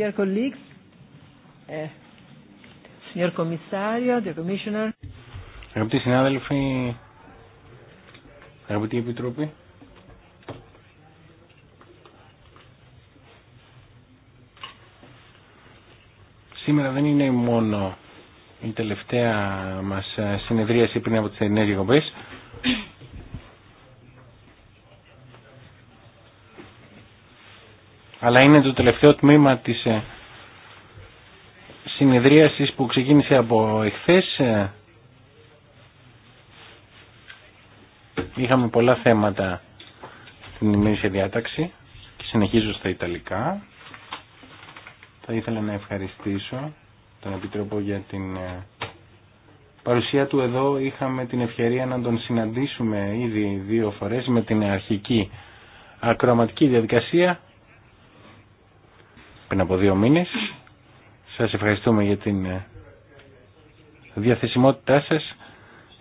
Dear colleagues, uh, eh, senior Commissario, dear Commissioner. Αγαπητοί συνάδελφοι, αγαπητοί επιτρόποι, σήμερα δεν είναι μόνο η τελευταία μας συνεδρίαση πριν από τις ενέργειες αλλά είναι το τελευταίο τμήμα της ε, συνεδρίασης που ξεκίνησε από εχθές. Ε, είχαμε πολλά θέματα στην ημερήσια διάταξη και συνεχίζω στα Ιταλικά. Θα ήθελα να ευχαριστήσω τον Επιτρόπο για την ε, παρουσία του εδώ. Είχαμε την ευκαιρία να τον συναντήσουμε ήδη δύο φορές με την αρχική ακροαματική διαδικασία πριν από δύο μήνες. Σας ευχαριστούμε για την ε, διαθεσιμότητά σας.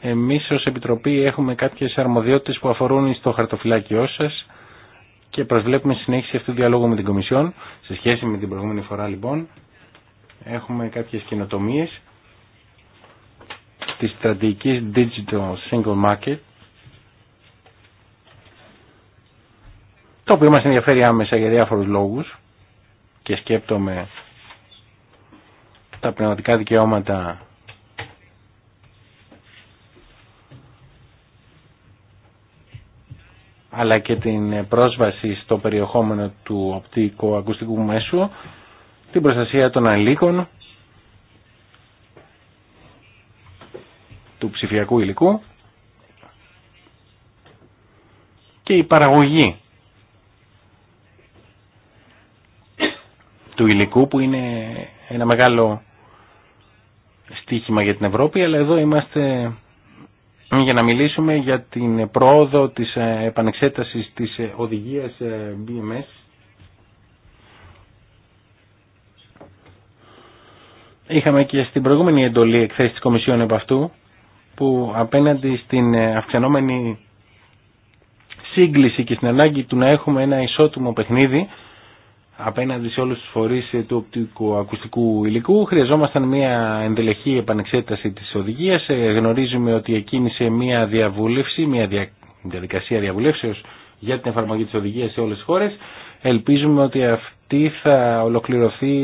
Εμείς ως Επιτροπή έχουμε κάποιες αρμοδιότητες που αφορούν στο χαρτοφυλάκιό σας και προσβλέπουμε συνέχιση αυτού του διαλόγου με την Κομισιόν. Σε σχέση με την προηγούμενη φορά λοιπόν έχουμε κάποιες καινοτομίε της στρατηγικής Digital Single Market το οποίο μας ενδιαφέρει άμεσα για διάφορους λόγους και σκέπτομαι τα πνευματικά δικαιώματα αλλά και την πρόσβαση στο περιεχόμενο του οπτικού ακουστικού μέσου, την προστασία των αλήκων, του ψηφιακού υλικού και η παραγωγή του υλικού που είναι ένα μεγάλο στίχημα για την Ευρώπη αλλά εδώ είμαστε για να μιλήσουμε για την πρόοδο της ε, επανεξέτασης της ε, οδηγίας ε, BMS Είχαμε και στην προηγούμενη εντολή εκθέσει της Κομισιόν επ' αυτού που απέναντι στην αυξανόμενη σύγκληση και στην ανάγκη του να έχουμε ένα ισότιμο παιχνίδι απέναντι σε όλους τους φορείς του οπτικού ακουστικού υλικού. Χρειαζόμασταν μια ενδελεχή επανεξέταση της οδηγίας. Ε, γνωρίζουμε ότι εκκίνησε μια διαβούλευση, μια διαδικασία διαβουλεύσεως για την εφαρμογή της οδηγίας σε όλες τις χώρες. Ελπίζουμε ότι αυτή θα ολοκληρωθεί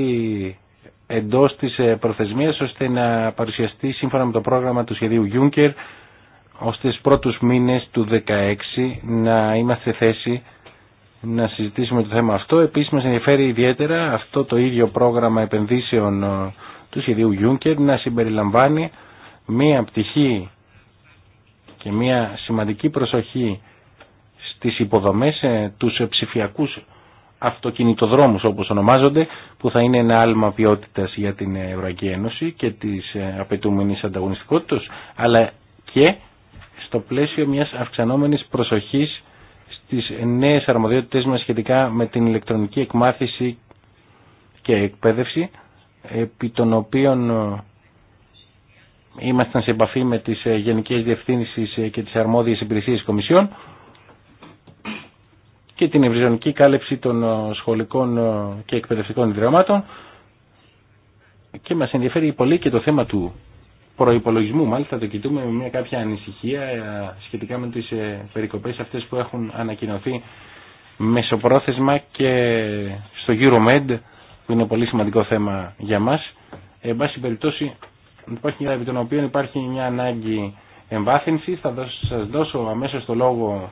εντός της ε, προθεσμίας ώστε να παρουσιαστεί σύμφωνα με το πρόγραμμα του σχεδίου Juncker ώστε στους πρώτους μήνες του 2016 να είμαστε θέση να συζητήσουμε το θέμα αυτό. Επίσης μας ενδιαφέρει ιδιαίτερα αυτό το ίδιο πρόγραμμα επενδύσεων ε, του σχεδίου Juncker να συμπεριλαμβάνει μία πτυχή και μία σημαντική προσοχή στις υποδομές, ε, τους ψηφιακούς αυτοκινητοδρόμους όπως ονομάζονται, που θα είναι ένα άλμα ποιότητας για την Ευρωπαϊκή Ένωση και της ε, απαιτούμενης ανταγωνιστικότητας, αλλά και στο πλαίσιο μιας αυξανόμενης προσοχής τις νέες αρμοδιότητες μας σχετικά με την ηλεκτρονική εκμάθηση και εκπαίδευση, επί των οποίων ε, ήμασταν σε επαφή με τις ε, Γενικές Διευθύνσεις ε, και τις αρμόδιες υπηρεσίες κομισιών και την ευρυζωνική κάλεψη των σχολικών και εκπαιδευτικών ιδρυμάτων και μας ενδιαφέρει πολύ και το θέμα του Προπολογισμού Μάλιστα το κοιτούμε με μια κάποια ανησυχία ε, σχετικά με τις ε, περικοπές αυτές που έχουν ανακοινωθεί μεσοπρόθεσμα και στο EuroMed που είναι πολύ σημαντικό θέμα για μας. Εν πάση περιπτώσει υπάρχει μια επί των οποίων υπάρχει μια ανάγκη εμβάθυνσης. Θα δώσω, σας δώσω αμέσως το λόγο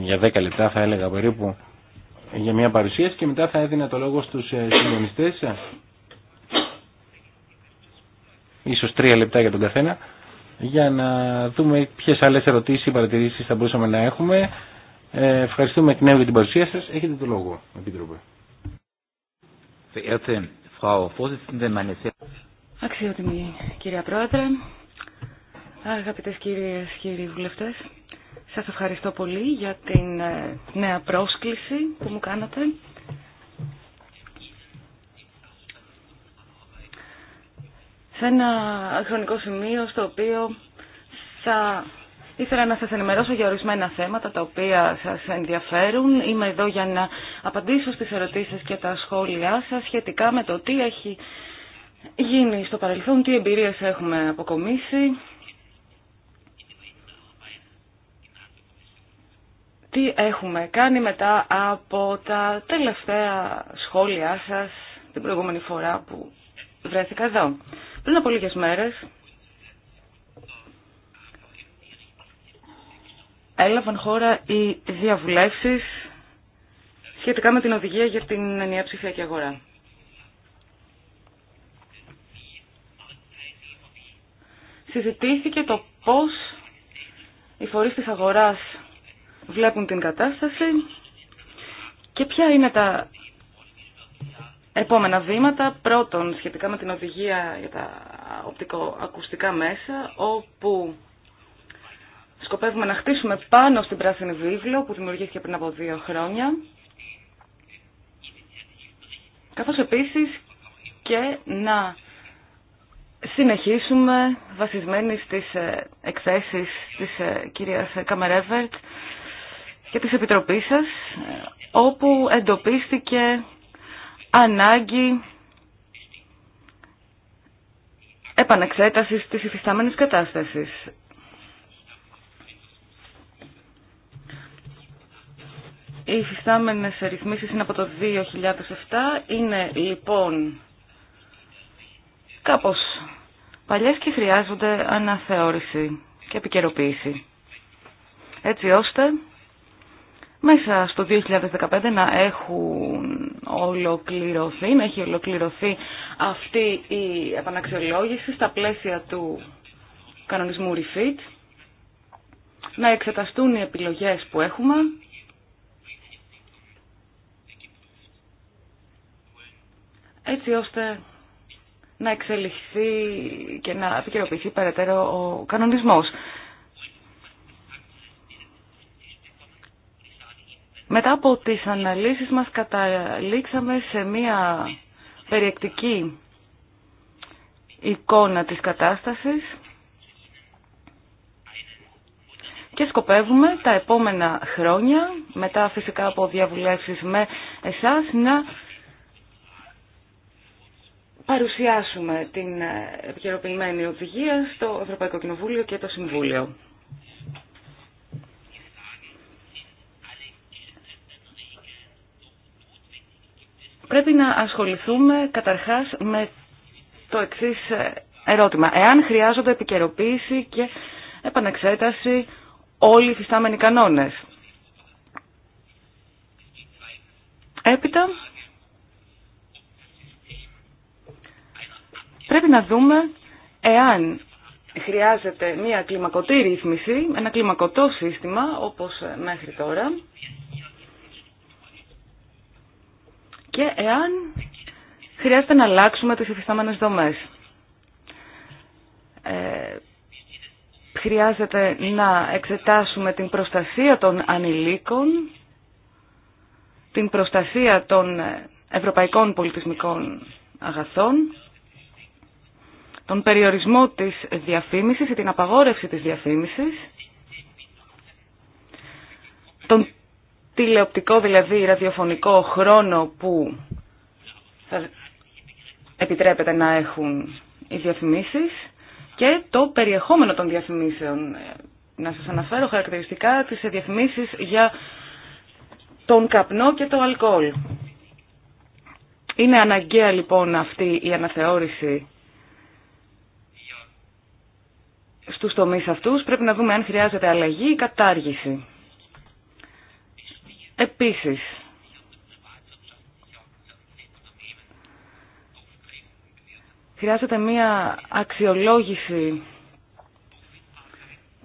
για 10 λεπτά θα έλεγα περίπου για μια παρουσίαση και μετά θα έδινα το λόγο στους ε, συντονιστές ίσως τρία λεπτά για τον καθένα, για να δούμε ποιες άλλες ερωτήσεις ή παρατηρήσεις θα μπορούσαμε να έχουμε. Ε, ευχαριστούμε εκ νέου για την παρουσία σας. Έχετε το λόγο, Επίτροπε. Αξιότιμη κυρία Πρόεδρε, αγαπητές κυρίες και κύριοι βουλευτές, σας ευχαριστώ πολύ για την ε, νέα πρόσκληση που μου κάνατε σε ένα χρονικό σημείο στο οποίο θα ήθελα να σας ενημερώσω για ορισμένα θέματα τα οποία σας ενδιαφέρουν. Είμαι εδώ για να απαντήσω στις ερωτήσεις και τα σχόλιά σας σχετικά με το τι έχει γίνει στο παρελθόν, τι εμπειρίες έχουμε αποκομίσει, τι έχουμε κάνει μετά από τα τελευταία σχόλιά σας την προηγούμενη φορά που βρέθηκα εδώ. Πριν από λίγες μέρες έλαβαν χώρα οι διαβουλεύσεις σχετικά με την οδηγία για την ενιαία ψηφιακή αγορά. Συζητήθηκε το πώς οι φορείς της αγοράς βλέπουν την κατάσταση και ποια είναι τα Επόμενα βήματα, πρώτον σχετικά με την οδηγία για τα οπτικοακουστικά μέσα, όπου σκοπεύουμε να χτίσουμε πάνω στην πράσινη βίβλο που δημιουργήθηκε πριν από δύο χρόνια, καθώς επίσης και να συνεχίσουμε βασισμένοι στις ε, εκθέσεις της ε, κυρίας Καμερέβερτ και της Επιτροπής σας, ε, όπου εντοπίστηκε ανάγκη επανεξέταση της υφιστάμενης κατάστασης. Οι υφιστάμενες ρυθμίσεις είναι από το 2007. Είναι λοιπόν κάπως παλιές και χρειάζονται αναθεώρηση και επικαιροποίηση. Έτσι ώστε μέσα στο 2015 να έχουν ολοκληρωθεί, να έχει ολοκληρωθεί αυτή η επαναξιολόγηση στα πλαίσια του κανονισμού refit, να εξεταστούν οι επιλογές που έχουμε έτσι ώστε να εξελιχθεί και να επικαιροποιηθεί περαιτέρω ο κανονισμός. Μετά από τις αναλύσεις μας καταλήξαμε σε μία περιεκτική εικόνα της κατάστασης και σκοπεύουμε τα επόμενα χρόνια, μετά φυσικά από διαβουλεύσεις με εσάς, να παρουσιάσουμε την επικαιροποιημένη οδηγία στο Ευρωπαϊκό Κοινοβούλιο και το Συμβούλιο. πρέπει να ασχοληθούμε καταρχάς με το εξής ε, ερώτημα. Εάν χρειάζονται επικαιροποίηση και επαναξέταση όλοι οι φυστάμενοι κανόνες. Έπειτα, πρέπει να δούμε εάν χρειάζεται μια κλιμακωτή ρύθμιση, ένα κλιμακωτό σύστημα όπως μέχρι τώρα, και εάν χρειάζεται να αλλάξουμε τις υφιστάμενες δομές. Ε, χρειάζεται να εξετάσουμε την προστασία των ανηλίκων, την προστασία των ευρωπαϊκών πολιτισμικών αγαθών, τον περιορισμό της διαφήμισης ή την απαγόρευση της διαφήμισης, τον τηλεοπτικό δηλαδή ραδιοφωνικό χρόνο που θα επιτρέπεται να έχουν οι διαφημίσεις και το περιεχόμενο των διαφημίσεων. Ε, να σας αναφέρω χαρακτηριστικά τις διαφημίσεις για τον καπνό και το αλκοόλ. Είναι αναγκαία λοιπόν αυτή η αναθεώρηση στους τομείς αυτούς. Πρέπει να δούμε αν χρειάζεται αλλαγή ή κατάργηση. Επίσης, χρειάζεται μία αξιολόγηση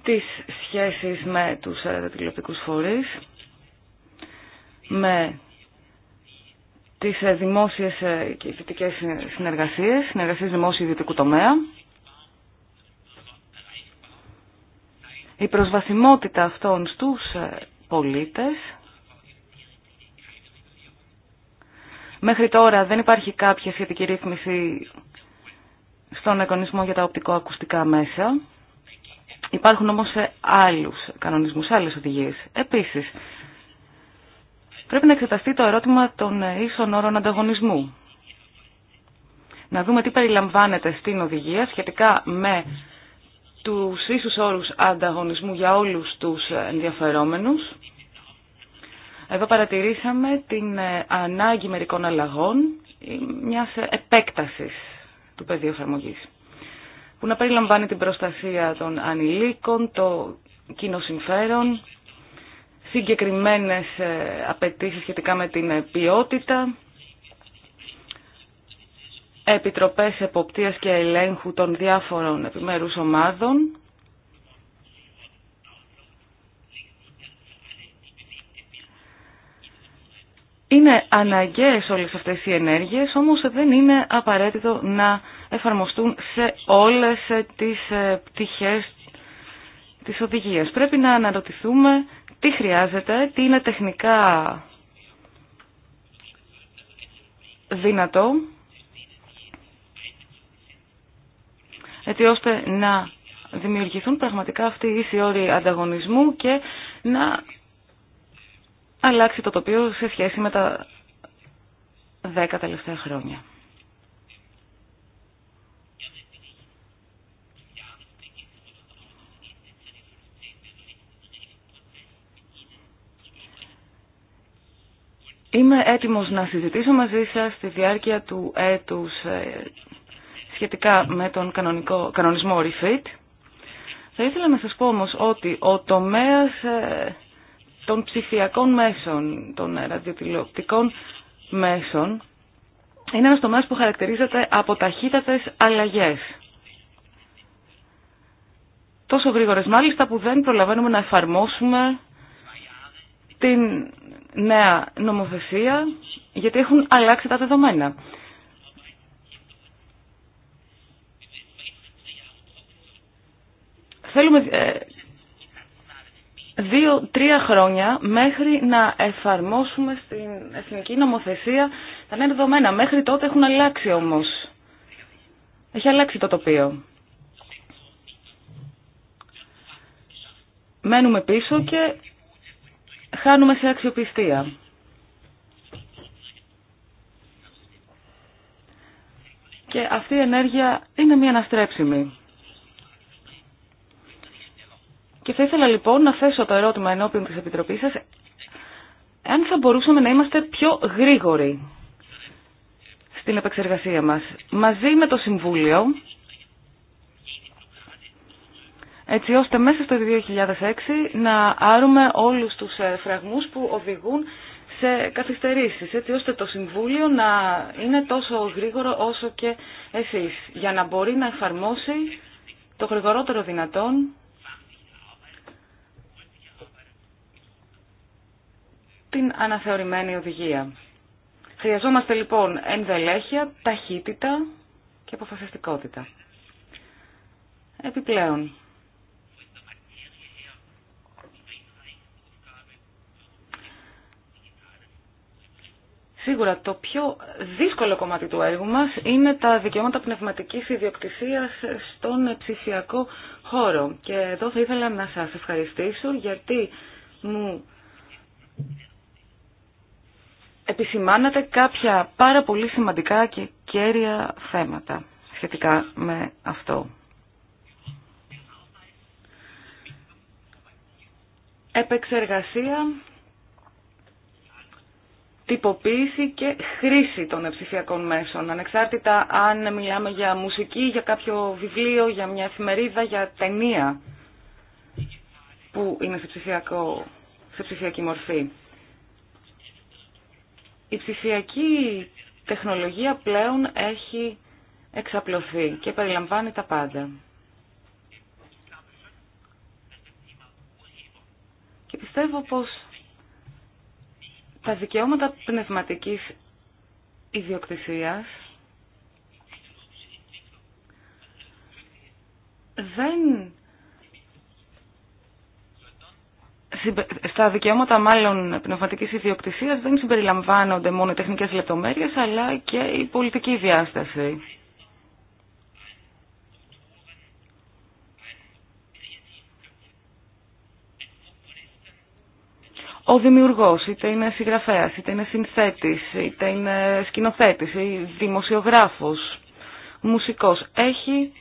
της σχέσης με τους ε, τηλεοπτικούς φορείς, με τις ε, δημόσιες ε, και ιδιωτικές συνεργασίες, συνεργασίες δημόσιου ιδιωτικού τομέα. Η προσβασιμότητα αυτών στους πολίτες Μέχρι τώρα δεν υπάρχει κάποια σχετική ρύθμιση στον εγγονισμό για τα οπτικοακουστικά μέσα. Υπάρχουν όμως άλλους κανονισμούς, άλλες οδηγίες. Επίσης, πρέπει να εξεταστεί το ερώτημα των ίσων όρων ανταγωνισμού. Να δούμε τι περιλαμβάνεται στην οδηγία σχετικά με τους ίσους όρους ανταγωνισμού για όλους τους ενδιαφερόμενους εδώ παρατηρήσαμε την ε, ανάγκη μερικών αλλαγών ε, μιας επέκτασης του πεδίου εφαρμογή. που να περιλαμβάνει την προστασία των ανηλίκων, το κοινό συμφέρον, συγκεκριμένες ε, απαιτήσεις σχετικά με την ποιότητα, επιτροπές εποπτείας και ελέγχου των διάφορων επιμέρους ομάδων, Είναι αναγκαίες όλες αυτές οι ενέργειες, όμως δεν είναι απαραίτητο να εφαρμοστούν σε όλες ε, τις ε, πτυχές της οδηγίας. Πρέπει να αναρωτηθούμε τι χρειάζεται, τι είναι τεχνικά δυνατό, έτσι ώστε να δημιουργηθούν πραγματικά αυτοί οι ίσοι όροι ανταγωνισμού και να αλλάξει το τοπίο σε σχέση με τα δέκα τελευταία χρόνια. Είμαι έτοιμος να συζητήσω μαζί σας στη διάρκεια του έτους ε, σχετικά με τον κανονικό, κανονισμό Refit. Θα ήθελα να σας πω όμως ότι ο τομέας ε, των ψηφιακών μέσων, των ε, ραδιοτηλεοπτικών μέσων, είναι ένας τομέας που χαρακτηρίζεται από ταχύτατες αλλαγές. Τόσο γρήγορες μάλιστα που δεν προλαβαίνουμε να εφαρμόσουμε την νέα νομοθεσία γιατί έχουν αλλάξει τα δεδομένα. Θέλουμε ε, δύο-τρία χρόνια μέχρι να εφαρμόσουμε στην εθνική νομοθεσία τα νέα δεδομένα. Μέχρι τότε έχουν αλλάξει όμως. Έχει αλλάξει το τοπίο. Μένουμε πίσω και χάνουμε σε αξιοπιστία. Και αυτή η ενέργεια είναι μια αναστρέψιμη. Και θα ήθελα λοιπόν να θέσω το ερώτημα ενώπιον της Επιτροπής σας, αν θα μπορούσαμε να είμαστε πιο γρήγοροι στην επεξεργασία μας, μαζί με το Συμβούλιο, έτσι ώστε μέσα στο 2006 να άρουμε όλους τους ε, φραγμούς που οδηγούν σε καθυστερήσεις, έτσι ώστε το Συμβούλιο να είναι τόσο γρήγορο όσο και εσείς, για να μπορεί να εφαρμόσει το γρηγορότερο δυνατόν την αναθεωρημένη οδηγία. Χρειαζόμαστε λοιπόν ενδελέχεια, ταχύτητα και αποφασιστικότητα. Επιπλέον, Σίγουρα το πιο δύσκολο κομμάτι του έργου μας είναι τα δικαιώματα πνευματικής ιδιοκτησίας στον ψηφιακό χώρο. Και εδώ θα ήθελα να σας ευχαριστήσω γιατί μου επισημάνατε κάποια πάρα πολύ σημαντικά και κέρια θέματα σχετικά με αυτό. Επεξεργασία, τυποποίηση και χρήση των ψηφιακών μέσων, ανεξάρτητα αν μιλάμε για μουσική, για κάποιο βιβλίο, για μια εφημερίδα, για ταινία που είναι σε, ψηφιακό, σε ψηφιακή μορφή η ψηφιακή τεχνολογία πλέον έχει εξαπλωθεί και περιλαμβάνει τα πάντα. Και πιστεύω πως τα δικαιώματα πνευματικής ιδιοκτησίας δεν στα δικαιώματα μάλλον πνευματικής ιδιοκτησίας δεν συμπεριλαμβάνονται μόνο οι τεχνικές λεπτομέρειες αλλά και η πολιτική διάσταση. Ο δημιουργός, είτε είναι συγγραφέας, είτε είναι συνθέτης, είτε είναι σκηνοθέτης, ή δημοσιογράφος, μουσικός, έχει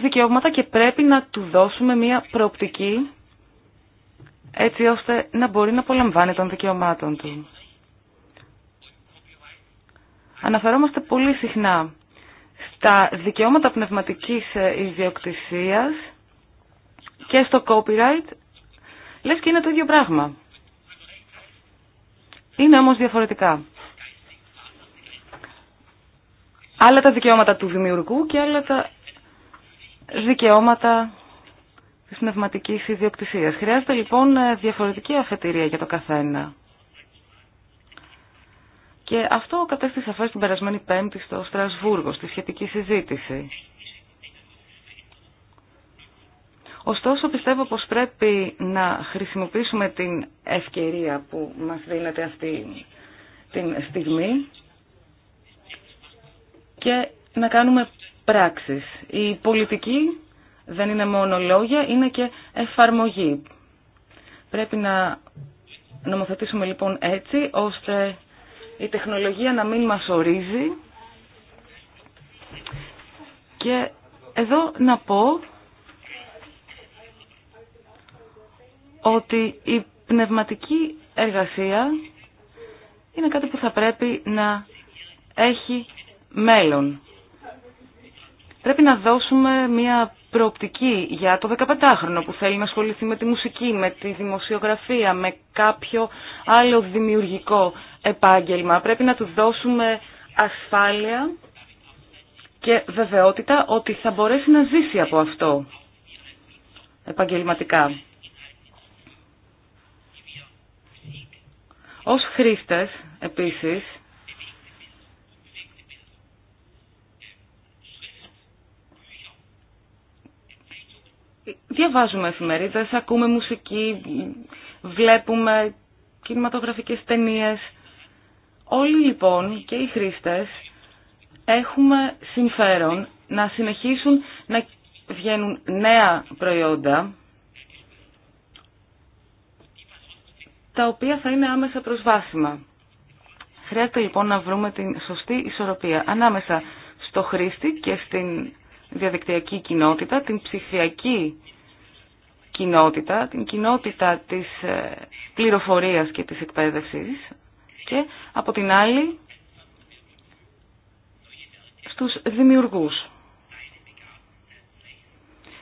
δικαιώματα και πρέπει να του δώσουμε μια προοπτική έτσι ώστε να μπορεί να απολαμβάνει των δικαιωμάτων του. Αναφερόμαστε πολύ συχνά στα δικαιώματα πνευματικής ε, ιδιοκτησίας και στο copyright, λες και είναι το ίδιο πράγμα. Είναι όμως διαφορετικά. Άλλα τα δικαιώματα του δημιουργού και άλλα τα δικαιώματα της πνευματική ιδιοκτησίας. Χρειάζεται λοιπόν διαφορετική αφετηρία για το καθένα. Και αυτό κατέστησε αφές την περασμένη Πέμπτη στο Στρασβούργο, στη σχετική συζήτηση. Ωστόσο πιστεύω πως πρέπει να χρησιμοποιήσουμε την ευκαιρία που μας δίνεται αυτή την στιγμή και να κάνουμε πράξεις. Η πολιτική δεν είναι μόνο λόγια, είναι και εφαρμογή. Πρέπει να νομοθετήσουμε λοιπόν έτσι, ώστε η τεχνολογία να μην μας ορίζει. Και εδώ να πω ότι η πνευματική εργασία είναι κάτι που θα πρέπει να έχει μέλλον. Πρέπει να δώσουμε μια προοπτική για το 15χρονο που θέλει να ασχοληθεί με τη μουσική, με τη δημοσιογραφία, με κάποιο άλλο δημιουργικό επάγγελμα. Πρέπει να του δώσουμε ασφάλεια και βεβαιότητα ότι θα μπορέσει να ζήσει από αυτό επαγγελματικά. Ως χρήστες, επίσης, διαβάζουμε εφημερίδες, ακούμε μουσική, βλέπουμε κινηματογραφικές ταινίες. Όλοι λοιπόν και οι χρήστες έχουμε συμφέρον να συνεχίσουν να βγαίνουν νέα προϊόντα τα οποία θα είναι άμεσα προσβάσιμα. Χρειάζεται λοιπόν να βρούμε την σωστή ισορροπία ανάμεσα στο χρήστη και στην διαδικτυακή κοινότητα, την ψηφιακή κοινότητα, την κοινότητα της ε, πληροφορίας και της εκπαίδευσης και από την άλλη στους δημιουργούς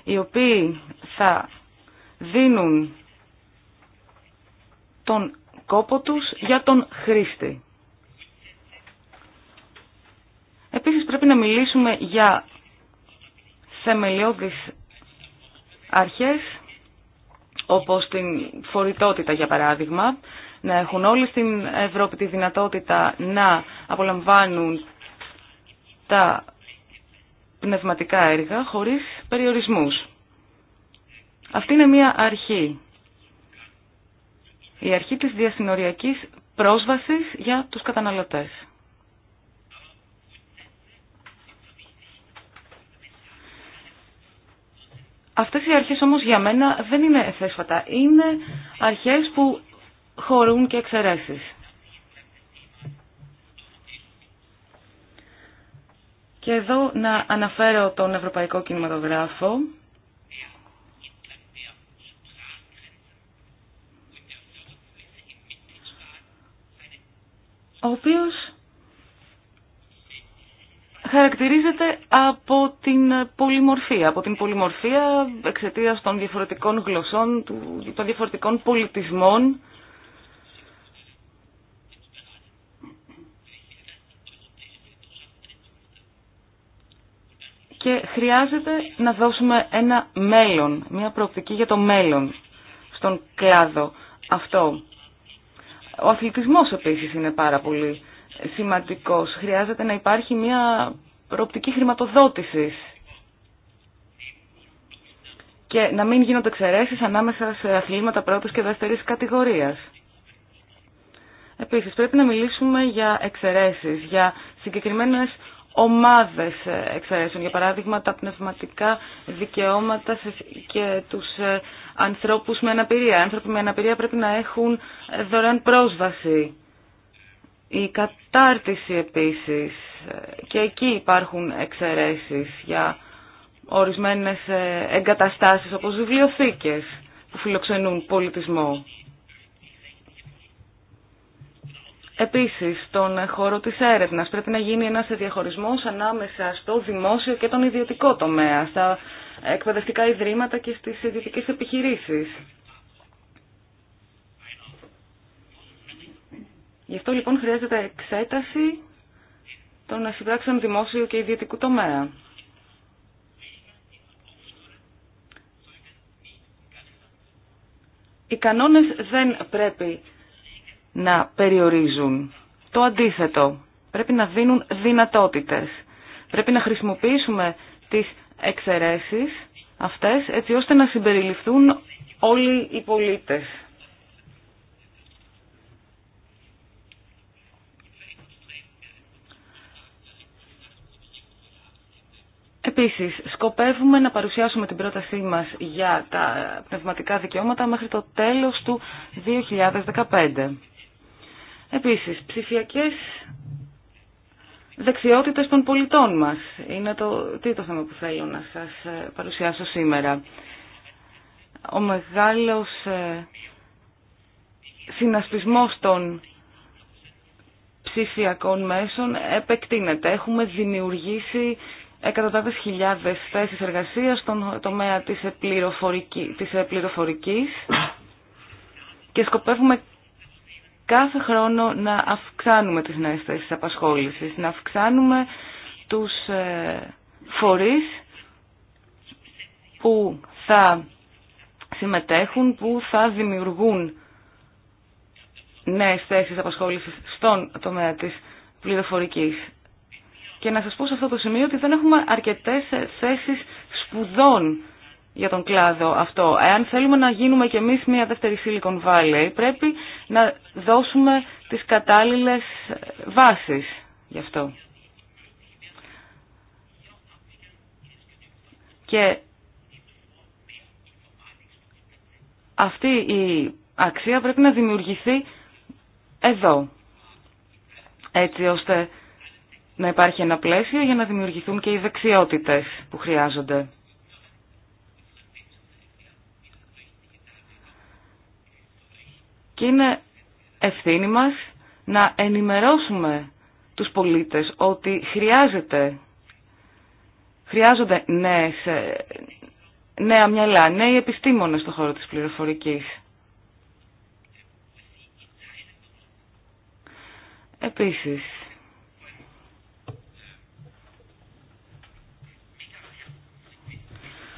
οι οποίοι θα δίνουν τον κόπο τους για τον χρήστη. Επίσης πρέπει να μιλήσουμε για θεμελιώδεις αρχές, όπως την φορητότητα για παράδειγμα, να έχουν όλοι στην Ευρώπη τη δυνατότητα να απολαμβάνουν τα πνευματικά έργα χωρίς περιορισμούς. Αυτή είναι μία αρχή. Η αρχή της διασυνοριακής πρόσβασης για τους καταναλωτές. Αυτές οι αρχές όμως για μένα δεν είναι θέσφατα. Είναι αρχές που χωρούν και εξαιρέσει. Και εδώ να αναφέρω τον Ευρωπαϊκό Κινηματογράφο. ο οποίος χαρακτηρίζεται από την πολυμορφία, από την πολυμορφία εξαιτίας των διαφορετικών γλωσσών, των διαφορετικών πολιτισμών. Και χρειάζεται να δώσουμε ένα μέλλον, μια προοπτική για το μέλλον στον κλάδο αυτό. Ο αθλητισμός επίσης είναι πάρα πολύ σημαντικός. Χρειάζεται να υπάρχει μια προοπτική χρηματοδότησης και να μην γίνονται εξαιρέσει ανάμεσα σε αθλήματα πρώτη και δεύτερη κατηγορία. Επίση, πρέπει να μιλήσουμε για εξαιρέσει, για συγκεκριμένε ομάδες εξαιρέσεων. Για παράδειγμα, τα πνευματικά δικαιώματα και τους ε, ανθρώπου με αναπηρία. Οι άνθρωποι με αναπηρία πρέπει να έχουν δωρεάν πρόσβαση η κατάρτιση επίσης, και εκεί υπάρχουν εξαιρέσεις για ορισμένες ε, εγκαταστάσεις όπως βιβλιοθήκες που φιλοξενούν πολιτισμό. Επίσης, στον χώρο της έρευνας πρέπει να γίνει ένας διαχωρισμός ανάμεσα στο δημόσιο και τον ιδιωτικό τομέα, στα εκπαιδευτικά ιδρύματα και στις ιδιωτικές επιχειρήσεις. Γι' αυτό λοιπόν χρειάζεται εξέταση των συμπράξεων δημόσιου και ιδιωτικού τομέα. Οι κανόνες δεν πρέπει να περιορίζουν. Το αντίθετο, πρέπει να δίνουν δυνατότητες. Πρέπει να χρησιμοποιήσουμε τις εξαιρέσεις αυτές έτσι ώστε να συμπεριληφθούν όλοι οι πολίτες. Επίσης, σκοπεύουμε να παρουσιάσουμε την πρότασή μας για τα πνευματικά δικαιώματα μέχρι το τέλος του 2015. Επίσης, ψηφιακές δεξιότητες των πολιτών μας. Είναι το τρίτο θέμα που θέλω να σας ε, παρουσιάσω σήμερα. Ο μεγάλος ε, συνασπισμός των ψηφιακών μέσων επεκτείνεται. Έχουμε δημιουργήσει εκατοντάδες χιλιάδες θέσει εργασίας στον τομέα της, πληροφορική, ε, και σκοπεύουμε κάθε χρόνο να αυξάνουμε τις νέες θέσει απασχόλησης, να αυξάνουμε τους ε, φορείς που θα συμμετέχουν, που θα δημιουργούν νέες θέσεις απασχόλησης στον τομέα της πληροφορικής. Και να σας πω σε αυτό το σημείο ότι δεν έχουμε αρκετές θέσεις σπουδών για τον κλάδο αυτό. Εάν θέλουμε να γίνουμε κι εμείς μια δεύτερη Silicon Valley, πρέπει να δώσουμε τις κατάλληλες βάσεις γι' αυτό. Και αυτή η αξία πρέπει να δημιουργηθεί εδώ, έτσι ώστε να υπάρχει ένα πλαίσιο για να δημιουργηθούν και οι δεξιότητες που χρειάζονται. Και είναι ευθύνη μας να ενημερώσουμε τους πολίτες ότι χρειάζεται, χρειάζονται νέες, νέα μυαλά, νέοι επιστήμονες στον χώρο της πληροφορικής. Επίσης,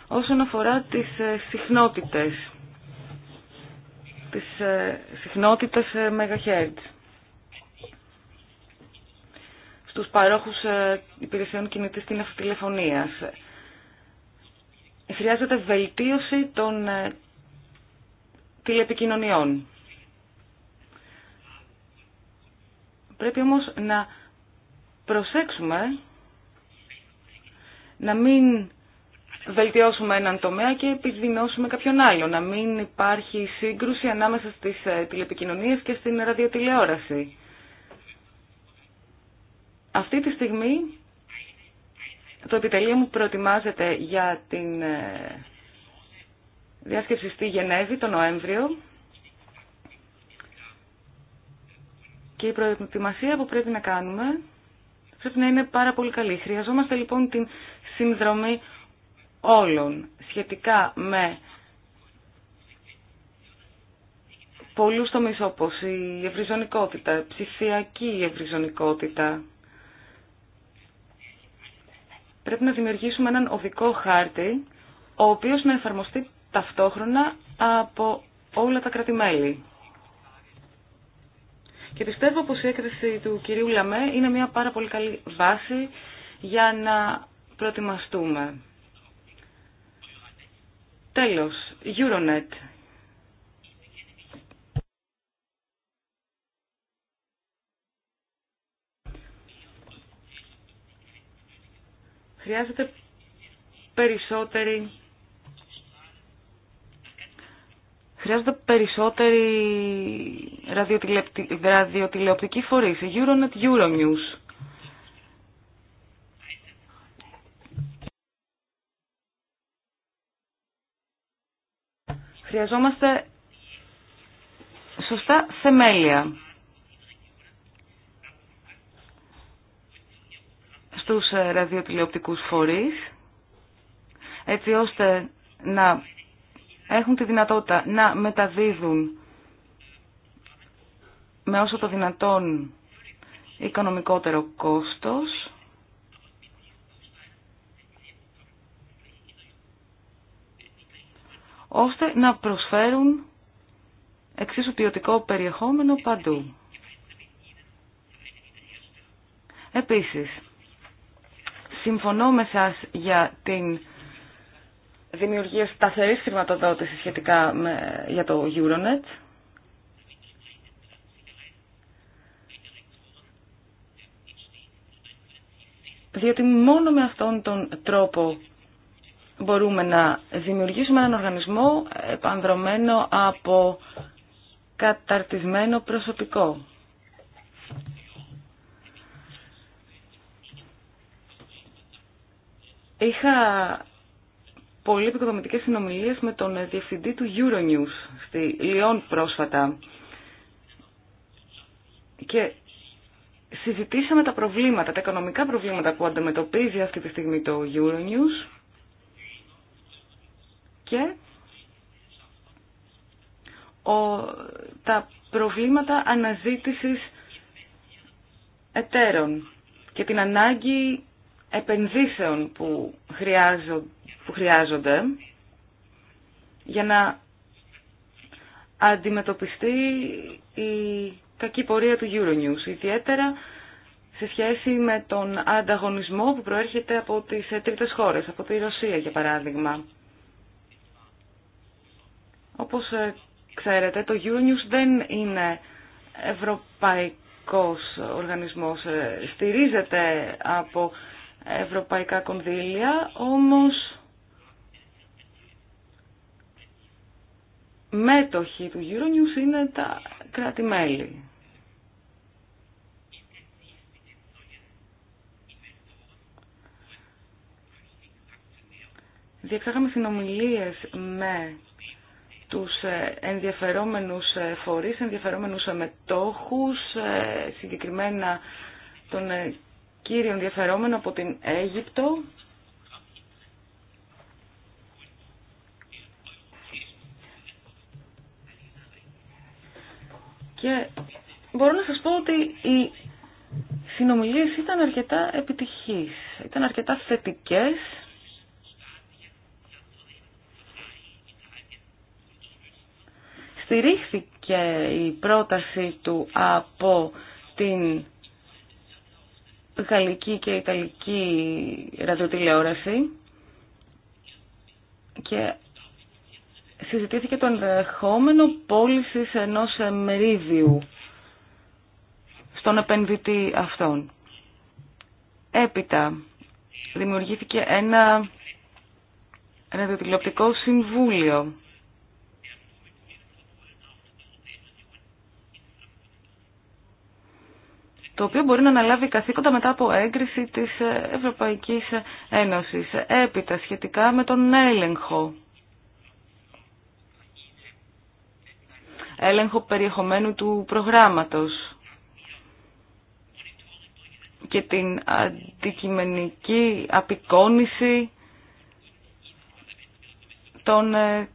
όσον αφορά τις ε, συχνότητες, τις ε, συχνότητες ε, MHz στους παρόχους υπηρεσιών κινητής τηλεφωνίας. Χρειάζεται βελτίωση των τηλεπικοινωνιών. Πρέπει όμως να προσέξουμε να μην βελτιώσουμε έναν τομέα και επιδεινώσουμε κάποιον άλλο. Να μην υπάρχει σύγκρουση ανάμεσα στις ε, τηλεπικοινωνίες και στην ραδιοτηλεόραση. Αυτή τη στιγμή το επιτελείο μου προετοιμάζεται για την ε, διάσκεψη στη Γενέβη τον Νοέμβριο και η προετοιμασία που πρέπει να κάνουμε πρέπει να είναι πάρα πολύ καλή. Χρειαζόμαστε λοιπόν την συνδρομή όλων σχετικά με πολλούς τομείς όπως η ευρυζωνικότητα, η ψηφιακή ευρυζωνικότητα. Πρέπει να δημιουργήσουμε έναν οδικό χάρτη, ο οποίος να εφαρμοστεί ταυτόχρονα από όλα τα κρατημέλη. Και πιστεύω πως η έκθεση του κυρίου Λαμέ είναι μια πάρα πολύ καλή βάση για να προετοιμαστούμε. Τέλος, Euronet. Χρειάζεται περισσότερη... Χρειάζεται περισσότερη ραδιοτηλεοπτική φορή. Euronet Euronews. Χρειαζόμαστε σωστά θεμέλια. στους ε, ραδιοτηλεοπτικούς φορείς, έτσι ώστε να έχουν τη δυνατότητα να μεταδίδουν με όσο το δυνατόν οικονομικότερο κόστος ώστε να προσφέρουν εξίσου ποιοτικό περιεχόμενο παντού. Επίσης, συμφωνώ με σας για την δημιουργία σταθερής χρηματοδότησης σχετικά με, για το Euronet. Διότι μόνο με αυτόν τον τρόπο μπορούμε να δημιουργήσουμε έναν οργανισμό επανδρομένο από καταρτισμένο προσωπικό. Είχα πολύ επικοδομητικές συνομιλίες με τον διευθυντή του Euronews στη Λιόν πρόσφατα και συζητήσαμε τα προβλήματα, τα οικονομικά προβλήματα που αντιμετωπίζει αυτή τη στιγμή το Euronews και ο, τα προβλήματα αναζήτησης εταίρων και την ανάγκη επενδύσεων που, που χρειάζονται για να αντιμετωπιστεί η κακή πορεία του Euronews, ιδιαίτερα σε σχέση με τον ανταγωνισμό που προέρχεται από τις τρίτες χώρες, από τη Ρωσία για παράδειγμα. Όπως ε, ξέρετε, το Euronews δεν είναι ευρωπαϊκός οργανισμός. Ε, στηρίζεται από ευρωπαϊκά κονδύλια, όμως μέτοχοι του Euronews είναι τα κράτη-μέλη. Διεξάγαμε συνομιλίες με τους ε, ενδιαφερόμενους ε, φορείς, ενδιαφερόμενους μετόχους, ε, συγκεκριμένα τον κύριο ενδιαφερόμενο από την Αίγυπτο. Και μπορώ να σας πω ότι οι συνομιλίες ήταν αρκετά επιτυχείς, ήταν αρκετά θετικές στηρίχθηκε η πρόταση του από την γαλλική και ιταλική ραδιοτηλεόραση και συζητήθηκε το ενδεχόμενο πώληση ενός μερίδιου στον επενδυτή αυτών. Έπειτα δημιουργήθηκε ένα ραδιοτηλεοπτικό συμβούλιο το οποίο μπορεί να αναλάβει καθήκοντα μετά από έγκριση της Ευρωπαϊκής Ένωσης. Έπειτα σχετικά με τον έλεγχο. Έλεγχο περιεχομένου του προγράμματος και την αντικειμενική απεικόνηση των ε,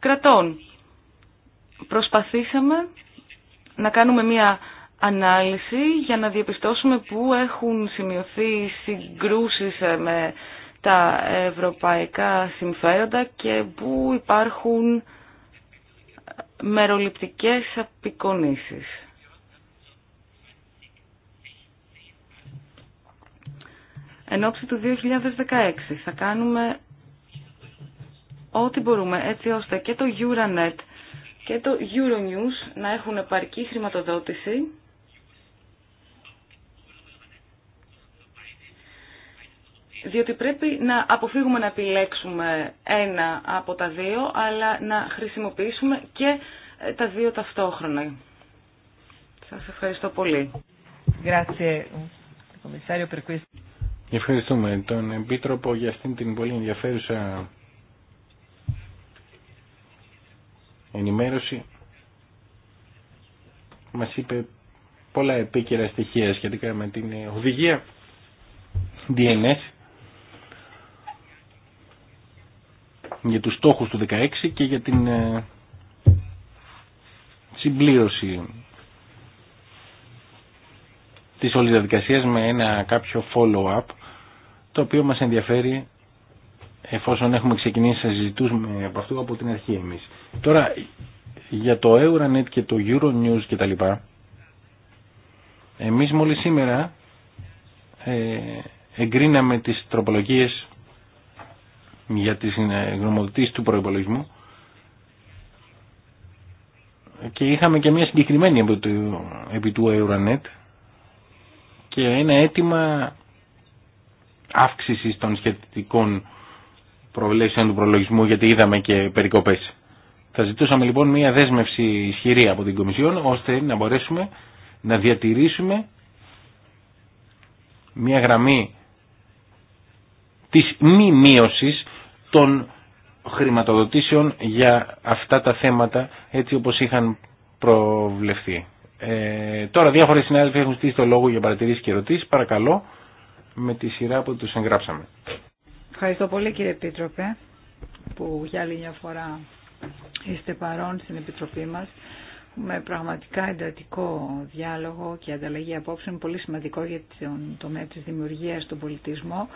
κρατών. Προσπαθήσαμε να κάνουμε μία ανάλυση για να διαπιστώσουμε πού έχουν σημειωθεί συγκρούσεις ε, με τα ευρωπαϊκά συμφέροντα και πού υπάρχουν μεροληπτικές απεικονίσεις. Εν ώψη του 2016 θα κάνουμε ό,τι μπορούμε έτσι ώστε και το Euronet και το Euronews να έχουν επαρκή χρηματοδότηση διότι πρέπει να αποφύγουμε να επιλέξουμε ένα από τα δύο, αλλά να χρησιμοποιήσουμε και ε, τα δύο ταυτόχρονα. Σας ευχαριστώ πολύ. Ευχαριστούμε τον Επίτροπο για αυτήν την πολύ ενδιαφέρουσα ενημέρωση. Μας είπε πολλά επίκαιρα στοιχεία σχετικά με την οδηγία DNS για τους στόχους του 16 και για την ε, συμπλήρωση της όλης διαδικασίας με ένα κάποιο follow-up το οποίο μας ενδιαφέρει εφόσον έχουμε ξεκινήσει να συζητούμε από αυτού από την αρχή εμείς. Τώρα για το Euronet και το Euronews και τα λοιπά εμείς μόλις σήμερα ε, εγκρίναμε τις τροπολογίες για τις γνωμοδοτήσεις του προϋπολογισμού και είχαμε και μια συγκεκριμένη επί του, επί του Euronet και ένα αίτημα αύξησης των σχετικών προβλέψεων του προλογισμού γιατί είδαμε και περικοπές. Θα ζητούσαμε λοιπόν μια δέσμευση ισχυρή από την Κομισιόν ώστε να μπορέσουμε να διατηρήσουμε μια γραμμή της μη μείωσης των χρηματοδοτήσεων για αυτά τα θέματα έτσι όπως είχαν προβλεφθεί. Ε, τώρα διάφορες συνάδελφοι έχουν στήσει το λόγο για παρατηρήσεις και ερωτήσεις. Παρακαλώ με τη σειρά που τους εγγράψαμε. Ευχαριστώ πολύ κύριε Επίτροπε που για άλλη μια φορά είστε παρόν στην Επιτροπή μας με πραγματικά εντατικό διάλογο και ανταλλαγή απόψεων πολύ σημαντικό για τον τομέα της δημιουργίας, τον πολιτισμό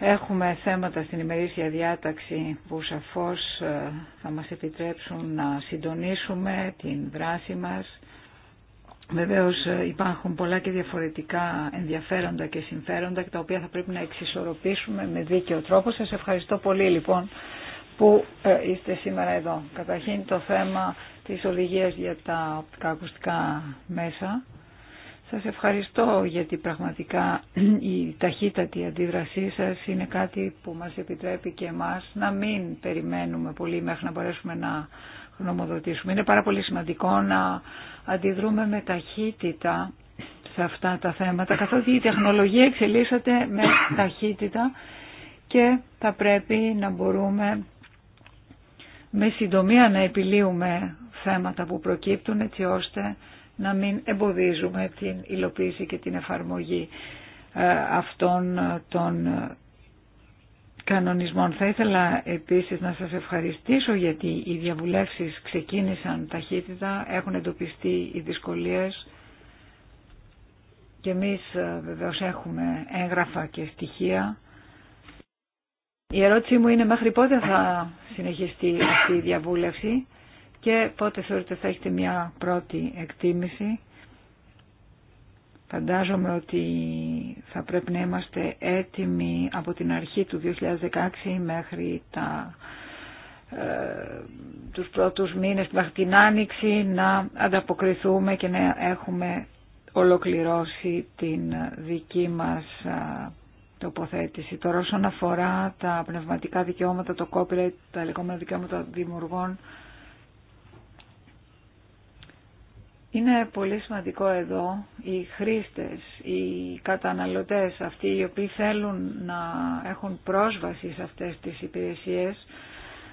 Έχουμε θέματα στην ημερήσια διάταξη που σαφώς ε, θα μας επιτρέψουν να συντονίσουμε την δράση μας. Βεβαίως ε, υπάρχουν πολλά και διαφορετικά ενδιαφέροντα και συμφέροντα και τα οποία θα πρέπει να εξισορροπήσουμε με δίκαιο τρόπο. Σας ευχαριστώ πολύ λοιπόν που ε, είστε σήμερα εδώ. Καταρχήν το θέμα της οδηγίας για τα ακουστικά μέσα. Σας ευχαριστώ γιατί πραγματικά η ταχύτατη αντίδρασή σας είναι κάτι που μας επιτρέπει και εμάς να μην περιμένουμε πολύ μέχρι να μπορέσουμε να γνωμοδοτήσουμε. Είναι πάρα πολύ σημαντικό να αντιδρούμε με ταχύτητα σε αυτά τα θέματα καθότι η τεχνολογία εξελίσσεται με ταχύτητα και θα πρέπει να μπορούμε με συντομία να επιλύουμε θέματα που προκύπτουν έτσι ώστε να μην εμποδίζουμε την υλοποίηση και την εφαρμογή ε, αυτών των κανονισμών. Θα ήθελα επίσης να σας ευχαριστήσω γιατί οι διαβουλεύσεις ξεκίνησαν ταχύτητα, έχουν εντοπιστεί οι δυσκολίες και εμείς ε, βεβαίως έχουμε έγγραφα και στοιχεία. Η ερώτησή μου είναι μέχρι πότε θα συνεχιστεί αυτή η διαβούλευση και πότε θεωρείτε θα έχετε μια πρώτη εκτίμηση. Φαντάζομαι ότι θα πρέπει να είμαστε έτοιμοι από την αρχή του 2016 μέχρι τα, ε, τους πρώτους μήνες, μέχρι την Άνοιξη, να ανταποκριθούμε και να έχουμε ολοκληρώσει την δική μας ε, τοποθέτηση. Τώρα όσον αφορά τα πνευματικά δικαιώματα, το copyright, τα λεγόμενα δικαιώματα δημιουργών, Είναι πολύ σημαντικό εδώ οι χρήστες, οι καταναλωτές, αυτοί οι οποίοι θέλουν να έχουν πρόσβαση σε αυτές τις υπηρεσίες,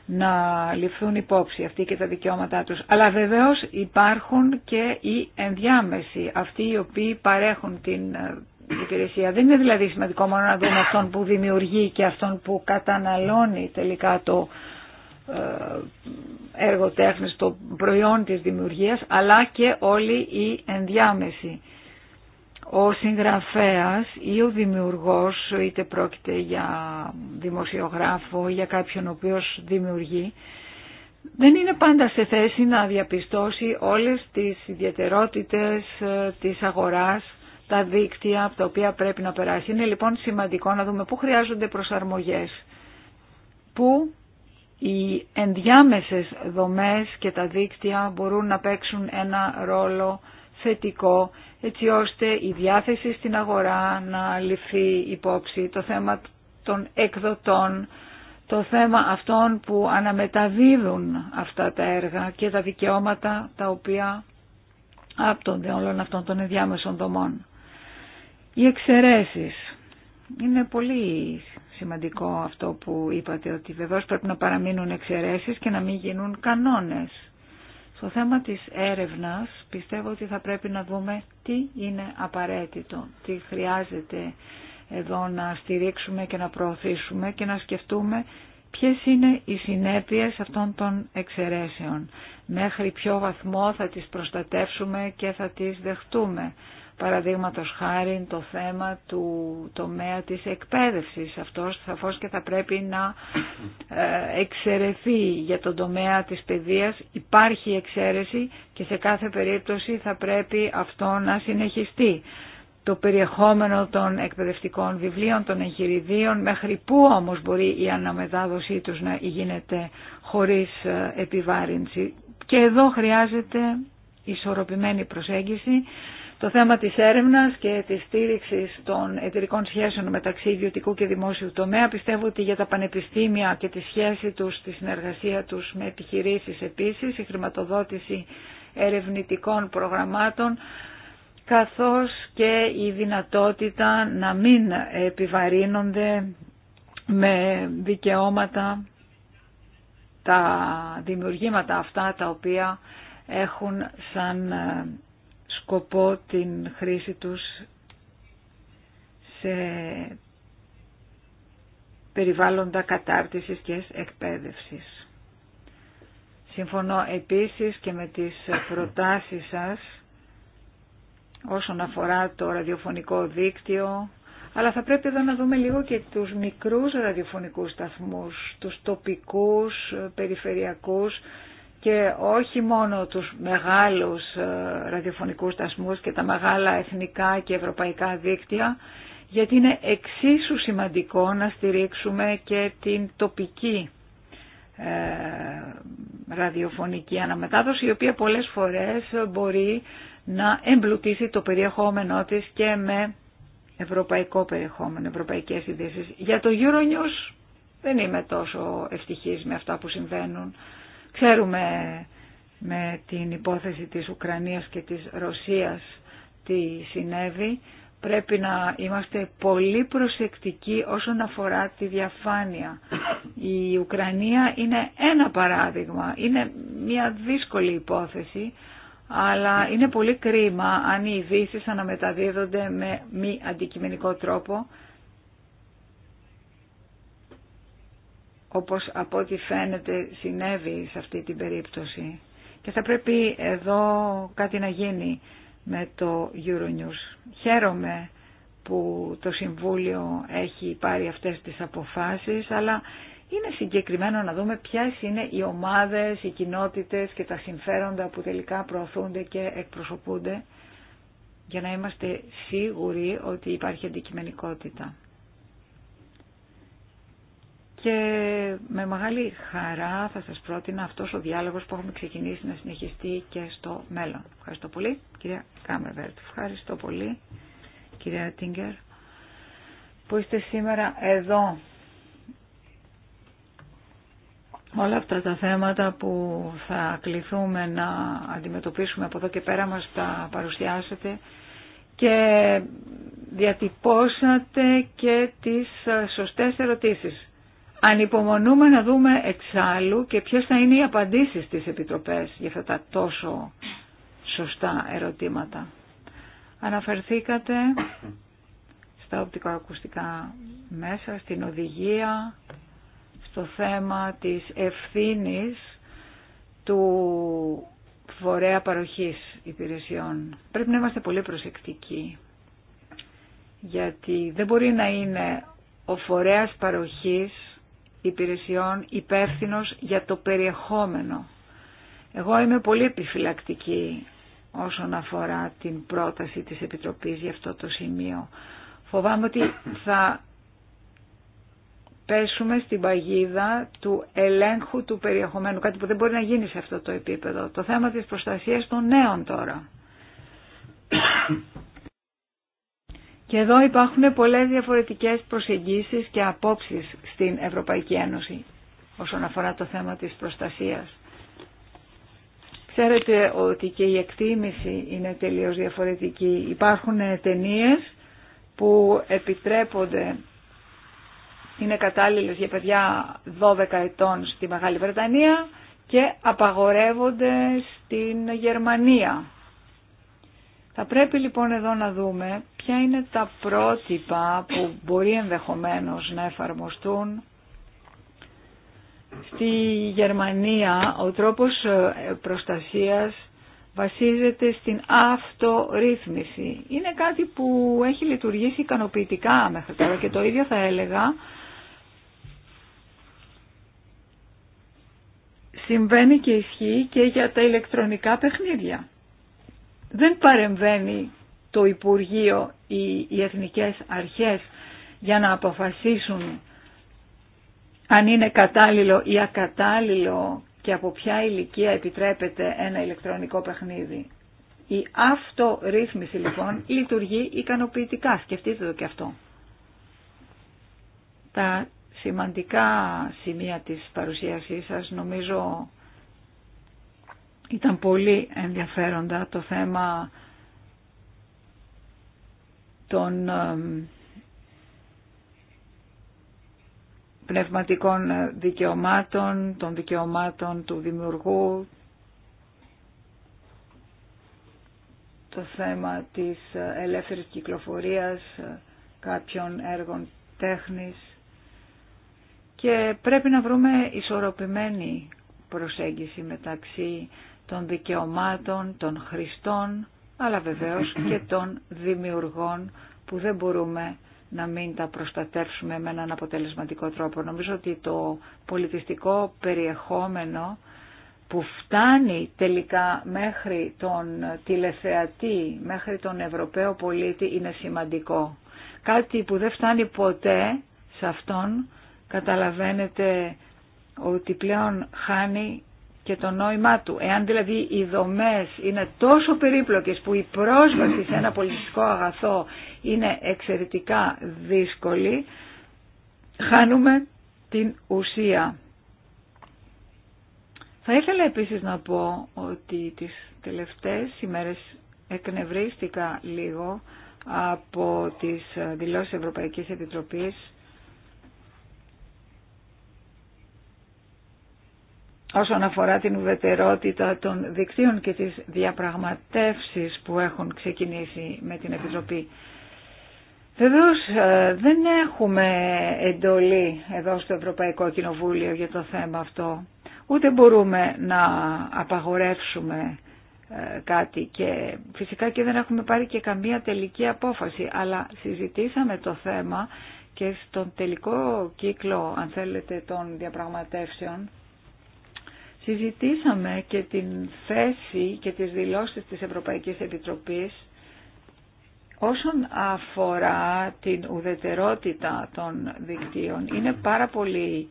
να ληφθούν υπόψη αυτοί και τα δικαιώματά τους. Αλλά βεβαίως υπάρχουν και οι ενδιάμεσοι, αυτοί οι οποίοι παρέχουν την ε, υπηρεσία. Δεν είναι δηλαδή σημαντικό μόνο να δούμε αυτόν που δημιουργεί και αυτόν που καταναλώνει τελικά το ε, έργο τέχνης, το προϊόν της δημιουργίας, αλλά και όλη η ενδιάμεση. Ο συγγραφέας ή ο δημιουργός, είτε πρόκειται για δημοσιογράφο ή για κάποιον ο οποίος δημιουργεί, δεν είναι πάντα σε θέση να διαπιστώσει όλες τις ιδιαιτερότητες ε, της αγοράς, τα δίκτυα από τα οποία πρέπει να περάσει. Είναι λοιπόν σημαντικό να δούμε πού χρειάζονται προσαρμογές, πού οι ενδιάμεσες δομές και τα δίκτυα μπορούν να παίξουν ένα ρόλο θετικό έτσι ώστε η διάθεση στην αγορά να ληφθεί υπόψη το θέμα των εκδοτών, το θέμα αυτών που αναμεταδίδουν αυτά τα έργα και τα δικαιώματα τα οποία άπτονται όλων αυτών των ενδιάμεσων δομών. Οι εξαιρεσει είναι πολύ σημαντικό αυτό που είπατε, ότι βεβαίως πρέπει να παραμείνουν εξαιρέσεις και να μην γίνουν κανόνες. Στο θέμα της έρευνας πιστεύω ότι θα πρέπει να δούμε τι είναι απαραίτητο, τι χρειάζεται εδώ να στηρίξουμε και να προωθήσουμε και να σκεφτούμε ποιες είναι οι συνέπειες αυτών των εξαιρέσεων. Μέχρι ποιο βαθμό θα τις προστατεύσουμε και θα τις δεχτούμε παραδείγματος χάρη το θέμα του τομέα της εκπαίδευσης. Αυτός σαφώ και θα πρέπει να ε, εξαιρεθεί για τον τομέα της παιδείας. Υπάρχει εξαίρεση και σε κάθε περίπτωση θα πρέπει αυτό να συνεχιστεί. Το περιεχόμενο των εκπαιδευτικών βιβλίων, των εγχειριδίων, μέχρι πού όμως μπορεί η αναμετάδοσή τους να γίνεται χωρίς ε, επιβάρυνση. Και εδώ χρειάζεται ισορροπημένη προσέγγιση το θέμα της έρευνας και της στήριξης των εταιρικών σχέσεων μεταξύ ιδιωτικού και δημόσιου τομέα πιστεύω ότι για τα πανεπιστήμια και τη σχέση τους, τη συνεργασία τους με επιχειρήσεις επίσης, η χρηματοδότηση ερευνητικών προγραμμάτων καθώς και η δυνατότητα να μην επιβαρύνονται με δικαιώματα τα δημιουργήματα αυτά τα οποία έχουν σαν σκοπό την χρήση τους σε περιβάλλοντα κατάρτισης και εκπαίδευσης. Συμφωνώ επίσης και με τις προτάσεις σας όσον αφορά το ραδιοφωνικό δίκτυο, αλλά θα πρέπει εδώ να δούμε λίγο και τους μικρούς ραδιοφωνικούς σταθμούς, τους τοπικούς, περιφερειακούς, και όχι μόνο τους μεγάλους ε, ραδιοφωνικούς σταθμούς και τα μεγάλα εθνικά και ευρωπαϊκά δίκτυα, γιατί είναι εξίσου σημαντικό να στηρίξουμε και την τοπική ε, ραδιοφωνική αναμετάδοση, η οποία πολλές φορές μπορεί να εμπλουτίσει το περιεχόμενό της και με ευρωπαϊκό περιεχόμενο, ευρωπαϊκές ειδήσει. Για το Euronews δεν είμαι τόσο ευτυχής με αυτά που συμβαίνουν Ξέρουμε με την υπόθεση της Ουκρανίας και της Ρωσίας τι συνέβη. Πρέπει να είμαστε πολύ προσεκτικοί όσον αφορά τη διαφάνεια. Η Ουκρανία είναι ένα παράδειγμα. Είναι μια δύσκολη υπόθεση, αλλά είναι πολύ κρίμα αν οι ειδήσει αναμεταδίδονται με μη αντικειμενικό τρόπο όπως από ό,τι φαίνεται συνέβη σε αυτή την περίπτωση. Και θα πρέπει εδώ κάτι να γίνει με το Euronews. Χαίρομαι που το Συμβούλιο έχει πάρει αυτές τις αποφάσεις, αλλά είναι συγκεκριμένο να δούμε ποιες είναι οι ομάδες, οι κοινότητες και τα συμφέροντα που τελικά προωθούνται και εκπροσωπούνται για να είμαστε σίγουροι ότι υπάρχει αντικειμενικότητα και με μεγάλη χαρά θα σας πρότεινα αυτός ο διάλογος που έχουμε ξεκινήσει να συνεχιστεί και στο μέλλον. Ευχαριστώ πολύ, κυρία Κάμερβερτ. Ευχαριστώ πολύ, κυρία Τίγκερ, που είστε σήμερα εδώ. Όλα αυτά τα θέματα που θα κληθούμε να αντιμετωπίσουμε από εδώ και πέρα μας τα παρουσιάσετε και διατυπώσατε και τις σωστές ερωτήσεις. Ανυπομονούμε να δούμε εξάλλου και ποιες θα είναι οι απαντήσεις της Επιτροπές για αυτά τα τόσο σωστά ερωτήματα. Αναφερθήκατε στα οπτικοακουστικά μέσα, στην οδηγία, στο θέμα της ευθύνης του φορέα παροχής υπηρεσιών. Πρέπει να είμαστε πολύ προσεκτικοί, γιατί δεν μπορεί να είναι ο φορέας παροχής υπηρεσιών υπεύθυνο για το περιεχόμενο. Εγώ είμαι πολύ επιφυλακτική όσον αφορά την πρόταση της Επιτροπής για αυτό το σημείο. Φοβάμαι ότι θα πέσουμε στην παγίδα του ελέγχου του περιεχομένου, κάτι που δεν μπορεί να γίνει σε αυτό το επίπεδο. Το θέμα της προστασίας των νέων τώρα. Και εδώ υπάρχουν πολλές διαφορετικές προσεγγίσεις και απόψεις στην Ευρωπαϊκή Ένωση όσον αφορά το θέμα της προστασίας. Ξέρετε ότι και η εκτίμηση είναι τελείως διαφορετική. Υπάρχουν ταινίε που επιτρέπονται, είναι κατάλληλες για παιδιά 12 ετών στη Μεγάλη Βρετανία και απαγορεύονται στην Γερμανία. Θα πρέπει λοιπόν εδώ να δούμε ποια είναι τα πρότυπα που μπορεί ενδεχομένως να εφαρμοστούν Στη Γερμανία ο τρόπος ε, προστασίας βασίζεται στην αυτορύθμιση. Είναι κάτι που έχει λειτουργήσει ικανοποιητικά μέχρι τώρα και το ίδιο θα έλεγα συμβαίνει και ισχύει και για τα ηλεκτρονικά παιχνίδια δεν παρεμβαίνει το Υπουργείο ή οι εθνικές αρχές για να αποφασίσουν αν είναι κατάλληλο ή ακατάλληλο και από ποια ηλικία επιτρέπεται ένα ηλεκτρονικό παιχνίδι. Η αυτορύθμιση λοιπόν λειτουργεί ικανοποιητικά. Σκεφτείτε το και αυτό. Τα σημαντικά σημεία της παρουσίασής σας νομίζω ήταν πολύ ενδιαφέροντα το θέμα των ε, πνευματικών δικαιωμάτων, των δικαιωμάτων του δημιουργού, το θέμα της ελεύθερης κυκλοφορίας ε, κάποιων έργων τέχνης και πρέπει να βρούμε ισορροπημένη προσέγγιση μεταξύ των δικαιωμάτων, των χριστών αλλά βεβαίως και των δημιουργών που δεν μπορούμε να μην τα προστατεύσουμε με έναν αποτελεσματικό τρόπο. Νομίζω ότι το πολιτιστικό περιεχόμενο που φτάνει τελικά μέχρι τον τηλεθεατή, μέχρι τον Ευρωπαίο πολίτη είναι σημαντικό. Κάτι που δεν φτάνει ποτέ σε αυτόν, καταλαβαίνετε ότι πλέον χάνει και το νόημά του. Εάν δηλαδή οι δομές είναι τόσο περίπλοκες που η πρόσβαση σε ένα πολιτιστικό αγαθό είναι εξαιρετικά δύσκολη, χάνουμε την ουσία. Θα ήθελα επίσης να πω ότι τις τελευταίες ημέρες εκνευρίστηκα λίγο από τις δηλώσεις Ευρωπαϊκής Επιτροπής όσον αφορά την ουδετερότητα των δικτύων και τις διαπραγματεύσεις που έχουν ξεκινήσει με την Επιτροπή. Βεβαίω ε, δεν έχουμε εντολή εδώ στο Ευρωπαϊκό Κοινοβούλιο για το θέμα αυτό. Ούτε μπορούμε να απαγορεύσουμε ε, κάτι και φυσικά και δεν έχουμε πάρει και καμία τελική απόφαση. Αλλά συζητήσαμε το θέμα και στον τελικό κύκλο, αν θέλετε, των διαπραγματεύσεων Συζητήσαμε και την θέση και τις δηλώσεις της Ευρωπαϊκής Επιτροπής όσον αφορά την ουδετερότητα των δικτύων. Είναι πάρα πολύ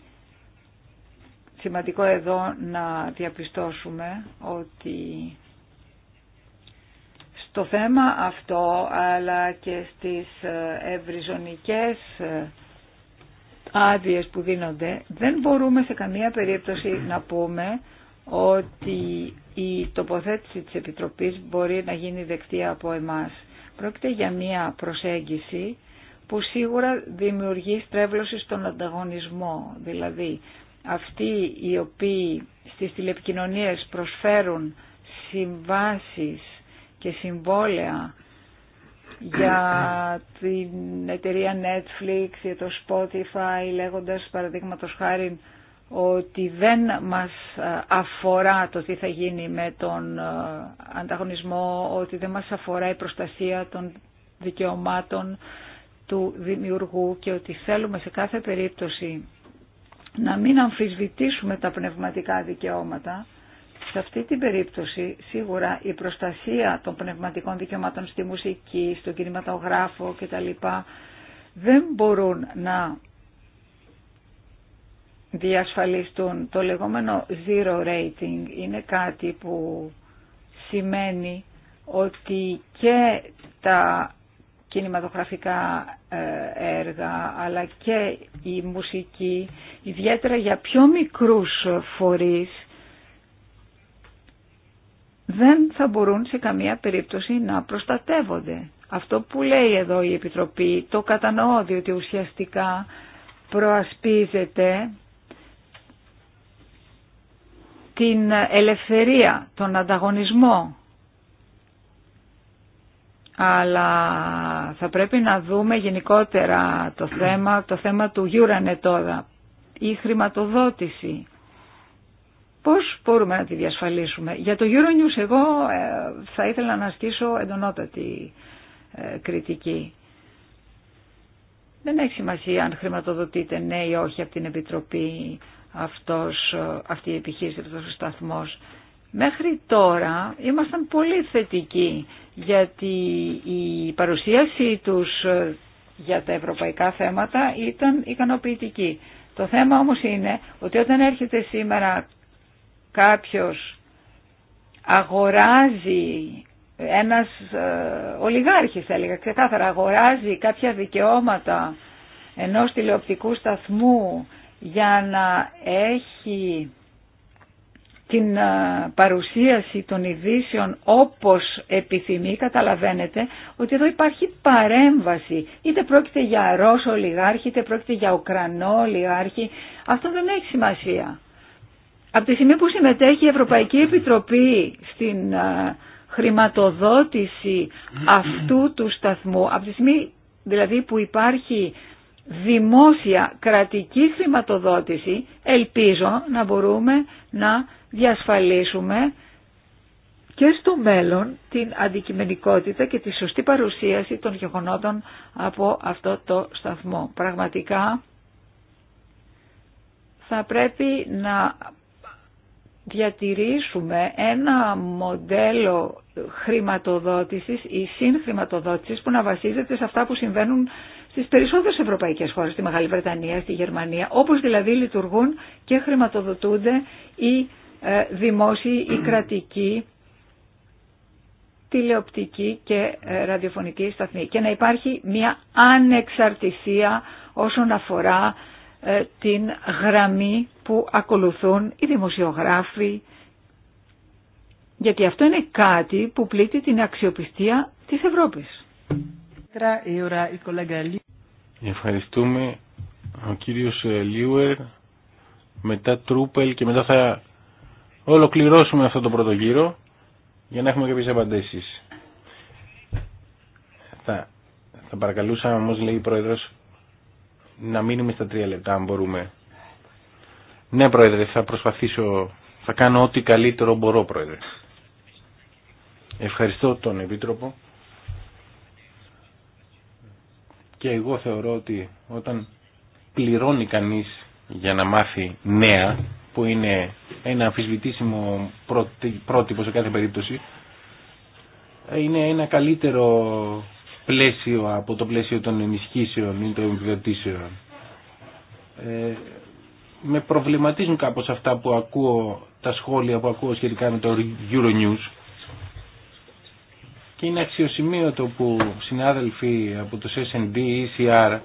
σημαντικό εδώ να διαπιστώσουμε ότι στο θέμα αυτό αλλά και στις ευρυζωνικές Άδειε που δίνονται, δεν μπορούμε σε καμία περίπτωση να πούμε ότι η τοποθέτηση της Επιτροπής μπορεί να γίνει δεκτή από εμάς. Πρόκειται για μια προσέγγιση που σίγουρα δημιουργεί στρέβλωση στον ανταγωνισμό. Δηλαδή, αυτοί οι οποίοι στις τηλεπικοινωνίες προσφέρουν συμβάσεις και συμβόλαια για την εταιρεία Netflix, για το Spotify, λέγοντας παραδείγματο χάρη ότι δεν μας ε, αφορά το τι θα γίνει με τον ε, ανταγωνισμό, ότι δεν μας αφορά η προστασία των δικαιωμάτων του δημιουργού και ότι θέλουμε σε κάθε περίπτωση να μην αμφισβητήσουμε τα πνευματικά δικαιώματα, σε αυτή την περίπτωση σίγουρα η προστασία των πνευματικών δικαιωμάτων στη μουσική, στον κινηματογράφο κτλ. δεν μπορούν να διασφαλιστούν. Το λεγόμενο zero rating είναι κάτι που σημαίνει ότι και τα κινηματογραφικά ε, έργα αλλά και η μουσική, ιδιαίτερα για πιο μικρούς φορείς, δεν θα μπορούν σε καμία περίπτωση να προστατεύονται. Αυτό που λέει εδώ η Επιτροπή το κατανοώ διότι ουσιαστικά προασπίζεται την ελευθερία, τον ανταγωνισμό. Αλλά θα πρέπει να δούμε γενικότερα το θέμα, το θέμα του γιουρανετόδα η χρηματοδότηση Πώς μπορούμε να τη διασφαλίσουμε. Για το Euronews εγώ ε, θα ήθελα να ασκήσω εντονότατη ε, κριτική. Δεν έχει σημασία αν χρηματοδοτείται ναι ή όχι από την Επιτροπή αυτός, ε, αυτή η επιχείρηση, αυτός ο σταθμός. Μέχρι τώρα ήμασταν πολύ θετικοί γιατί η παρουσίασή τους για τα ευρωπαϊκά θέματα ήταν ικανοποιητική. Το θέμα όμως είναι ότι όταν έρχεται σήμερα κάποιος αγοράζει ένας ε, ολιγάρχης θα έλεγα ξεκάθαρα αγοράζει κάποια δικαιώματα ενός τηλεοπτικού σταθμού για να έχει την ε, παρουσίαση των ειδήσεων όπως επιθυμεί, καταλαβαίνετε ότι εδώ υπάρχει παρέμβαση. Είτε πρόκειται για Ρώσο ολιγάρχη, είτε πρόκειται για Ουκρανό ολιγάρχη. Αυτό δεν έχει σημασία. Από τη στιγμή που συμμετέχει η Ευρωπαϊκή Επιτροπή στην χρηματοδότηση αυτού του σταθμού, από τη στιγμή δηλαδή που υπάρχει δημόσια κρατική χρηματοδότηση, ελπίζω να μπορούμε να διασφαλίσουμε και στο μέλλον την αντικειμενικότητα και τη σωστή παρουσίαση των γεγονότων από αυτό το σταθμό. Πραγματικά θα πρέπει να διατηρήσουμε ένα μοντέλο χρηματοδότησης ή συνχρηματοδότησης που να βασίζεται σε αυτά που συμβαίνουν στις περισσότερες ευρωπαϊκές χώρες, στη Μεγάλη Βρετανία, στη Γερμανία, όπως δηλαδή λειτουργούν και χρηματοδοτούνται οι ε, δημόσιοι, οι κρατικοί, τηλεοπτική και ε, ραδιοφωνική σταθμοί. και να υπάρχει μια ανεξαρτησία όσον αφορά ε, την γραμμή που ακολουθούν οι δημοσιογράφοι, γιατί αυτό είναι κάτι που πλήττει την αξιοπιστία της Ευρώπης. Ευχαριστούμε ο κύριος ε, Λίουερ, μετά Τρούπελ και μετά θα ολοκληρώσουμε αυτό το πρώτο γύρο για να έχουμε κάποιες απαντήσεις. Θα, θα παρακαλούσα όμως λέει η Πρόεδρος να μείνουμε στα τρία λεπτά αν μπορούμε. Ναι πρόεδρε θα προσπαθήσω, θα κάνω ό,τι καλύτερο μπορώ πρόεδρε. Ευχαριστώ τον Επίτροπο και εγώ θεωρώ ότι όταν πληρώνει κανείς για να μάθει νέα που είναι ένα αμφισβητήσιμο πρότυπο σε κάθε περίπτωση είναι ένα καλύτερο πλαίσιο από το πλαίσιο των ενισχύσεων ή των επιδοτήσεων. Ε, με προβληματίζουν κάπως αυτά που ακούω, τα σχόλια που ακούω σχετικά με το Euronews και είναι αξιοσημείωτο που συνάδελφοι από το S&D, ECR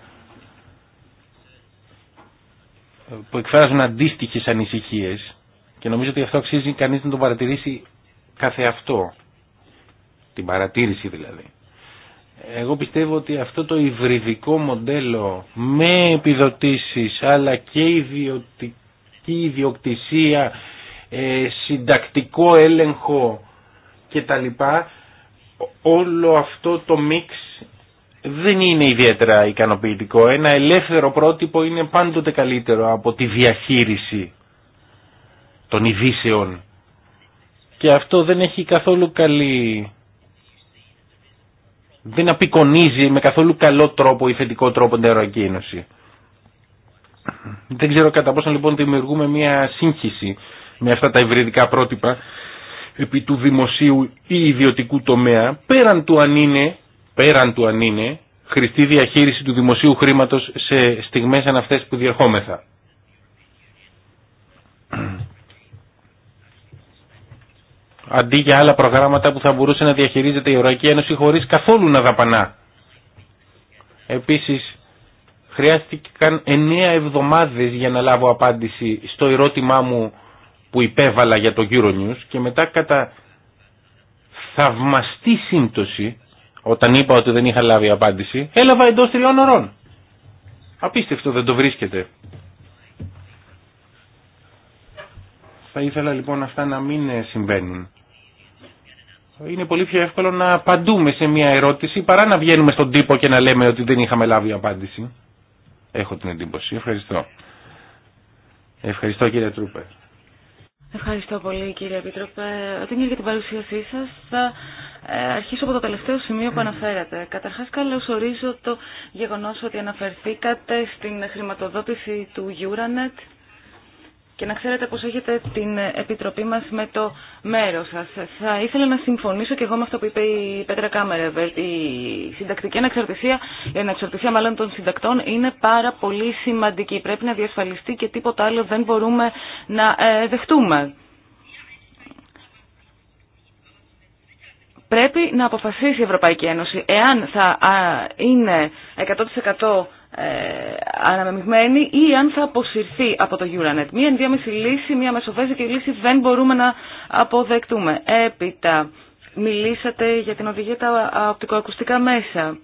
που εκφράζουν αντίστοιχες ανησυχίες και νομίζω ότι αυτό αξίζει κανείς να το παρατηρήσει καθεαυτό, την παρατήρηση δηλαδή. Εγώ πιστεύω ότι αυτό το υβριδικό μοντέλο με επιδοτήσεις αλλά και ιδιωτική ιδιοκτησία, ε, συντακτικό έλεγχο κτλ. Όλο αυτό το μίξ δεν είναι ιδιαίτερα ικανοποιητικό. Ένα ελεύθερο πρότυπο είναι πάντοτε καλύτερο από τη διαχείριση των ειδήσεων. Και αυτό δεν έχει καθόλου καλή δεν απεικονίζει με καθόλου καλό τρόπο ή θετικό τρόπο την Δεν ξέρω κατά πόσο λοιπόν δημιουργούμε μια σύγχυση με αυτά τα υβριδικά πρότυπα επί του δημοσίου ή ιδιωτικού τομέα, πέραν του αν είναι, πέραν του αν είναι χρηστή διαχείριση του δημοσίου χρήματος σε στιγμές σαν αυτές που διερχόμεθα. αντί για άλλα προγράμματα που θα μπορούσε να διαχειρίζεται η Ευρωπαϊκή Ένωση χωρίς καθόλου να δαπανά. Επίσης, χρειάστηκαν εννέα εβδομάδες για να λάβω απάντηση στο ερώτημά μου που υπέβαλα για το Euronews και μετά κατά θαυμαστή σύμπτωση, όταν είπα ότι δεν είχα λάβει απάντηση, έλαβα εντός τριών ωρών. Απίστευτο δεν το βρίσκεται. Θα ήθελα λοιπόν αυτά να μην ε, συμβαίνουν είναι πολύ πιο εύκολο να απαντούμε σε μια ερώτηση παρά να βγαίνουμε στον τύπο και να λέμε ότι δεν είχαμε λάβει απάντηση. Έχω την εντύπωση. Ευχαριστώ. Ευχαριστώ κύριε Τρούπε. Ευχαριστώ πολύ κύριε Επίτροπε. Όταν για την παρουσίασή σας θα ε, αρχίσω από το τελευταίο σημείο που αναφέρατε. Καταρχάς ορίζω το γεγονός ότι αναφερθήκατε στην χρηματοδότηση του Euronet και να ξέρετε πως έχετε την επιτροπή μας με το μέρος σας. Θα ήθελα να συμφωνήσω και εγώ με αυτό που είπε η Πέτρα Κάμερεβερ. Η συντακτική αναξαρτησία, η αναξαρτησία μάλλον των συντακτών είναι πάρα πολύ σημαντική. Πρέπει να διασφαλιστεί και τίποτα άλλο δεν μπορούμε να ε, δεχτούμε. Πρέπει να αποφασίσει η Ευρωπαϊκή Ένωση εάν θα είναι 100% ε, αναμειγμένη ή αν θα αποσυρθεί από το Euronet. Μία ενδιάμεση λύση, μία μεσοβέζικη λύση δεν μπορούμε να αποδεκτούμε. Έπειτα, μιλήσατε για την οδηγία τα οπτικοακουστικά μέσα.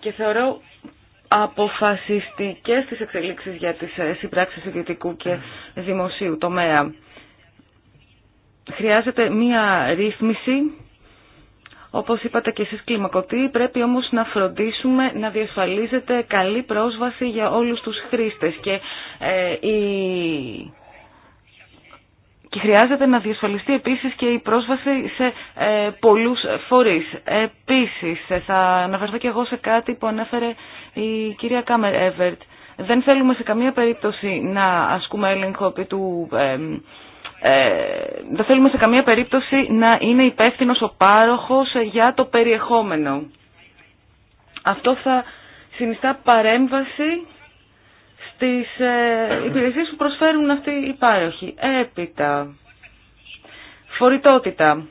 Και θεωρώ αποφασιστικές τις εξελίξεις για τις ε, συμπράξεις ιδιωτικού και δημοσίου τομέα. Χρειάζεται μία ρύθμιση όπως είπατε και εσείς κλιμακωτή, πρέπει όμως να φροντίσουμε να διασφαλίζεται καλή πρόσβαση για όλους τους χρήστες και, ε, η... και χρειάζεται να διασφαλιστεί επίσης και η πρόσβαση σε ε, πολλούς φορείς. Επίσης, ε, θα αναφερθώ και εγώ σε κάτι που ανέφερε η κυρία Κάμερ Εβερτ. Δεν θέλουμε σε καμία περίπτωση να ασκούμε έλεγχο επί του... Ε, ε, δεν θέλουμε σε καμία περίπτωση να είναι υπεύθυνο ο πάροχος για το περιεχόμενο. Αυτό θα συνιστά παρέμβαση στις ε, υπηρεσίες που προσφέρουν αυτοί οι πάροχοι. Έπειτα, φορητότητα,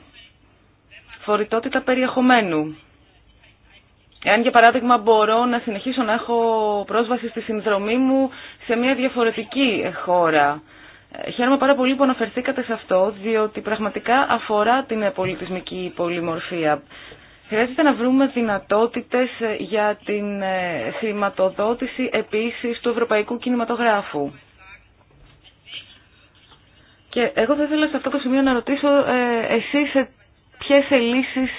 φορητότητα περιεχομένου. Εάν για παράδειγμα μπορώ να συνεχίσω να έχω πρόσβαση στη συνδρομή μου σε μια διαφορετική χώρα ε, χαίρομαι πάρα πολύ που αναφερθήκατε σε αυτό, διότι πραγματικά αφορά την ε, πολιτισμική πολυμορφία. Χρειάζεται να βρούμε δυνατότητες ε, για την χρηματοδότηση επίσης του ευρωπαϊκού κινηματογράφου. Και εγώ θα ήθελα σε αυτό το σημείο να ρωτήσω εσείς ποιες λύσεις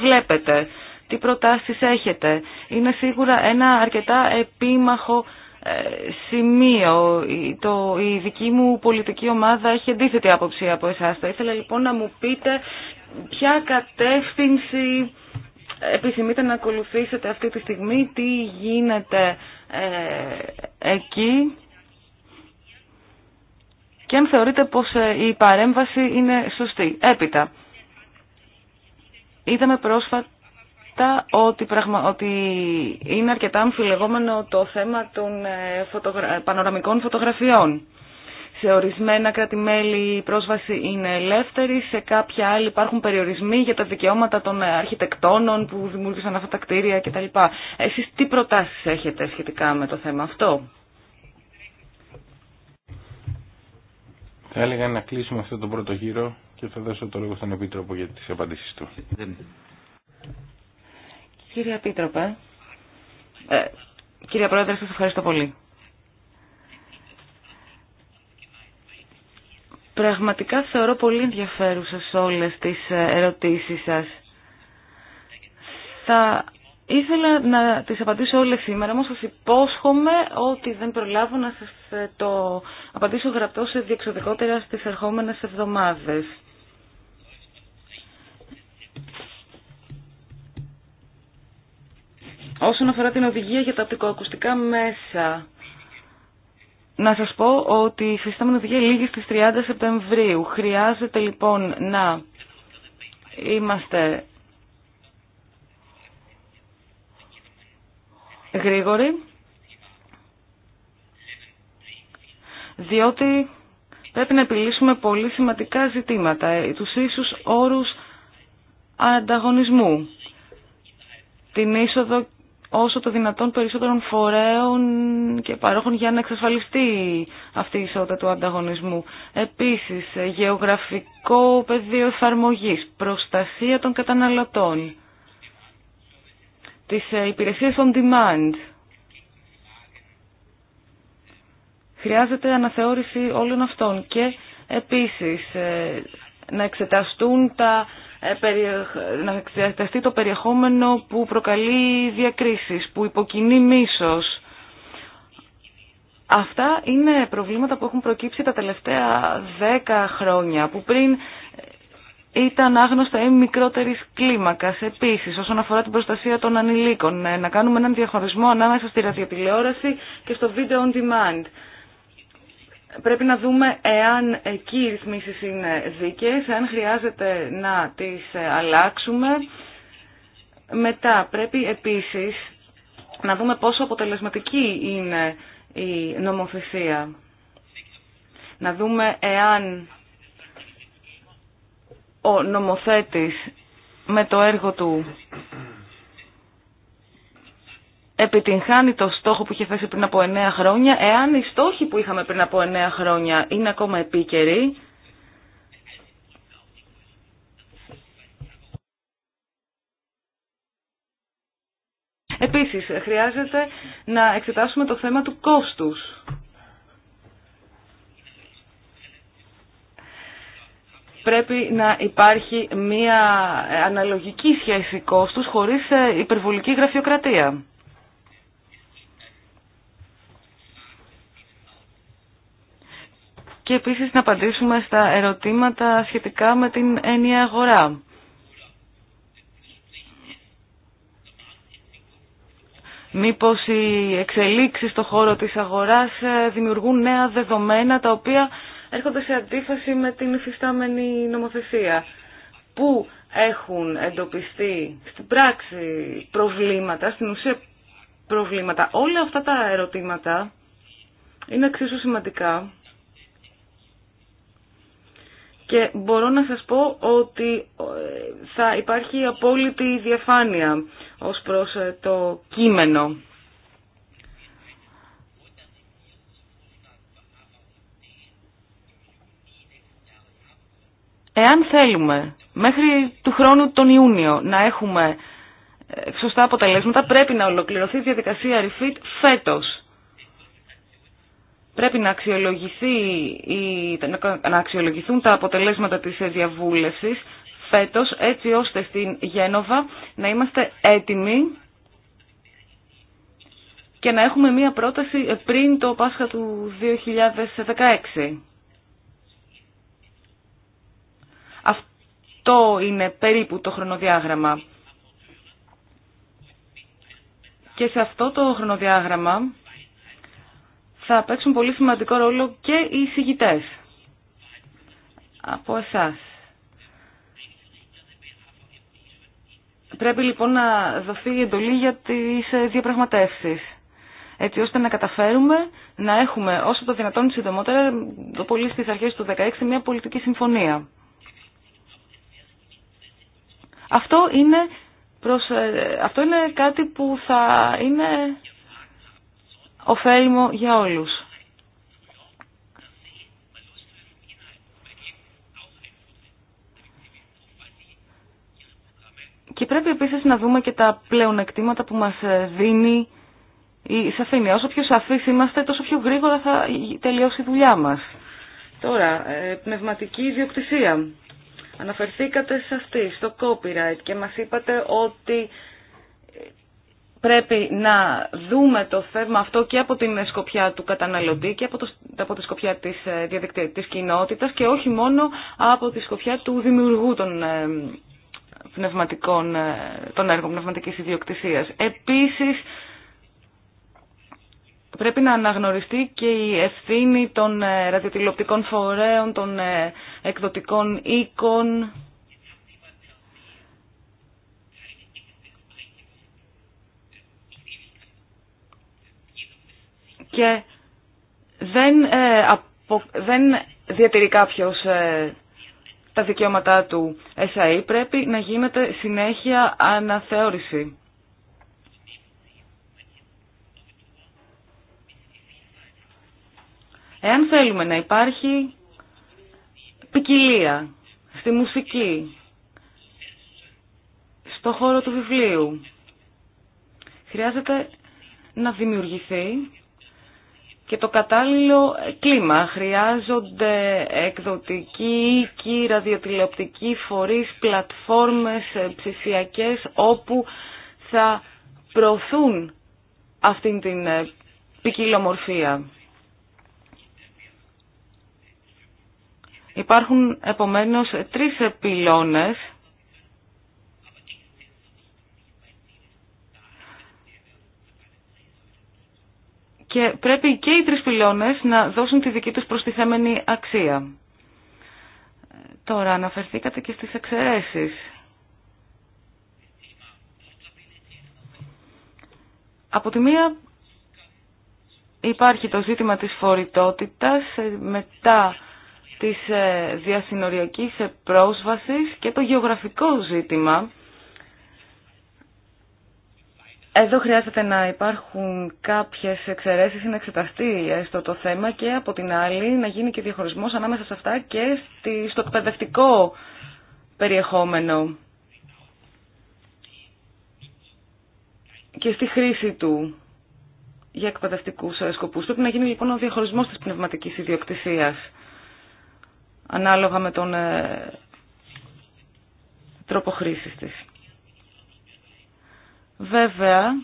βλέπετε, τι προτάσεις έχετε. Είναι σίγουρα ένα αρκετά επίμαχο ε, σημείο. Το, η δική μου πολιτική ομάδα έχει αντίθετη άποψη από εσάς. Θα ήθελα λοιπόν να μου πείτε ποια κατεύθυνση επιθυμείτε να ακολουθήσετε αυτή τη στιγμή, τι γίνεται ε, εκεί και αν θεωρείτε πως ε, η παρέμβαση είναι σωστή. Έπειτα, είδαμε πρόσφατα ότι, πραγμα... ότι είναι αρκετά αμφιλεγόμενο το θέμα των ε, φωτογρα... πανοραμικών φωτογραφιών. Σε ορισμένα κράτη-μέλη η πρόσβαση είναι ελεύθερη, σε κάποια άλλη υπάρχουν περιορισμοί για τα δικαιώματα των αρχιτεκτόνων που δημιούργησαν αυτά τα κτίρια κτλ. Εσείς τι προτάσεις έχετε σχετικά με το θέμα αυτό. Θα έλεγα να κλείσουμε αυτό τον πρώτο γύρο και θα δώσω το λόγο στον Επίτροπο για τις απαντήσεις του. Κύριε Επίτροπε, ε, κύριε Πρόεδρε, σας ευχαριστώ πολύ. Πραγματικά θεωρώ πολύ ενδιαφέρουσες όλες τις ε, ερωτήσεις σας. Θα ήθελα να τις απαντήσω όλες σήμερα, όμως σας υπόσχομαι ότι δεν προλάβω να σας ε, το απαντήσω γραπτό σε διεξοδικότερα στις ερχόμενες εβδομάδες. Όσον αφορά την οδηγία για τα οπτικοακουστικά μέσα, να σας πω ότι η φυστάμενη οδηγία λήγει στις 30 Σεπτεμβρίου. Χρειάζεται λοιπόν να είμαστε γρήγοροι, διότι πρέπει να επιλύσουμε πολύ σημαντικά ζητήματα, ε, τους ίσους όρους ανταγωνισμού, την είσοδο όσο το δυνατόν περισσότερων φορέων και παρόχων για να εξασφαλιστεί αυτή η ισότητα του ανταγωνισμού. Επίσης, γεωγραφικό πεδίο εφαρμογής, προστασία των καταναλωτών, τις ε, υπηρεσίες on demand. Χρειάζεται αναθεώρηση όλων αυτών και επίσης ε, να εξεταστούν τα ε, να εξεταστεί το περιεχόμενο που προκαλεί διακρίσεις, που υποκινεί μίσος. Αυτά είναι προβλήματα που έχουν προκύψει τα τελευταία δέκα χρόνια, που πριν ήταν άγνωστα ή μικρότερη κλίμακα. Επίση, όσον αφορά την προστασία των ανηλίκων, ε, να κάνουμε έναν διαχωρισμό ανάμεσα στη ραδιοτηλεόραση και στο video on demand. Πρέπει να δούμε εάν εκεί οι ρυθμίσεις είναι δίκαιες, εάν χρειάζεται να τις αλλάξουμε. Μετά πρέπει επίσης να δούμε πόσο αποτελεσματική είναι η νομοθεσία. Να δούμε εάν ο νομοθέτης με το έργο του επιτυγχάνει το στόχο που είχε θέσει πριν από 9 χρόνια, εάν οι στόχοι που είχαμε πριν από 9 χρόνια είναι ακόμα επίκαιροι, Επίσης, χρειάζεται να εξετάσουμε το θέμα του κόστους. Πρέπει να υπάρχει μία αναλογική σχέση κόστους χωρίς ε, υπερβολική γραφειοκρατία. και επίσης να απαντήσουμε στα ερωτήματα σχετικά με την έννοια αγορά. Μήπως οι εξελίξεις στον χώρο της αγοράς ε, δημιουργούν νέα δεδομένα τα οποία έρχονται σε αντίφαση με την υφιστάμενη νομοθεσία. Πού έχουν εντοπιστεί στην πράξη προβλήματα, στην ουσία προβλήματα. Όλα αυτά τα ερωτήματα είναι εξίσου σημαντικά και μπορώ να σας πω ότι ε, θα υπάρχει απόλυτη διαφάνεια ως προς ε, το κείμενο. Εάν θέλουμε μέχρι του χρόνου τον Ιούνιο να έχουμε ε, σωστά αποτελέσματα, πρέπει να ολοκληρωθεί η διαδικασία refit φέτος. Πρέπει να, αξιολογηθεί, να αξιολογηθούν τα αποτελέσματα της διαβούλευσης φέτος, έτσι ώστε στην Γένοβα να είμαστε έτοιμοι και να έχουμε μία πρόταση ε, πριν το Πάσχα του 2016. Αυτό είναι περίπου το χρονοδιάγραμμα. Και σε αυτό το χρονοδιάγραμμα θα παίξουν πολύ σημαντικό ρόλο και οι συγκητέ. από εσάς. Πρέπει λοιπόν να δοθεί η εντολή για τις ε, διαπραγματεύσεις, έτσι ώστε να καταφέρουμε να έχουμε όσο το δυνατόν συντομότερα, το πολύ στις αρχές του 2016, μια πολιτική συμφωνία. Αυτό είναι, προς, ε, αυτό είναι κάτι που θα είναι ωφέλιμο για όλους. Και πρέπει επίσης να δούμε και τα πλεονεκτήματα που μας δίνει η σαφήνεια. Όσο πιο σαφείς είμαστε, τόσο πιο γρήγορα θα τελειώσει η δουλειά μας. Τώρα, ε, πνευματική ιδιοκτησία. Αναφερθήκατε σε αυτή, στο copyright και μας είπατε ότι πρέπει να δούμε το θέμα αυτό και από την σκοπιά του καταναλωτή και από, το, από τη σκοπιά της, ε, διαδικτυακής κοινότητας και όχι μόνο από τη σκοπιά του δημιουργού των ε, πνευματικών, ε, των έργων πνευματικής ιδιοκτησίας. Επίσης, πρέπει να αναγνωριστεί και η ευθύνη των ραδιοτηλεοπτικών φορέων, των εκδοτικών οίκων, και δεν, ε, δεν διατηρεί κάποιος ε, τα δικαιώματά του SAE, πρέπει να γίνεται συνέχεια αναθεώρηση. Εάν θέλουμε να υπάρχει ποικιλία στη μουσική, στο χώρο του βιβλίου, χρειάζεται να δημιουργηθεί και το κατάλληλο κλίμα. Χρειάζονται εκδοτικοί οίκοι, ραδιοτηλεοπτικοί φορείς, πλατφόρμες ε, ψηφιακές όπου θα προωθούν αυτήν την ε, ποικιλομορφία. Υπάρχουν επομένως τρεις πυλώνες και πρέπει και οι τρεις να δώσουν τη δική τους προστιθέμενη αξία. Τώρα αναφερθήκατε και στις εξαιρέσεις. Από τη μία υπάρχει το ζήτημα της φορητότητας ε, μετά της ε, διασυνοριακής ε, πρόσβασης και το γεωγραφικό ζήτημα εδώ χρειάζεται να υπάρχουν κάποιες εξαιρέσεις ή να εξεταστεί έστω το θέμα και από την άλλη να γίνει και διαχωρισμός ανάμεσα σε αυτά και στο εκπαιδευτικό περιεχόμενο και στη χρήση του για εκπαιδευτικούς σκοπούς. Πρέπει να γίνει λοιπόν ο διαχωρισμός της πνευματικής ιδιοκτησίας ανάλογα με τον ε, τρόπο χρήσης της. Βέβαια,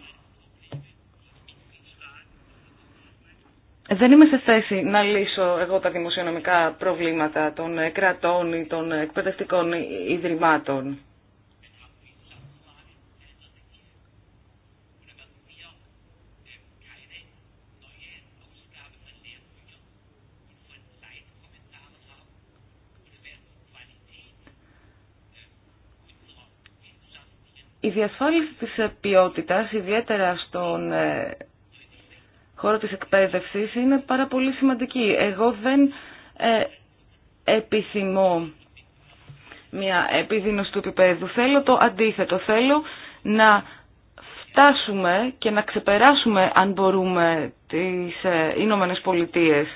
δεν είμαι σε θέση να λύσω εγώ τα δημοσιονομικά προβλήματα των κρατών ή των εκπαιδευτικών ιδρυμάτων. Η διασφάλιση της ε, ποιότητας, ιδιαίτερα στον ε, χώρο της εκπαίδευσης, είναι πάρα πολύ σημαντική. Εγώ δεν ε, επιθυμώ μια επιδείνωση του επίπεδου. Θέλω το αντίθετο. Θέλω να φτάσουμε και να ξεπεράσουμε, αν μπορούμε, τις Ηνωμένε Πολιτείε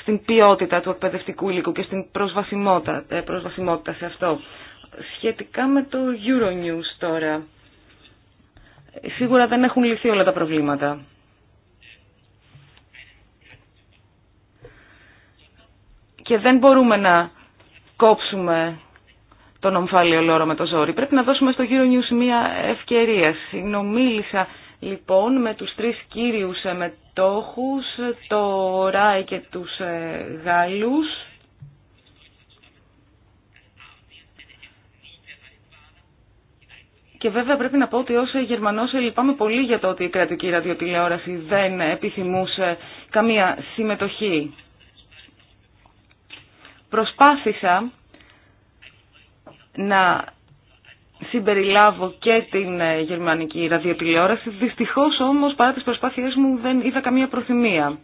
στην ποιότητα του εκπαιδευτικού υλικού και στην προσβασιμότητα, προσβασιμότητα σε αυτό. Σχετικά με το Euronews τώρα. Σίγουρα δεν έχουν λυθεί όλα τα προβλήματα. Και δεν μπορούμε να κόψουμε τον ομφάλιο λόρο με το ζόρι. Πρέπει να δώσουμε στο Euronews μία ευκαιρία. Συνομίλησα λοιπόν με τους τρεις κύριους ε, μετόχους, το ΡΑΙ και τους ε, Γάλλους Και βέβαια πρέπει να πω ότι ως Γερμανός λυπάμαι πολύ για το ότι η κρατική ραδιοτηλεόραση δεν επιθυμούσε καμία συμμετοχή. Προσπάθησα να συμπεριλάβω και την γερμανική ραδιοτηλεόραση. Δυστυχώς όμως παρά τις προσπάθειές μου δεν είδα καμία προθυμία.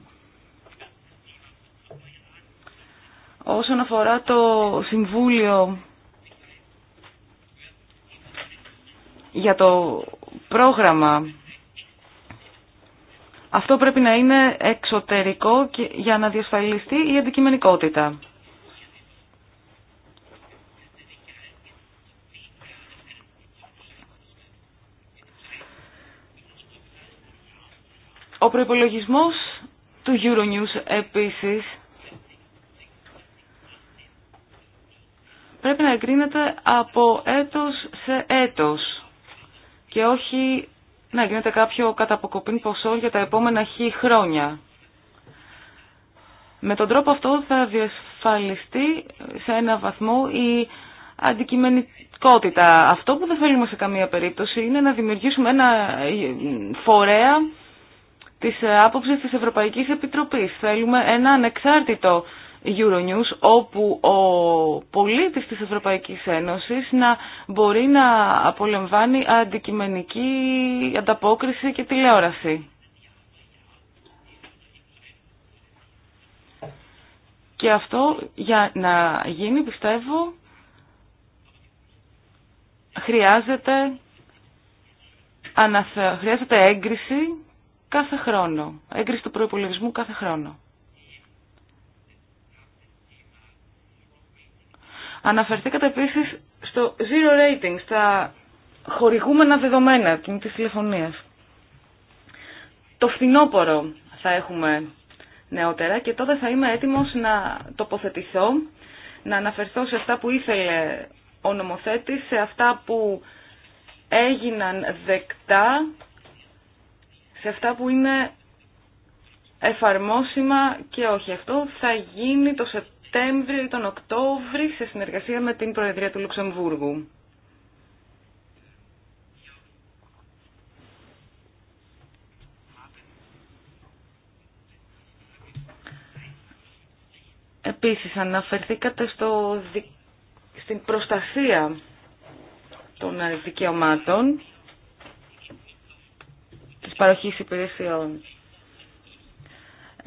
Όσον αφορά το Συμβούλιο για το πρόγραμμα. Αυτό πρέπει να είναι εξωτερικό και για να διασφαλιστεί η αντικειμενικότητα. Ο προϋπολογισμός του Euronews επίσης πρέπει να εγκρίνεται από έτος σε έτος και όχι να γίνεται κάποιο καταποκοπήν ποσό για τα επόμενα χι χρόνια. Με τον τρόπο αυτό θα διασφαλιστεί σε ένα βαθμό η αντικειμενικότητα. Αυτό που δεν θέλουμε σε καμία περίπτωση είναι να δημιουργήσουμε ένα ε, φορέα της άποψης της Ευρωπαϊκής Επιτροπής. Θέλουμε ένα ανεξάρτητο Euronews όπου ο πολίτης της Ευρωπαϊκής Ένωσης να μπορεί να απολεμβάνει αντικειμενική ανταπόκριση και τηλεόραση. Και αυτό για να γίνει πιστεύω χρειάζεται, αναθε... χρειάζεται έγκριση κάθε χρόνο, έγκριση του προϋπολογισμού κάθε χρόνο. Αναφερθήκατε επίσης στο zero rating, στα χορηγούμενα δεδομένα της τηλεφωνίας. Το φθινόπωρο θα έχουμε νεότερα και τότε θα είμαι έτοιμος να τοποθετηθώ, να αναφερθώ σε αυτά που ήθελε ο νομοθέτης, σε αυτά που έγιναν δεκτά, σε αυτά που είναι εφαρμόσιμα και όχι. Αυτό θα γίνει το Σεπτέμβριο Σεπτέμβριο τον Οκτώβρη σε συνεργασία με την Προεδρία του Λουξεμβούργου. Επίσης αναφερθήκατε στο, στην προστασία των δικαιωμάτων της παροχής υπηρεσιών.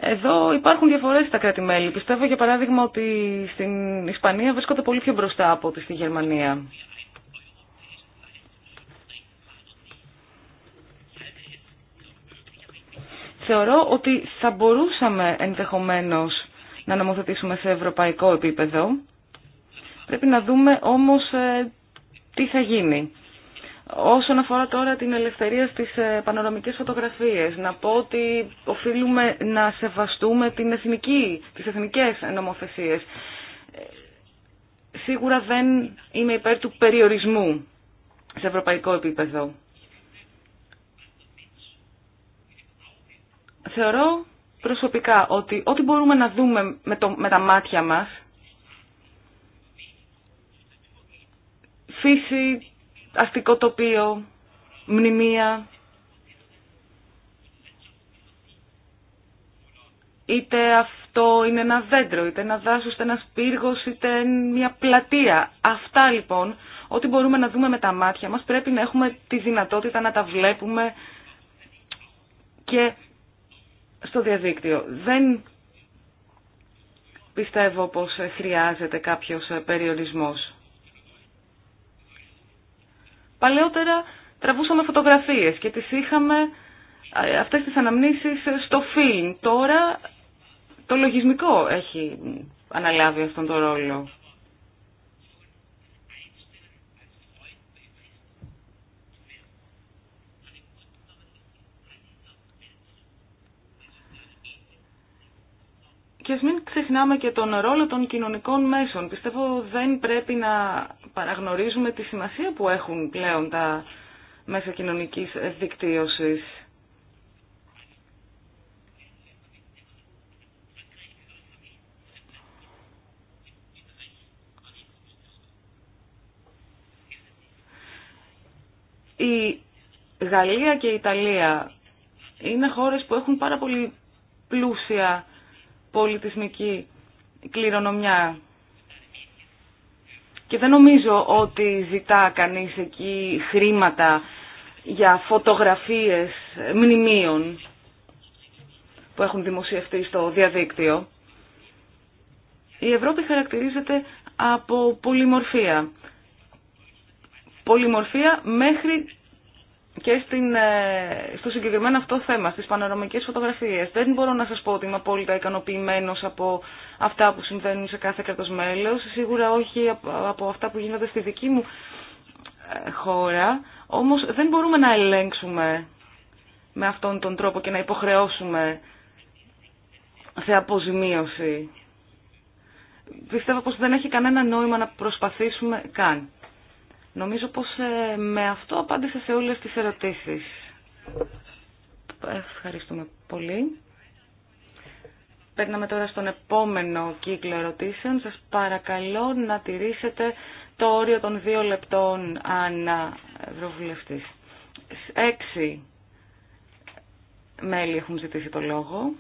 Εδώ υπάρχουν διαφορέ στα κράτη-μέλη. Πιστεύω, για παράδειγμα, ότι στην Ισπανία βρίσκονται πολύ πιο μπροστά από ότι στη Γερμανία. Θεωρώ ότι θα μπορούσαμε ενδεχομένως να νομοθετήσουμε σε ευρωπαϊκό επίπεδο. Πρέπει να δούμε όμως ε, τι θα γίνει. Όσον αφορά τώρα την ελευθερία στις ε, πανορομικές φωτογραφίες, να πω ότι οφείλουμε να σεβαστούμε την εθνική, τις εθνικές νομοθεσίες. Σίγουρα δεν είμαι υπέρ του περιορισμού σε ευρωπαϊκό επίπεδο. Θεωρώ προσωπικά ότι ό,τι μπορούμε να δούμε με, το, με τα μάτια μας, φύση, αστικό τοπίο, μνημεία, είτε αυτό είναι ένα δέντρο, είτε ένα δάσος, είτε ένας πύργος, είτε μια πλατεία. Αυτά λοιπόν, ό,τι μπορούμε να δούμε με τα μάτια μας, πρέπει να έχουμε τη δυνατότητα να τα βλέπουμε και στο διαδίκτυο. Δεν πιστεύω πως χρειάζεται κάποιος περιορισμός. Παλαιότερα τραβούσαμε φωτογραφίες και τις είχαμε αυτές τις αναμνήσεις στο φιλμ. Τώρα το λογισμικό έχει αναλάβει αυτόν τον ρόλο. Και ας μην ξεχνάμε και τον ρόλο των κοινωνικών μέσων. Πιστεύω δεν πρέπει να παραγνωρίζουμε τη σημασία που έχουν πλέον τα μέσα κοινωνικής δικτύωσης. Η Γαλλία και η Ιταλία είναι χώρες που έχουν πάρα πολύ πλούσια πολιτισμική κληρονομιά. Και δεν νομίζω ότι ζητά κανείς εκεί χρήματα για φωτογραφίες μνημείων που έχουν δημοσιευτεί στο διαδίκτυο. Η Ευρώπη χαρακτηρίζεται από πολυμορφία. Πολυμορφία μέχρι και στην, ε, στο συγκεκριμένο αυτό θέμα, στις πανοραμικές φωτογραφίες. Δεν μπορώ να σας πω ότι είμαι απόλυτα ικανοποιημένος από αυτά που συμβαίνουν σε κάθε κράτος μέλος, σίγουρα όχι από αυτά που γίνονται στη δική μου ε, χώρα, όμως δεν μπορούμε να ελέγξουμε με αυτόν τον τρόπο και να υποχρεώσουμε σε αποζημίωση. Πιστεύω πως δεν έχει κανένα νόημα να προσπαθήσουμε καν. Νομίζω πως ε, με αυτό απάντησα σε όλες τις ερωτήσεις. Ευχαριστούμε πολύ. Παίρναμε τώρα στον επόμενο κύκλο ερωτήσεων. Σας παρακαλώ να τηρήσετε το όριο των δύο λεπτών ανά ευρωβουλευτής. Έξι μέλη έχουν ζητήσει το λόγο.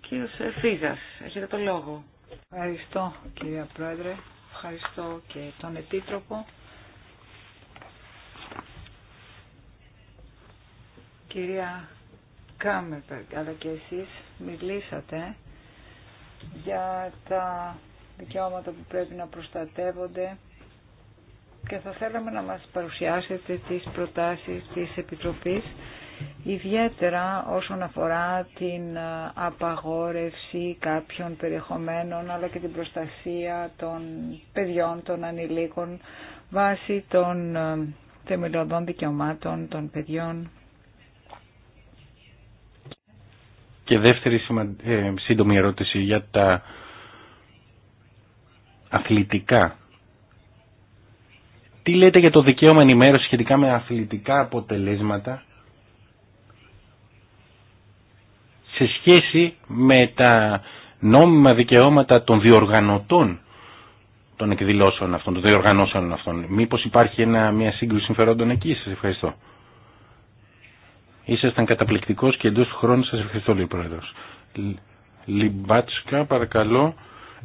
Κύριος Φίζας, έχετε το λόγο. Ευχαριστώ κυρία Πρόεδρε. Ευχαριστώ και τον Επίτροπο. Κυρία Κάμερπεργκ, αλλά και εσείς μιλήσατε για τα δικαιώματα που πρέπει να προστατεύονται και θα θέλαμε να μας παρουσιάσετε τις προτάσεις της Επιτροπής ιδιαίτερα όσον αφορά την απαγόρευση κάποιων περιεχομένων αλλά και την προστασία των παιδιών, των ανηλίκων βάσει των ε, θεμελιωδών δικαιωμάτων των παιδιών. Και δεύτερη ε, σύντομη ερώτηση για τα αθλητικά. Τι λέτε για το δικαίωμα ενημέρωση σχετικά με αθλητικά αποτελέσματα σε σχέση με τα νόμιμα δικαιώματα των διοργανωτών των εκδηλώσεων αυτών, των διοργανώσεων αυτών. Μήπως υπάρχει ένα, μια σύγκρουση συμφερόντων εκεί, σας ευχαριστώ. Ήσασταν καταπληκτικός και εντός του χρόνου σας ευχαριστώ, λέει Πρόεδρος. Λιμπάτσκα, παρακαλώ.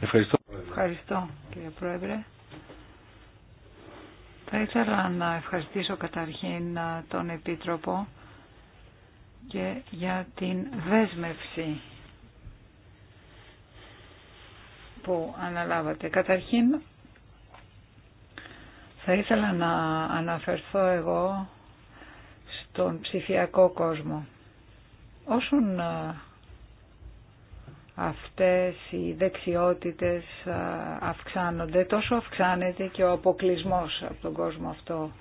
Ευχαριστώ. Ευχαριστώ, κύριε Πρόεδρε. Θα ήθελα να ευχαριστήσω καταρχήν τον Επίτροπο και για την δέσμευση που αναλάβατε. Καταρχήν θα ήθελα να αναφερθώ εγώ στον ψηφιακό κόσμο. Όσον αυτές οι δεξιότητες αυξάνονται, τόσο αυξάνεται και ο αποκλεισμός από τον κόσμο αυτό.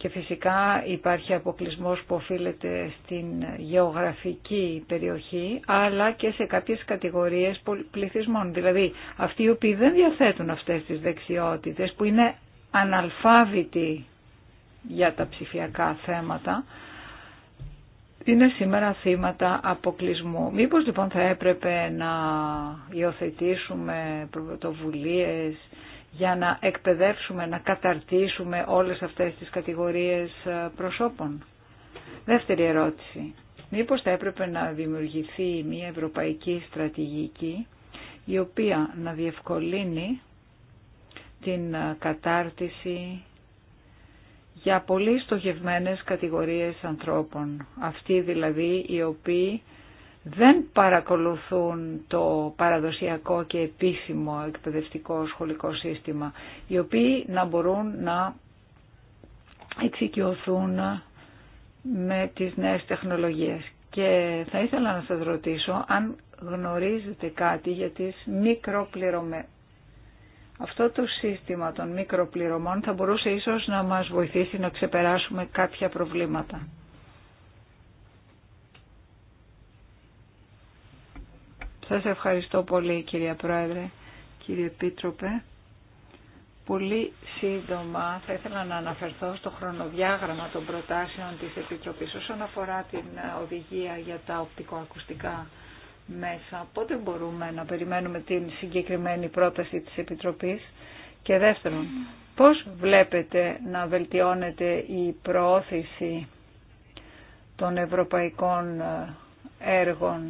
Και φυσικά υπάρχει αποκλεισμός που οφείλεται στην γεωγραφική περιοχή, αλλά και σε κάποιες κατηγορίες πληθυσμών. Δηλαδή, αυτοί οι οποίοι δεν διαθέτουν αυτές τις δεξιότητες, που είναι αναλφάβητοι για τα ψηφιακά θέματα, είναι σήμερα θύματα αποκλεισμού. Μήπως λοιπόν θα έπρεπε να υιοθετήσουμε πρωτοβουλίες, για να εκπαιδεύσουμε, να καταρτήσουμε όλες αυτές τις κατηγορίες ε, προσώπων. Δεύτερη ερώτηση. Μήπως θα έπρεπε να δημιουργηθεί μια ευρωπαϊκή στρατηγική η οποία να διευκολύνει την ε, κατάρτιση για πολύ στοχευμένες κατηγορίες ανθρώπων. Αυτοί δηλαδή οι οποίοι δεν παρακολουθούν το παραδοσιακό και επίσημο εκπαιδευτικό σχολικό σύστημα, οι οποίοι να μπορούν να εξοικειωθούν με τις νέες τεχνολογίες. Και θα ήθελα να σας ρωτήσω αν γνωρίζετε κάτι για τις μικροπληρωμές. Αυτό το σύστημα των μικροπληρωμών θα μπορούσε ίσως να μας βοηθήσει να ξεπεράσουμε κάποια προβλήματα. Σας ευχαριστώ πολύ κυρία Πρόεδρε, κύριε Επίτροπε. Πολύ σύντομα θα ήθελα να αναφερθώ στο χρονοδιάγραμμα των προτάσεων της Επιτροπής όσον αφορά την οδηγία για τα οπτικοακουστικά μέσα. Πότε μπορούμε να περιμένουμε την συγκεκριμένη πρόταση της Επιτροπής και δεύτερον, πώς βλέπετε να βελτιώνεται η προώθηση των ευρωπαϊκών ε, έργων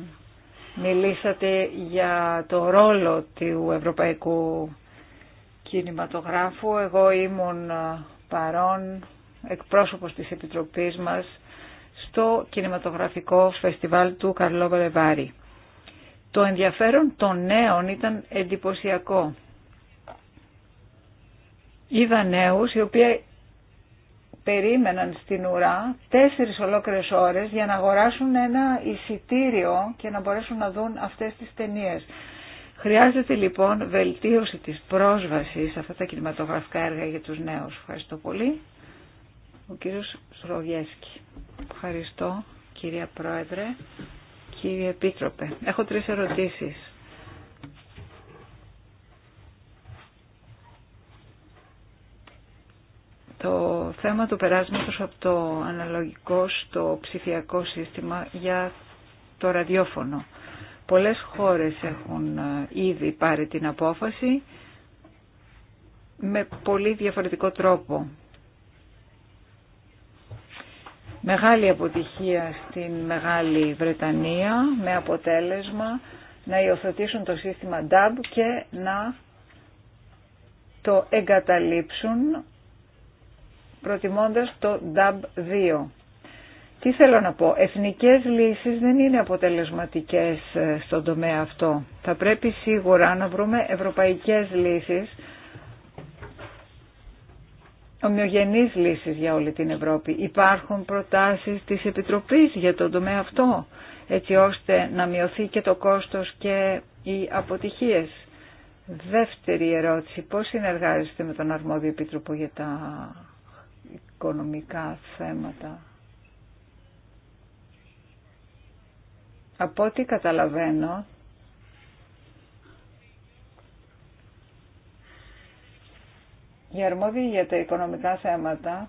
Μιλήσατε για το ρόλο του Ευρωπαϊκού Κινηματογράφου. Εγώ ήμουν ε, παρόν εκπρόσωπος της Επιτροπής μας στο κινηματογραφικό φεστιβάλ του Καρλό Βελεβάρη. Το ενδιαφέρον των νέων ήταν εντυπωσιακό. Είδα νέους οι οποίοι περίμεναν στην ουρά τέσσερις ολόκληρες ώρες για να αγοράσουν ένα εισιτήριο και να μπορέσουν να δουν αυτές τις ταινίες. Χρειάζεται λοιπόν βελτίωση της πρόσβασης σε αυτά τα κινηματογραφικά έργα για τους νέους. Ευχαριστώ πολύ. Ο κύριος Σρογιέσκη. Ευχαριστώ κυρία Πρόεδρε, κύριε Επίτροπε. Έχω τρεις ερωτήσεις. το θέμα του περάσματος από το αναλογικό στο ψηφιακό σύστημα για το ραδιόφωνο. Πολλές χώρες έχουν ε, ήδη πάρει την απόφαση με πολύ διαφορετικό τρόπο. Μεγάλη αποτυχία στην Μεγάλη Βρετανία με αποτέλεσμα να υιοθετήσουν το σύστημα DAB και να το εγκαταλείψουν προτιμώντας το DAB2. Τι θέλω να πω, εθνικές λύσεις δεν είναι αποτελεσματικές ε, στον τομέα αυτό. Θα πρέπει σίγουρα να βρούμε ευρωπαϊκές λύσεις, ομοιογενείς λύσεις για όλη την Ευρώπη. Υπάρχουν προτάσεις της Επιτροπής για τον τομέα αυτό, έτσι ώστε να μειωθεί και το κόστος και οι αποτυχίες. Δεύτερη ερώτηση, πώς συνεργάζεστε με τον Αρμόδιο Επίτροπο για τα οικονομικά θέματα. Από ό,τι καταλαβαίνω, οι αρμόδιοι για τα οικονομικά θέματα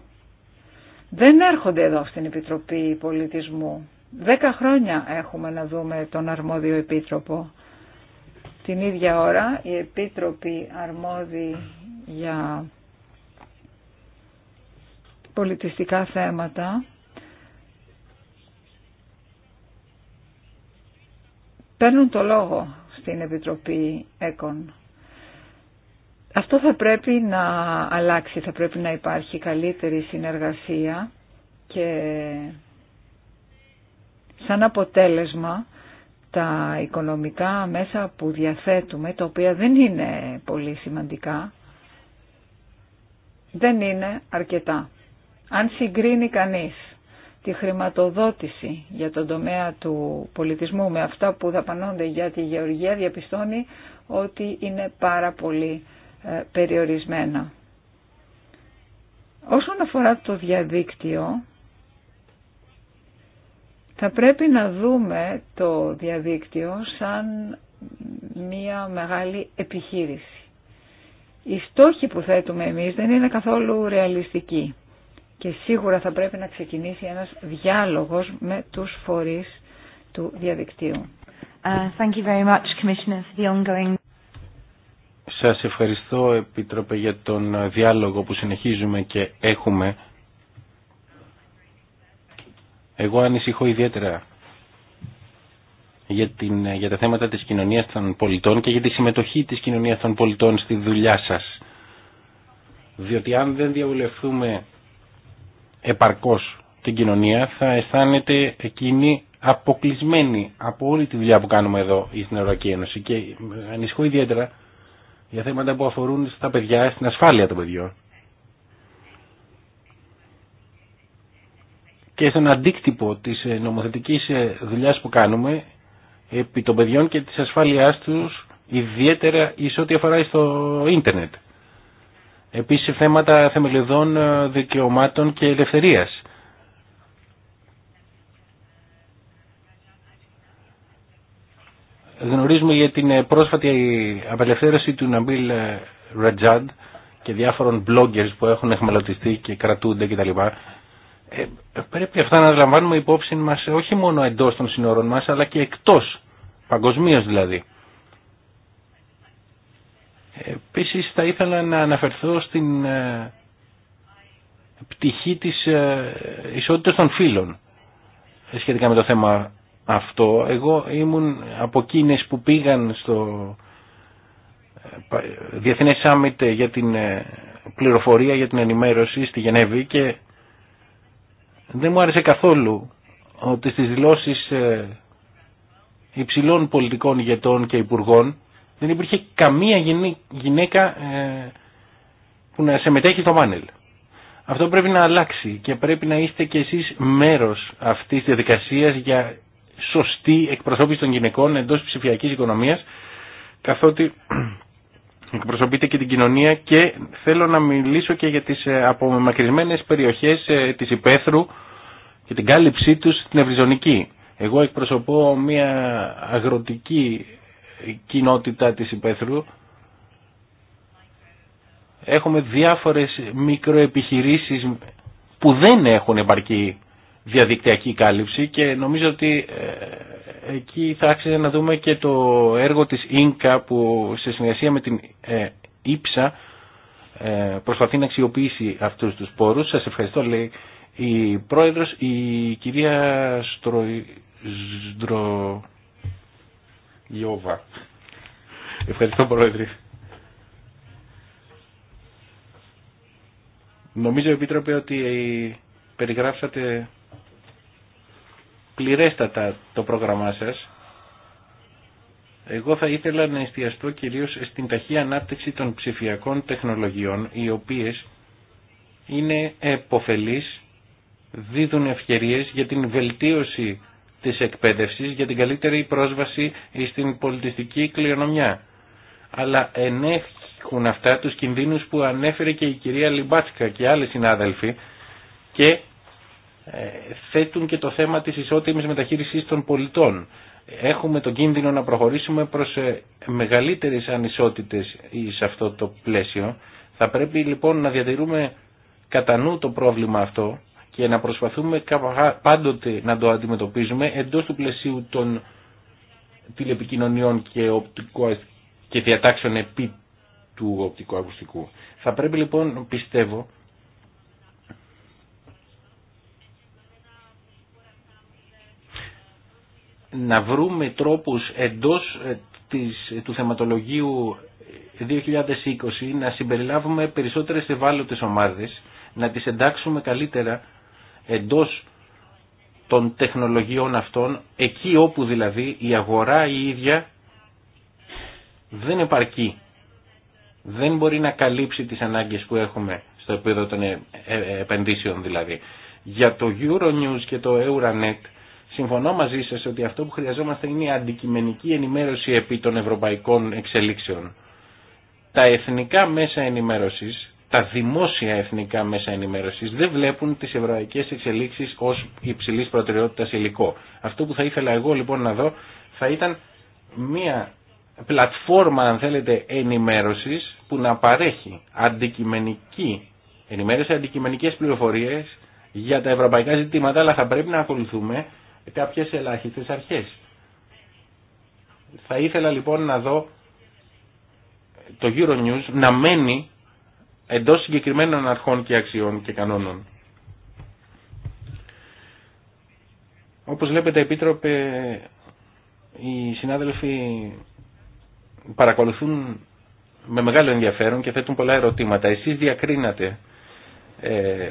δεν έρχονται εδώ στην Επιτροπή Πολιτισμού. Δέκα χρόνια έχουμε να δούμε τον αρμόδιο επίτροπο. Την ίδια ώρα οι επιτροπή αρμόδιοι για πολιτιστικά θέματα παίρνουν το λόγο στην Επιτροπή ΕΚΟΝ. Αυτό θα πρέπει να αλλάξει, θα πρέπει να υπάρχει καλύτερη συνεργασία και σαν αποτέλεσμα τα οικονομικά μέσα που διαθέτουμε, τα οποία δεν είναι πολύ σημαντικά, δεν είναι αρκετά. Αν συγκρίνει κανείς τη χρηματοδότηση για τον τομέα του πολιτισμού με αυτά που δαπανώνται για τη γεωργία διαπιστώνει ότι είναι πάρα πολύ ε, περιορισμένα. Όσον αφορά το διαδίκτυο, θα πρέπει να δούμε το διαδίκτυο σαν μία μεγάλη επιχείρηση. Οι στόχοι που θέτουμε εμείς δεν είναι καθόλου ρεαλιστικοί και σίγουρα θα πρέπει να ξεκινήσει ένας διάλογος με τους φορείς του διαδικτύου. Ε, thank Σας ευχαριστώ, Επίτροπε, για τον διάλογο που συνεχίζουμε και έχουμε. Εγώ ανησυχώ ιδιαίτερα για, την, για τα θέματα της κοινωνίας των πολιτών και για τη συμμετοχή της κοινωνίας των πολιτών στη δουλειά σας. Διότι αν δεν διαβουλευτούμε επαρκώς την κοινωνία θα αισθάνεται εκείνη αποκλεισμένη από όλη τη δουλειά που κάνουμε εδώ στην Ευρωπαϊκή Ένωση και ανησυχώ ιδιαίτερα για θέματα που αφορούν στα παιδιά, στην ασφάλεια των παιδιών. και στον αντίκτυπο της ε, νομοθετικής ε, δουλειάς που κάνουμε επί των παιδιών και της ασφάλειάς τους ιδιαίτερα εις ό,τι αφορά στο ίντερνετ. Επίσης θέματα θεμελιδών ε, δικαιωμάτων και ελευθερίας. Γνωρίζουμε για την ε, πρόσφατη απελευθέρωση του Ναμπίλ ε, Ρατζάντ και διάφορων bloggers που έχουν εχμαλωτιστεί και κρατούνται κτλ. Ε, πρέπει αυτά να λαμβάνουμε υπόψη μας όχι μόνο εντός των συνόρων μας αλλά και εκτός, παγκοσμίως δηλαδή. Επίσης θα ήθελα να αναφερθώ στην ε, πτυχή της ε, ισότητας των φύλων σχετικά με το θέμα αυτό. Εγώ ήμουν από εκείνες που πήγαν στο ε, Διεθνές Σάμιτε για την πληροφορία, για την ενημέρωση στη Γενέβη και δεν μου άρεσε καθόλου ότι στις δηλώσεις υψηλών πολιτικών ηγετών και υπουργών δεν υπήρχε καμία γυναίκα ε, που να συμμετέχει στο μάνελ. Αυτό πρέπει να αλλάξει και πρέπει να είστε κι εσείς μέρος αυτής της διαδικασίας για σωστή εκπροσώπηση των γυναικών εντός της ψηφιακής οικονομίας καθότι εκπροσωπείτε και την κοινωνία και θέλω να μιλήσω και για τις ε, απομακρυσμένες περιοχές ε, της Υπέθρου και την κάλυψή τους στην ευρυζωνική. Εγώ εκπροσωπώ μια αγροτική κοινότητα της υπαίθρου. Έχουμε διάφορες μικροεπιχειρήσεις που δεν έχουν επαρκή διαδικτυακή κάλυψη και νομίζω ότι ε, εκεί θα άξιζε να δούμε και το έργο της Ίνκα που σε συνεργασία με την Ήψα ε, ε, προσπαθεί να αξιοποιήσει αυτούς τους πόρους. Σας ευχαριστώ λέει η πρόεδρος, η κυρία Στροϊ... Ιώβα. Ευχαριστώ Πρόεδρε. Νομίζω Επίτροπε ότι περιγράψατε πληρέστατα το πρόγραμμά σας. Εγώ θα ήθελα να εστιαστώ κυρίως στην ταχύ ανάπτυξη των ψηφιακών τεχνολογιών, οι οποίες είναι εποφελείς, δίδουν ευκαιρίες για την βελτίωση της εκπαίδευσης για την καλύτερη πρόσβαση στην πολιτιστική κληρονομιά. Αλλά ενέχουν αυτά τους κινδύνους που ανέφερε και η κυρία Λιμπάτσκα και άλλοι συνάδελφοι και ε, θέτουν και το θέμα της ισότιμης μεταχείρισης των πολιτών. Έχουμε τον κίνδυνο να προχωρήσουμε προς ε, μεγαλύτερες ανισότητες σε αυτό το πλαίσιο. Θα πρέπει λοιπόν να διατηρούμε κατά νου το πρόβλημα αυτό και να προσπαθούμε πάντοτε να το αντιμετωπίζουμε εντός του πλαισίου των τηλεπικοινωνιών και, οπτικό, και διατάξεων επί του οπτικού ακουστικού. Θα πρέπει λοιπόν, πιστεύω, να βρούμε τρόπους εντός ε, της, του θεματολογίου 2020 να συμπεριλάβουμε περισσότερες ευάλωτες ομάδες, να τις εντάξουμε καλύτερα εντός των τεχνολογιών αυτών, εκεί όπου δηλαδή η αγορά η ίδια δεν επαρκεί, δεν μπορεί να καλύψει τις ανάγκες που έχουμε στο επίπεδο των ε, ε, επενδύσεων δηλαδή. Για το Euronews και το Euronet συμφωνώ μαζί σας ότι αυτό που χρειαζόμαστε είναι η αντικειμενική ενημέρωση επί των ευρωπαϊκών εξελίξεων. Τα εθνικά μέσα ενημέρωσης τα δημόσια εθνικά μέσα ενημέρωσης δεν βλέπουν τις ευρωπαϊκές εξελίξεις ως υψηλής προτεραιότητας υλικό. Αυτό που θα ήθελα εγώ λοιπόν να δω θα ήταν μια πλατφόρμα αν θέλετε ενημέρωσης που να παρέχει αντικειμενική ενημέρωση, αντικειμενικές πληροφορίες για τα ευρωπαϊκά ζητήματα αλλά θα πρέπει να ακολουθούμε κάποιε ελάχιστες αρχές. Θα ήθελα λοιπόν να δω το Euronews να μένει εντός συγκεκριμένων αρχών και αξιών και κανόνων. Όπως βλέπετε επίτροπε οι συνάδελφοι παρακολουθούν με μεγάλο ενδιαφέρον και θέτουν πολλά ερωτήματα. Εσείς διακρίνατε ε,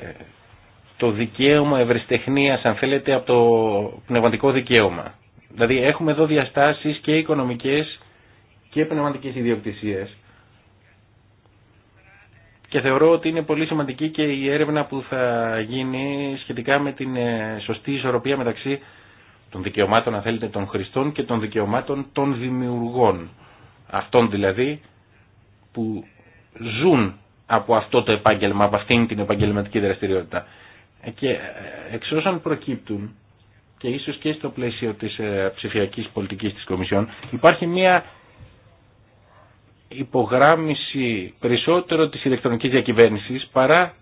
το δικαίωμα ευρεστεχνίας αν θέλετε από το πνευματικό δικαίωμα. Δηλαδή έχουμε εδώ διαστάσεις και οικονομικές και πνευματικές ιδιοκτησίες και θεωρώ ότι είναι πολύ σημαντική και η έρευνα που θα γίνει σχετικά με την ε, σωστή ισορροπία μεταξύ των δικαιωμάτων, αν θέλετε, των χρηστών και των δικαιωμάτων των δημιουργών. Αυτών δηλαδή που ζουν από αυτό το επάγγελμα, από αυτήν την επαγγελματική δραστηριότητα. Και ε, εξ όσων προκύπτουν και ίσως και στο πλαίσιο της ε, ψηφιακής πολιτικής της Κομισιόν υπάρχει μια υπογράμμιση περισσότερο της ηλεκτρονικής διακυβέρνησης παρά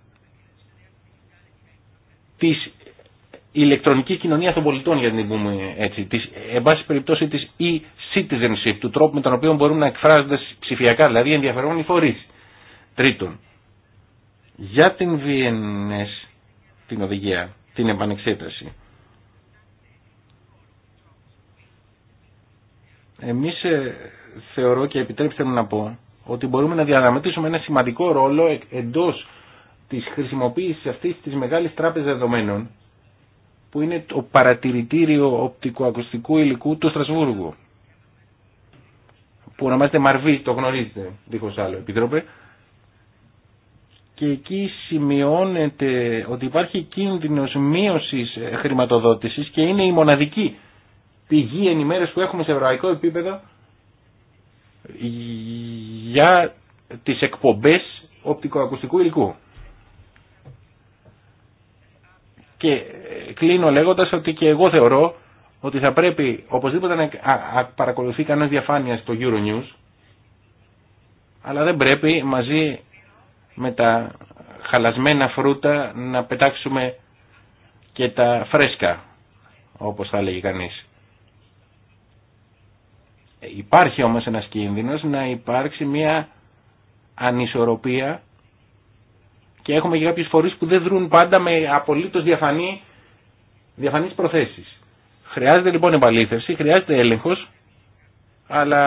της ηλεκτρονικής κοινωνίας των πολιτών, για να την πούμε έτσι, της, εν πάση περιπτώσει της e-citizenship, του τρόπου με τον οποίο μπορούν να εκφράζονται ψηφιακά, δηλαδή ενδιαφερόμενοι φορείς. Τρίτον, για την VNS, την οδηγία, την επανεξέταση, εμείς ε, θεωρώ και επιτρέψτε μου να πω ότι μπορούμε να διαδραματίσουμε ένα σημαντικό ρόλο εντός της χρησιμοποίηση αυτής της μεγάλης τράπεζας δεδομένων που είναι το παρατηρητήριο οπτικοακουστικού υλικού του Στρασβούργου που ονομάζεται Μαρβί, το γνωρίζετε δίχως άλλο επίτροπε και εκεί σημειώνεται ότι υπάρχει κίνδυνος μείωσης χρηματοδότησης και είναι η μοναδική πηγή ενημέρωση που έχουμε σε ευρωπαϊκό επίπεδο για τις εκπομπές οπτικοακουστικού υλικού. Και ε, κλείνω λέγοντας ότι και εγώ θεωρώ ότι θα πρέπει οπωσδήποτε να παρακολουθεί κανένας διαφάνεια στο Euronews αλλά δεν πρέπει μαζί με τα χαλασμένα φρούτα να πετάξουμε και τα φρέσκα όπως θα λέγει κανείς. Ε, υπάρχει όμως ένας κίνδυνος να υπάρξει μια ανισορροπία και έχουμε και κάποιες φορείς που δεν δρούν πάντα με απολύτως διαφανή, διαφανείς προθέσεις. Χρειάζεται λοιπόν επαλήθευση, χρειάζεται έλεγχος, αλλά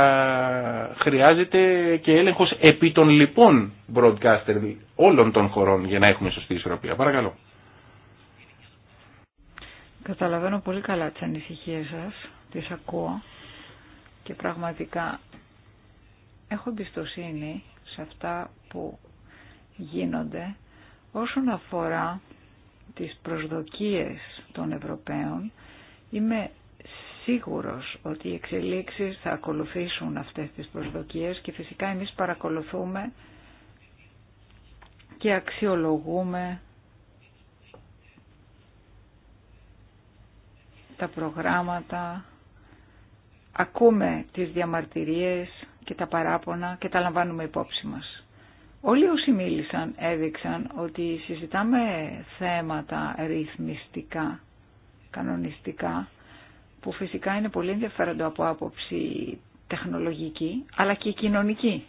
χρειάζεται και έλεγχος επί των λοιπόν broadcaster όλων των χωρών για να έχουμε σωστή ισορροπία. Παρακαλώ. Καταλαβαίνω πολύ καλά τις ανησυχίες σας, τις ακούω και πραγματικά έχω εμπιστοσύνη σε αυτά που γίνονται όσον αφορά τις προσδοκίες των Ευρωπαίων είμαι σίγουρος ότι οι εξελίξεις θα ακολουθήσουν αυτές τις προσδοκίες και φυσικά εμείς παρακολουθούμε και αξιολογούμε τα προγράμματα ακούμε τις διαμαρτυρίες και τα παράπονα και τα λαμβάνουμε υπόψη μας. Όλοι όσοι μίλησαν έδειξαν ότι συζητάμε θέματα ρυθμιστικά, κανονιστικά, που φυσικά είναι πολύ ενδιαφέροντα από άποψη τεχνολογική, αλλά και κοινωνική,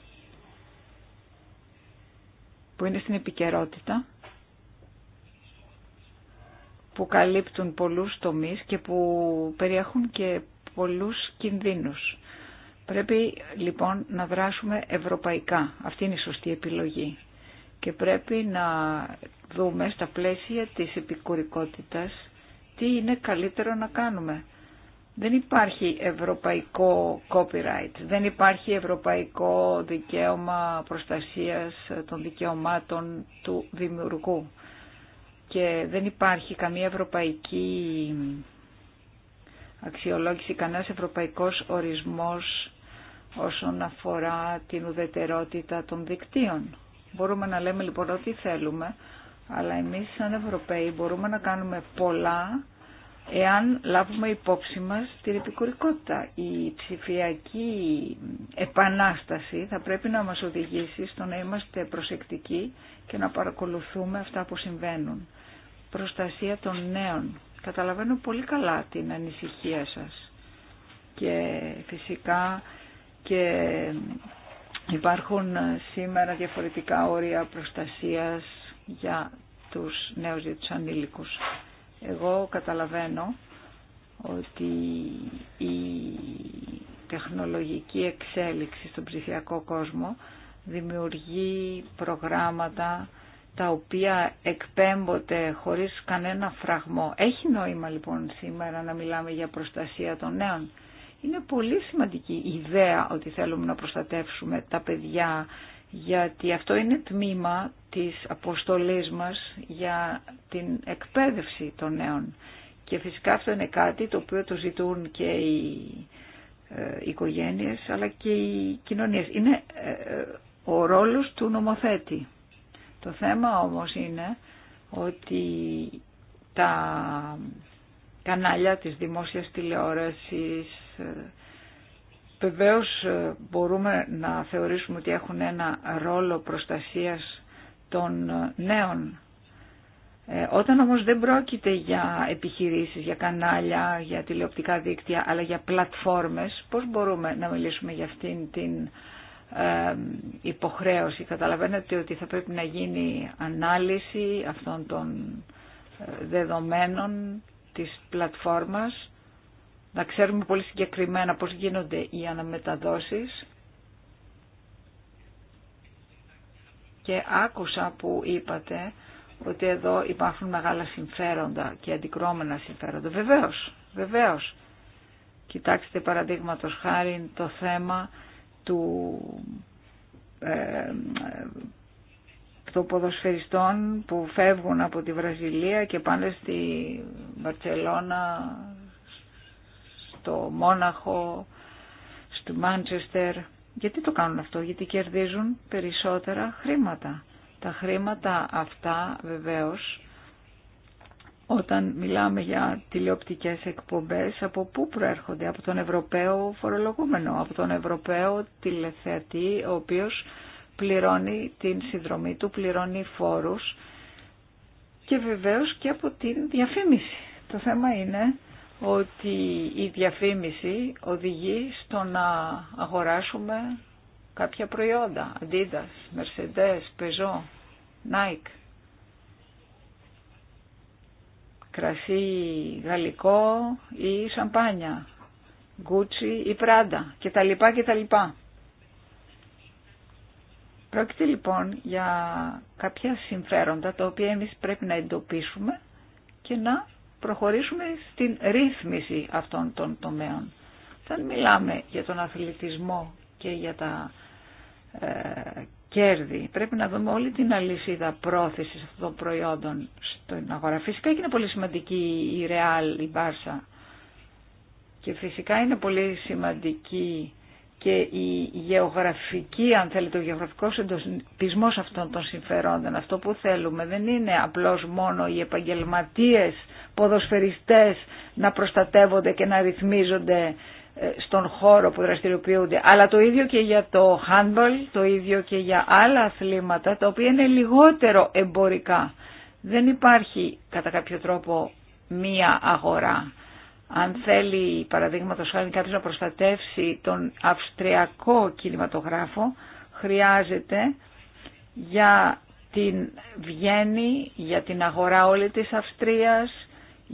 που είναι στην επικαιρότητα, που καλύπτουν πολλούς τομείς και που περιέχουν και πολλούς κινδύνους. Πρέπει λοιπόν να δράσουμε ευρωπαϊκά. Αυτή είναι η σωστή επιλογή. Και πρέπει να δούμε στα πλαίσια της επικουρικότητας τι είναι καλύτερο να κάνουμε. Δεν υπάρχει ευρωπαϊκό copyright, δεν υπάρχει ευρωπαϊκό δικαίωμα προστασίας των δικαιωμάτων του δημιουργού και δεν υπάρχει καμία ευρωπαϊκή αξιολόγηση κανένας ευρωπαϊκός ορισμός όσον αφορά την ουδετερότητα των δικτύων. Μπορούμε να λέμε λοιπόν ό,τι θέλουμε, αλλά εμείς σαν Ευρωπαίοι μπορούμε να κάνουμε πολλά εάν λάβουμε υπόψη μας την επικουρικότητα. Η ψηφιακή επανάσταση θα πρέπει να μας οδηγήσει στο να είμαστε προσεκτικοί και να παρακολουθούμε αυτά που συμβαίνουν. Προστασία των νέων Καταλαβαίνω πολύ καλά την ανησυχία σας και φυσικά και υπάρχουν σήμερα διαφορετικά όρια προστασίας για τους νέους για τους ανήλικους. Εγώ καταλαβαίνω ότι η τεχνολογική εξέλιξη στον ψηφιακό κόσμο δημιουργεί προγράμματα τα οποία εκπέμπονται χωρίς κανένα φραγμό. Έχει νόημα λοιπόν σήμερα να μιλάμε για προστασία των νέων. Είναι πολύ σημαντική η ιδέα ότι θέλουμε να προστατεύσουμε τα παιδιά γιατί αυτό είναι τμήμα της αποστολής μας για την εκπαίδευση των νέων. Και φυσικά αυτό είναι κάτι το οποίο το ζητούν και οι ε, οικογένειες αλλά και οι κοινωνίες. Είναι ε, ε, ο ρόλος του νομοθέτη. Το θέμα όμως είναι ότι τα κανάλια της δημόσιας τηλεόρασης ε, βεβαίω ε, μπορούμε να θεωρήσουμε ότι έχουν ένα ρόλο προστασίας των ε, νέων. όταν όμως δεν πρόκειται για επιχειρήσεις, για κανάλια, για τηλεοπτικά δίκτυα, αλλά για πλατφόρμες, πώς μπορούμε να μιλήσουμε για αυτήν την υποχρέωση. Καταλαβαίνετε ότι θα πρέπει να γίνει ανάλυση αυτών των ε, δεδομένων της πλατφόρμας, να ξέρουμε πολύ συγκεκριμένα πώς γίνονται οι αναμεταδόσεις και άκουσα που είπατε ότι εδώ υπάρχουν μεγάλα συμφέροντα και αντικρώμενα συμφέροντα. Βεβαίως, βεβαίως. Κοιτάξτε παραδείγματος χάρη το θέμα του, ε, ε, των ποδοσφαιριστών που φεύγουν από τη Βραζιλία και πάνε στη Βαρκελώνα, στο Μόναχο, στο Μάντσεστερ. Γιατί το κάνουν αυτό, γιατί κερδίζουν περισσότερα χρήματα. Τα χρήματα αυτά βεβαίως όταν μιλάμε για τηλεοπτικές εκπομπές, από πού προέρχονται, από τον Ευρωπαίο φορολογούμενο, από τον Ευρωπαίο τηλεθεατή, ο οποίος πληρώνει την συνδρομή του, πληρώνει φόρους και βεβαίως και από την διαφήμιση. Το θέμα είναι ότι η διαφήμιση οδηγεί στο να αγοράσουμε κάποια προϊόντα, Adidas, Mercedes, Peugeot, Nike. κρασί γαλλικό ή σαμπάνια, γκούτσι ή πράντα κτλ. κτλ. Πρόκειται λοιπόν για κάποια συμφέροντα τα οποία εμείς πρέπει να εντοπίσουμε και να προχωρήσουμε στην ρύθμιση αυτών των τομέων. Δεν μιλάμε για τον αθλητισμό και για τα ε, κέρδη. Πρέπει να δούμε όλη την αλυσίδα πρόθεση αυτών των προϊόντων στον αγορά. Φυσικά είναι πολύ σημαντική η Real, η Μπάρσα. Και φυσικά είναι πολύ σημαντική και η γεωγραφική, αν θέλετε, ο γεωγραφικό εντοπισμό αυτών των συμφερόντων. Αυτό που θέλουμε δεν είναι απλώς μόνο οι επαγγελματίες, ποδοσφαιριστές να προστατεύονται και να ρυθμίζονται ε, στον χώρο που δραστηριοποιούνται. Αλλά το ίδιο και για το handball, το ίδιο και για άλλα αθλήματα τα οποία είναι λιγότερο εμπορικά. Δεν υπάρχει κατά κάποιο τρόπο μία αγορά. Αν θέλει παραδείγματος χάρη κάποιος να προστατεύσει τον αυστριακό κινηματογράφο χρειάζεται για την Βιέννη, για την αγορά όλη της Αυστρίας,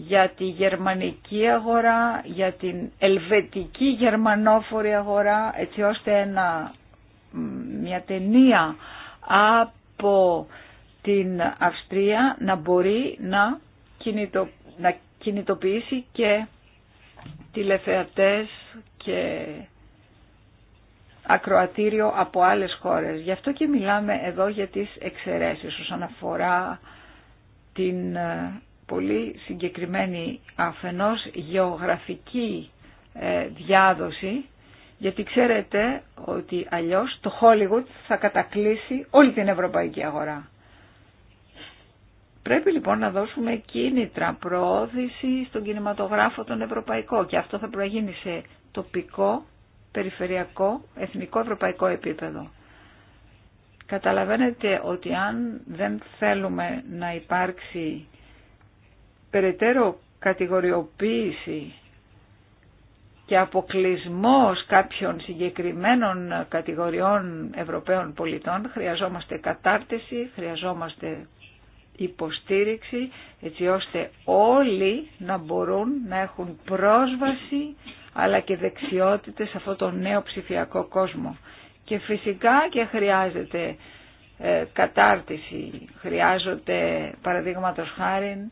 για τη γερμανική αγορά, για την ελβετική γερμανόφορη αγορά, έτσι ώστε ένα, μια ταινία από την Αυστρία να μπορεί να, κινητο, να κινητοποιήσει και τηλεθεατές και ακροατήριο από άλλες χώρες. Γι' αυτό και μιλάμε εδώ για τις εξαιρέσεις όσον αφορά την ε, πολύ συγκεκριμένη αφενός γεωγραφική ε, διάδοση γιατί ξέρετε ότι αλλιώς το Hollywood θα κατακλείσει όλη την ευρωπαϊκή αγορά. Πρέπει λοιπόν να δώσουμε κίνητρα προώθηση στον κινηματογράφο τον ευρωπαϊκό και αυτό θα προγίνει σε τοπικό, περιφερειακό, εθνικό, ευρωπαϊκό επίπεδο. Καταλαβαίνετε ότι αν δεν θέλουμε να υπάρξει περαιτέρω κατηγοριοποίηση και αποκλεισμό κάποιων συγκεκριμένων κατηγοριών Ευρωπαίων πολιτών χρειαζόμαστε κατάρτιση, χρειαζόμαστε υποστήριξη έτσι ώστε όλοι να μπορούν να έχουν πρόσβαση αλλά και δεξιότητες σε αυτό το νέο ψηφιακό κόσμο. Και φυσικά και χρειάζεται ε, κατάρτιση, χρειάζονται παραδείγματος χάρη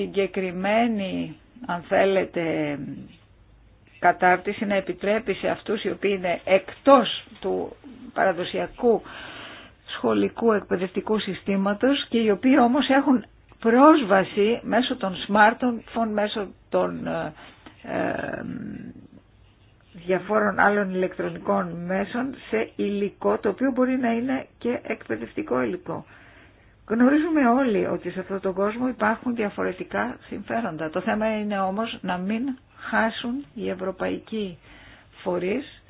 συγκεκριμένη, αν θέλετε, κατάρτιση να επιτρέπει σε αυτούς οι οποίοι είναι εκτός του παραδοσιακού σχολικού εκπαιδευτικού συστήματος και οι οποίοι όμως έχουν πρόσβαση μέσω των smartphone, μέσω των ε, ε διαφόρων άλλων ηλεκτρονικών μέσων σε υλικό το οποίο μπορεί να είναι και εκπαιδευτικό υλικό. Γνωρίζουμε όλοι ότι σε αυτόν τον κόσμο υπάρχουν διαφορετικά συμφέροντα. Το θέμα είναι όμως να μην χάσουν οι ευρωπαϊκοί φορείς,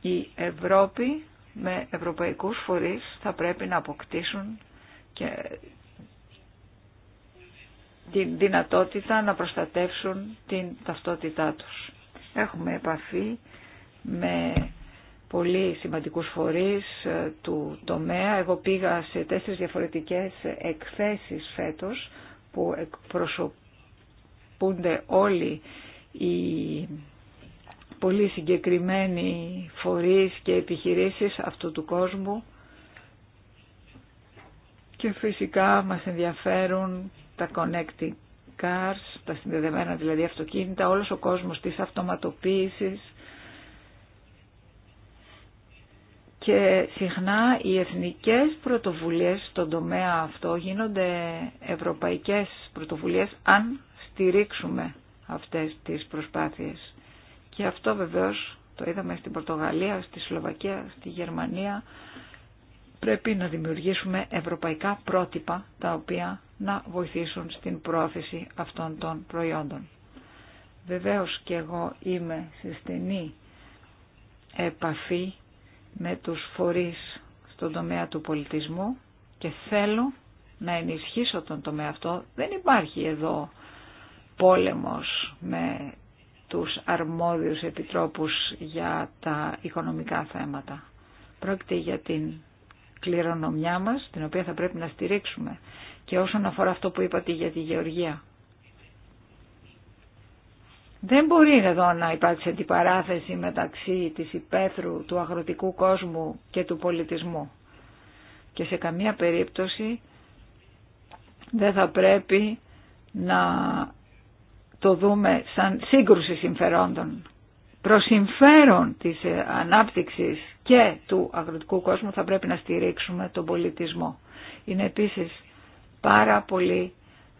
η Ευρώπη με ευρωπαϊκούς φορείς θα πρέπει να αποκτήσουν και την δυνατότητα να προστατεύσουν την ταυτότητά τους. Έχουμε επαφή με πολύ σημαντικούς φορείς ε, του τομέα. Εγώ πήγα σε τέσσερις διαφορετικές εκθέσεις φέτος που εκπροσωπούνται όλοι οι πολύ συγκεκριμένοι φορείς και επιχειρήσεις αυτού του κόσμου και φυσικά μας ενδιαφέρουν τα connecting cars, τα συνδεδεμένα δηλαδή αυτοκίνητα, όλος ο κόσμος της αυτοματοποίησης Και συχνά οι εθνικές πρωτοβουλίες στον τομέα αυτό γίνονται ευρωπαϊκές πρωτοβουλίες αν στηρίξουμε αυτές τις προσπάθειες. Και αυτό βεβαίως το είδαμε στην Πορτογαλία, στη Σλοβακία, στη Γερμανία. Πρέπει να δημιουργήσουμε ευρωπαϊκά πρότυπα τα οποία να βοηθήσουν στην πρόθεση αυτών των προϊόντων. Βεβαίως και εγώ είμαι σε στενή επαφή με τους φορείς στον τομέα του πολιτισμού και θέλω να ενισχύσω τον τομέα αυτό. Δεν υπάρχει εδώ πόλεμος με τους αρμόδιους επιτρόπους για τα οικονομικά θέματα. Πρόκειται για την κληρονομιά μας, την οποία θα πρέπει να στηρίξουμε. Και όσον αφορά αυτό που είπατε για τη γεωργία, δεν μπορεί εδώ να υπάρξει αντιπαράθεση μεταξύ της υπαίθρου του αγροτικού κόσμου και του πολιτισμού. Και σε καμία περίπτωση δεν θα πρέπει να το δούμε σαν σύγκρουση συμφερόντων. Προς συμφέρον της ε, ανάπτυξης και του αγροτικού κόσμου θα πρέπει να στηρίξουμε τον πολιτισμό. Είναι επίσης πάρα πολύ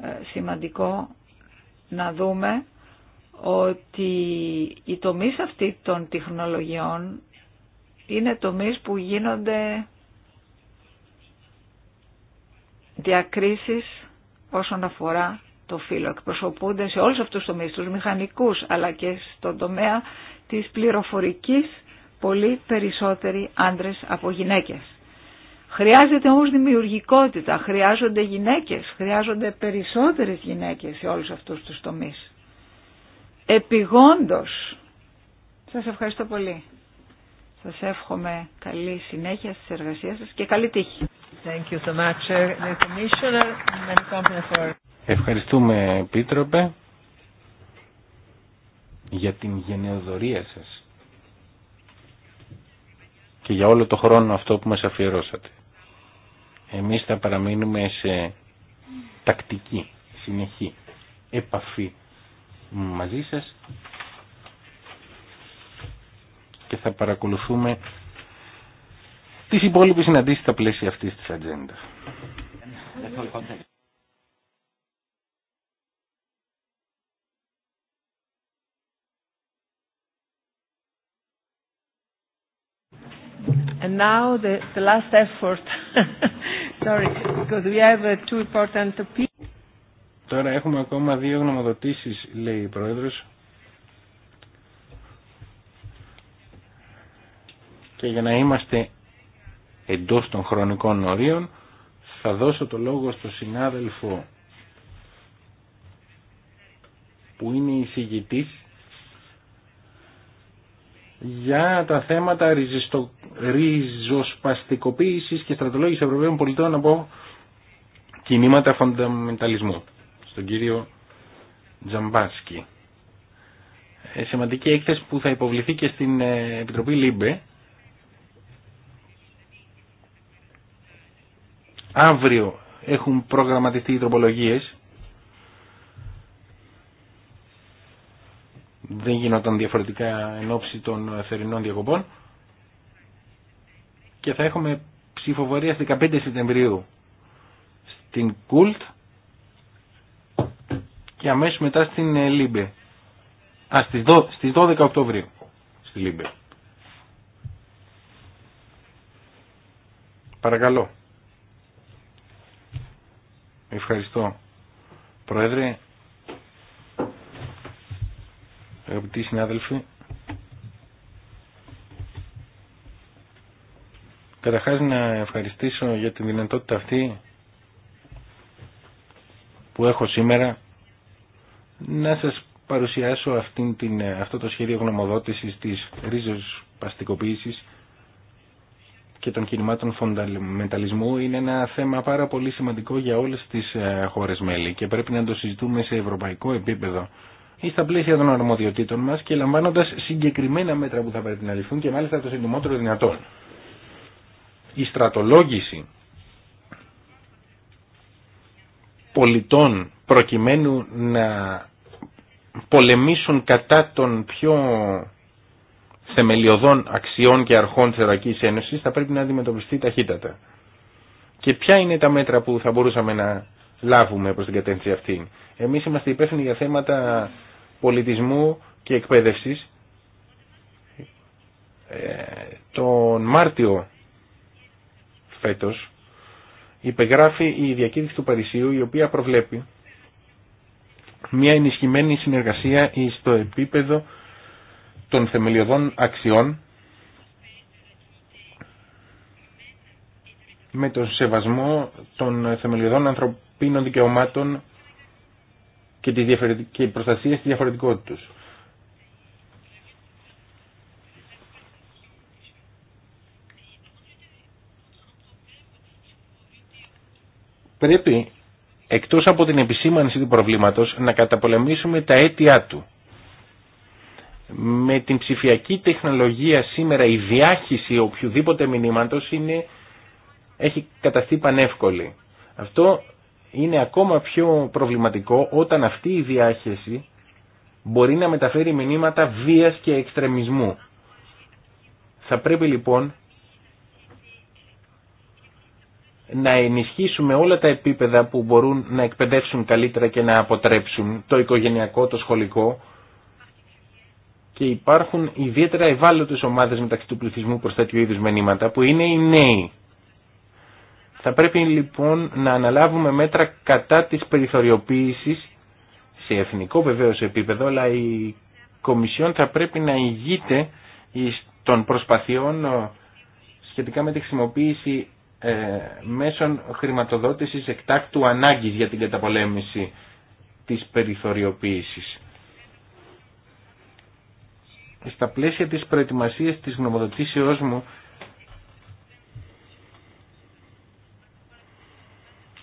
ε, σημαντικό να δούμε ότι οι τομείς αυτή των τεχνολογιών είναι τομείς που γίνονται διακρίσεις όσον αφορά το φύλλο. Εκπροσωπούνται σε όλους αυτούς τους τομείς, τους μηχανικούς αλλά και στον τομέα της πληροφορικής πολύ περισσότεροι άντρες από γυναίκες. Χρειάζεται όμως δημιουργικότητα, χρειάζονται γυναίκες, χρειάζονται περισσότερες γυναίκες σε όλους αυτούς τους τομείς επιγόντως. Σας ευχαριστώ πολύ. Σας εύχομαι καλή συνέχεια στις εργασίες σας και καλή τύχη. Thank you so much, uh, For... Ευχαριστούμε, πίτροπε για την γενεοδορία σας και για όλο το χρόνο αυτό που μας αφιερώσατε. Εμείς θα παραμείνουμε σε τακτική, συνεχή επαφή μαζί σας και θα παρακολουθούμε τις υπόλοιπες συναντήσεις στα πλαίσια αυτής της ατζέντα. And now the, the last effort. Sorry, because we have uh, two important people. Τώρα έχουμε ακόμα δύο γνωμοδοτήσεις, λέει η Πρόεδρος. Και για να είμαστε εντός των χρονικών ορίων, θα δώσω το λόγο στο συνάδελφο που είναι η εισηγητής για τα θέματα ριζιστο... ριζοσπαστικοποίησης και στρατολόγηση Ευρωπαίων πολιτών από κινήματα φονταμενταλισμού στον κύριο Τζαμπάσκι. Ε, σημαντική έκθεση που θα υποβληθεί και στην ε, Επιτροπή ΛΥΜΠΕ Αύριο έχουν προγραμματιστεί οι τροπολογίες. Δεν γινόταν διαφορετικά εν ώψη των θερινών διακοπών. Και θα έχουμε ψηφοφορία στις 15 Σεπτεμβρίου στην Κούλτ και αμέσως μετά στην ε, Λίμπε. Α, στις 12 Οκτωβρίου στη Λίμπε. Παρακαλώ. Ευχαριστώ. Πρόεδρε, αγαπητοί συνάδελφοι, καταρχάς να ευχαριστήσω για την δυνατότητα αυτή που έχω σήμερα να σας παρουσιάσω αυτήν την, ε, αυτό το σχέδιο γνωμοδότησης της ρίζος παστικοποίησης και των κινημάτων φονταμενταλισμού είναι ένα θέμα πάρα πολύ σημαντικό για όλες τις ε, χώρες μέλη και πρέπει να το συζητούμε σε ευρωπαϊκό επίπεδο ή στα πλαίσια των αρμοδιοτήτων μας και λαμβάνοντας συγκεκριμένα μέτρα που θα πρέπει να ληφθούν και μάλιστα το συντομότερο δυνατόν. Η στρατολόγηση πολιτών προκειμένου να πολεμήσουν κατά των πιο θεμελιωδών αξιών και αρχών της Ευρωπαϊκής Ένωσης θα πρέπει να αντιμετωπιστεί ταχύτατα. Και ποια είναι τα μέτρα που θα μπορούσαμε να λάβουμε προς την κατεύθυνση αυτή. Εμείς είμαστε υπεύθυνοι για θέματα πολιτισμού και εκπαίδευσης. Ε, τον Μάρτιο φέτος υπεγράφει η διακήρυξη του Παρισίου η οποία προβλέπει μια ενισχυμένη συνεργασία στο επίπεδο των θεμελιωδών αξιών με τον σεβασμό των θεμελιωδών ανθρωπίνων δικαιωμάτων και τη διαφορετική προστασία στη διαφορετικότητα Πρέπει εκτός από την επισήμανση του προβλήματος, να καταπολεμήσουμε τα αίτια του. Με την ψηφιακή τεχνολογία σήμερα η διάχυση οποιοδήποτε μηνύματος είναι, έχει καταστεί πανεύκολη. Αυτό είναι ακόμα πιο προβληματικό όταν αυτή η διάχυση μπορεί να μεταφέρει μηνύματα βίας και εξτρεμισμού. Θα πρέπει λοιπόν να ενισχύσουμε όλα τα επίπεδα που μπορούν να εκπαιδεύσουν καλύτερα και να αποτρέψουν το οικογενειακό, το σχολικό και υπάρχουν ιδιαίτερα ευάλωτες ομάδες μεταξύ του πληθυσμού προς τέτοιου είδους μενήματα που είναι οι νέοι. Θα πρέπει λοιπόν να αναλάβουμε μέτρα κατά της περιθωριοποίησης σε εθνικό βεβαίως επίπεδο αλλά η Κομισιόν θα πρέπει να ηγείται των προσπαθειών ε, σχετικά με τη χρησιμοποίηση ε, μέσων χρηματοδότησης εκτάκτου ανάγκης για την καταπολέμηση της περιθωριοποίησης. Στα πλαίσια της προετοιμασίας της γνωμοδοτήσεώς μου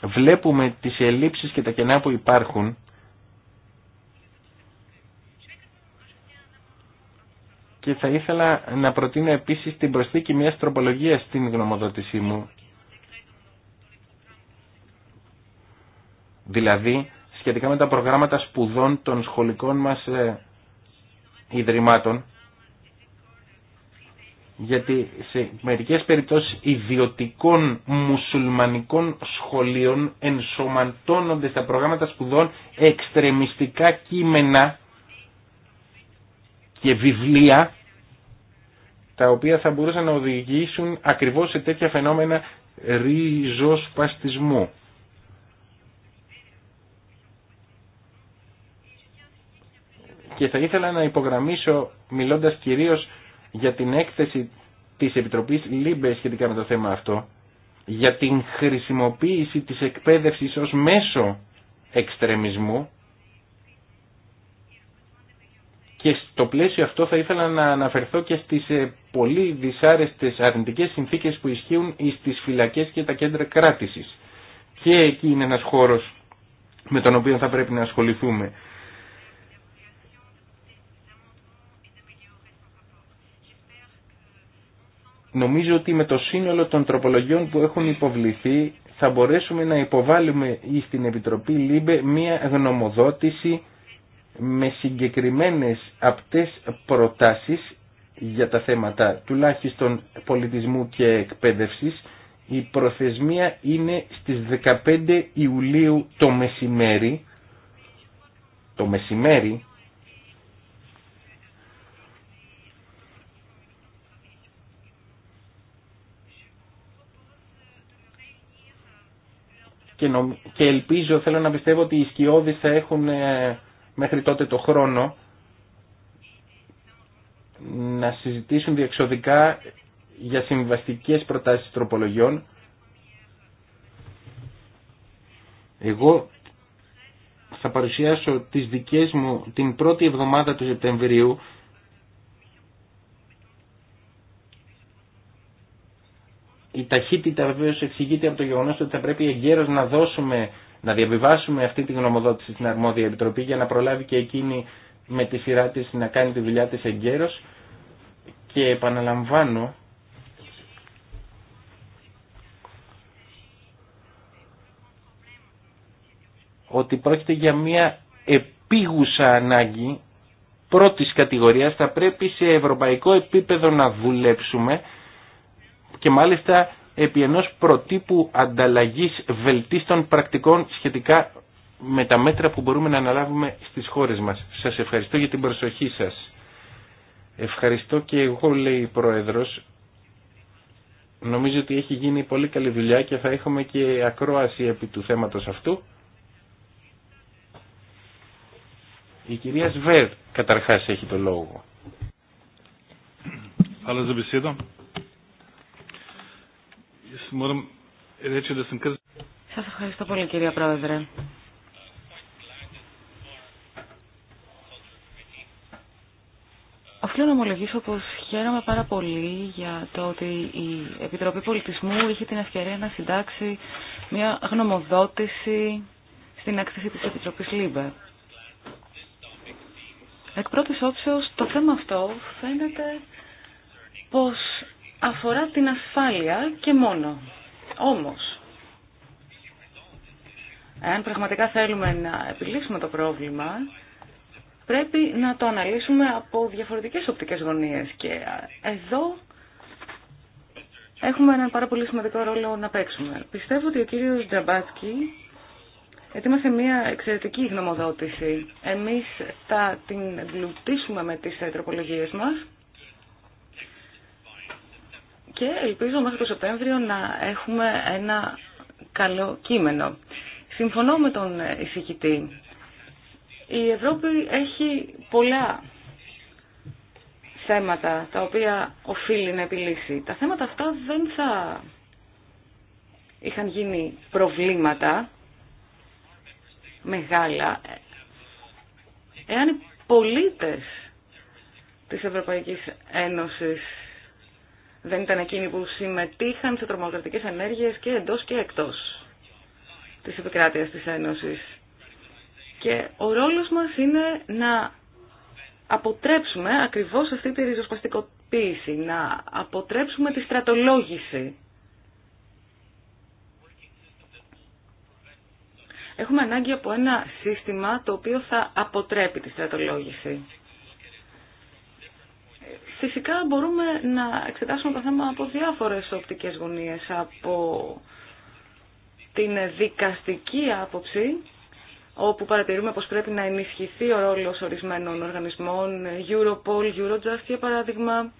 βλέπουμε τις ελλείψεις και τα κενά που υπάρχουν και θα ήθελα να προτείνω επίσης την προσθήκη μιας τροπολογίας στην γνωμοδότησή μου δηλαδή σχετικά με τα προγράμματα σπουδών των σχολικών μας ε, ιδρυμάτων, γιατί σε μερικές περιπτώσεις ιδιωτικών μουσουλμανικών σχολείων ενσωματώνονται στα προγράμματα σπουδών εξτρεμιστικά κείμενα και βιβλία τα οποία θα μπορούσαν να οδηγήσουν ακριβώς σε τέτοια φαινόμενα ριζοσπαστισμού. Και θα ήθελα να υπογραμμίσω, μιλώντας κυρίως για την έκθεση της Επιτροπής ΛΥΜΠΕ σχετικά με το θέμα αυτό, για την χρησιμοποίηση της εκπαίδευσης ως μέσο εξτρεμισμού και στο πλαίσιο αυτό θα ήθελα να αναφερθώ και στις ε, πολύ δυσάρεστες αρνητικές συνθήκες που ισχύουν στις φυλακές και τα κέντρα κράτησης. Και εκεί είναι ένας χώρος με τον οποίο θα πρέπει να ασχοληθούμε. νομίζω ότι με το σύνολο των τροπολογιών που έχουν υποβληθεί θα μπορέσουμε να υποβάλουμε στην Επιτροπή ΛΥΜΠΕ μία γνωμοδότηση με συγκεκριμένες απτές προτάσεις για τα θέματα τουλάχιστον πολιτισμού και εκπαίδευσης. Η προθεσμία είναι στις 15 Ιουλίου το μεσημέρι. Το μεσημέρι και ελπίζω, θέλω να πιστεύω ότι οι σκιώδεις θα έχουν ε, μέχρι τότε το χρόνο να συζητήσουν διεξοδικά για συμβαστικές προτάσεις τροπολογιών. Εγώ θα παρουσιάσω τις δικές μου την πρώτη εβδομάδα του Σεπτεμβρίου η ταχύτητα βεβαίω εξηγείται από το γεγονό ότι θα πρέπει εγκαίρω να δώσουμε, να διαβιβάσουμε αυτή τη γνωμοδότηση στην αρμόδια επιτροπή για να προλάβει και εκείνη με τη σειρά τη να κάνει τη δουλειά τη εγκαίρω. Και επαναλαμβάνω, ότι πρόκειται για μια επίγουσα ανάγκη πρώτης κατηγορίας θα πρέπει σε ευρωπαϊκό επίπεδο να δουλέψουμε και μάλιστα επί ενός προτύπου ανταλλαγής βελτίστων πρακτικών σχετικά με τα μέτρα που μπορούμε να αναλάβουμε στις χώρες μας. Σας ευχαριστώ για την προσοχή σας. Ευχαριστώ και εγώ, λέει η Πρόεδρος. Νομίζω ότι έχει γίνει πολύ καλή δουλειά και θα έχουμε και ακρόαση επί του θέματος αυτού. Η κυρία Σβέρ καταρχάς έχει το λόγο. Σας ευχαριστώ πολύ κυρία Πρόεδρε. Οφείλω να ομολογήσω πως χαίρομαι πάρα πολύ για το ότι η Επιτροπή Πολιτισμού είχε την ευκαιρία να συντάξει μια γνωμοδότηση στην έκθεση της Επιτροπής ΛΥΜΠΕ. Εκ πρώτης όψεως το θέμα αυτό φαίνεται πως αφορά την ασφάλεια και μόνο. Όμως, εάν πραγματικά θέλουμε να επιλύσουμε το πρόβλημα, πρέπει να το αναλύσουμε από διαφορετικές οπτικές γωνίες και εδώ έχουμε έναν πάρα πολύ σημαντικό ρόλο να παίξουμε. Πιστεύω ότι ο κύριος Τζαμπάτσκι ετοίμασε μια εξαιρετική γνωμοδότηση. Εμείς θα την εμπλουτίσουμε με τις ε, τροπολογίες μας και ελπίζω μέχρι το Σεπτέμβριο να έχουμε ένα καλό κείμενο. Συμφωνώ με τον εισηγητή. Η Ευρώπη έχει πολλά θέματα τα οποία οφείλει να επιλύσει. Τα θέματα αυτά δεν θα είχαν γίνει προβλήματα μεγάλα εάν οι πολίτες της Ευρωπαϊκής Ένωσης δεν ήταν εκείνοι που συμμετείχαν σε τρομοκρατικές ενέργειες και εντός και εκτός της επικράτειας της Ένωσης. Και ο ρόλος μας είναι να αποτρέψουμε ακριβώς αυτή τη ριζοσπαστικοποίηση, να αποτρέψουμε τη στρατολόγηση. Έχουμε ανάγκη από ένα σύστημα το οποίο θα αποτρέπει τη στρατολόγηση. Φυσικά μπορούμε να εξετάσουμε το θέμα από διάφορες οπτικές γωνίες, από την δικαστική άποψη, όπου παρατηρούμε πως πρέπει να ενισχυθεί ο ρόλος ορισμένων οργανισμών, Europol, Eurojust για παράδειγμα,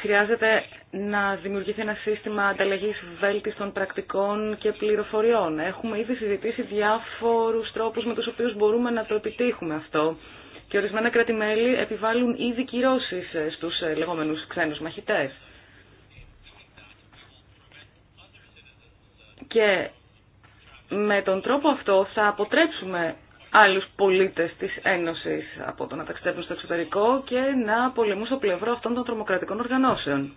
χρειάζεται να δημιουργηθεί ένα σύστημα ανταλλαγή βέλτιστων πρακτικών και πληροφοριών. Έχουμε ήδη συζητήσει διάφορου τρόπου με του οποίου μπορούμε να το επιτύχουμε αυτό. Και ορισμένα κράτη-μέλη επιβάλλουν ήδη κυρώσει στου ε, λεγόμενους ξένου μαχητέ. Και με τον τρόπο αυτό θα αποτρέψουμε άλλους πολίτες της Ένωσης από το να ταξιδεύουν στο εξωτερικό και να πολεμούν στο πλευρό αυτών των τρομοκρατικών οργανώσεων.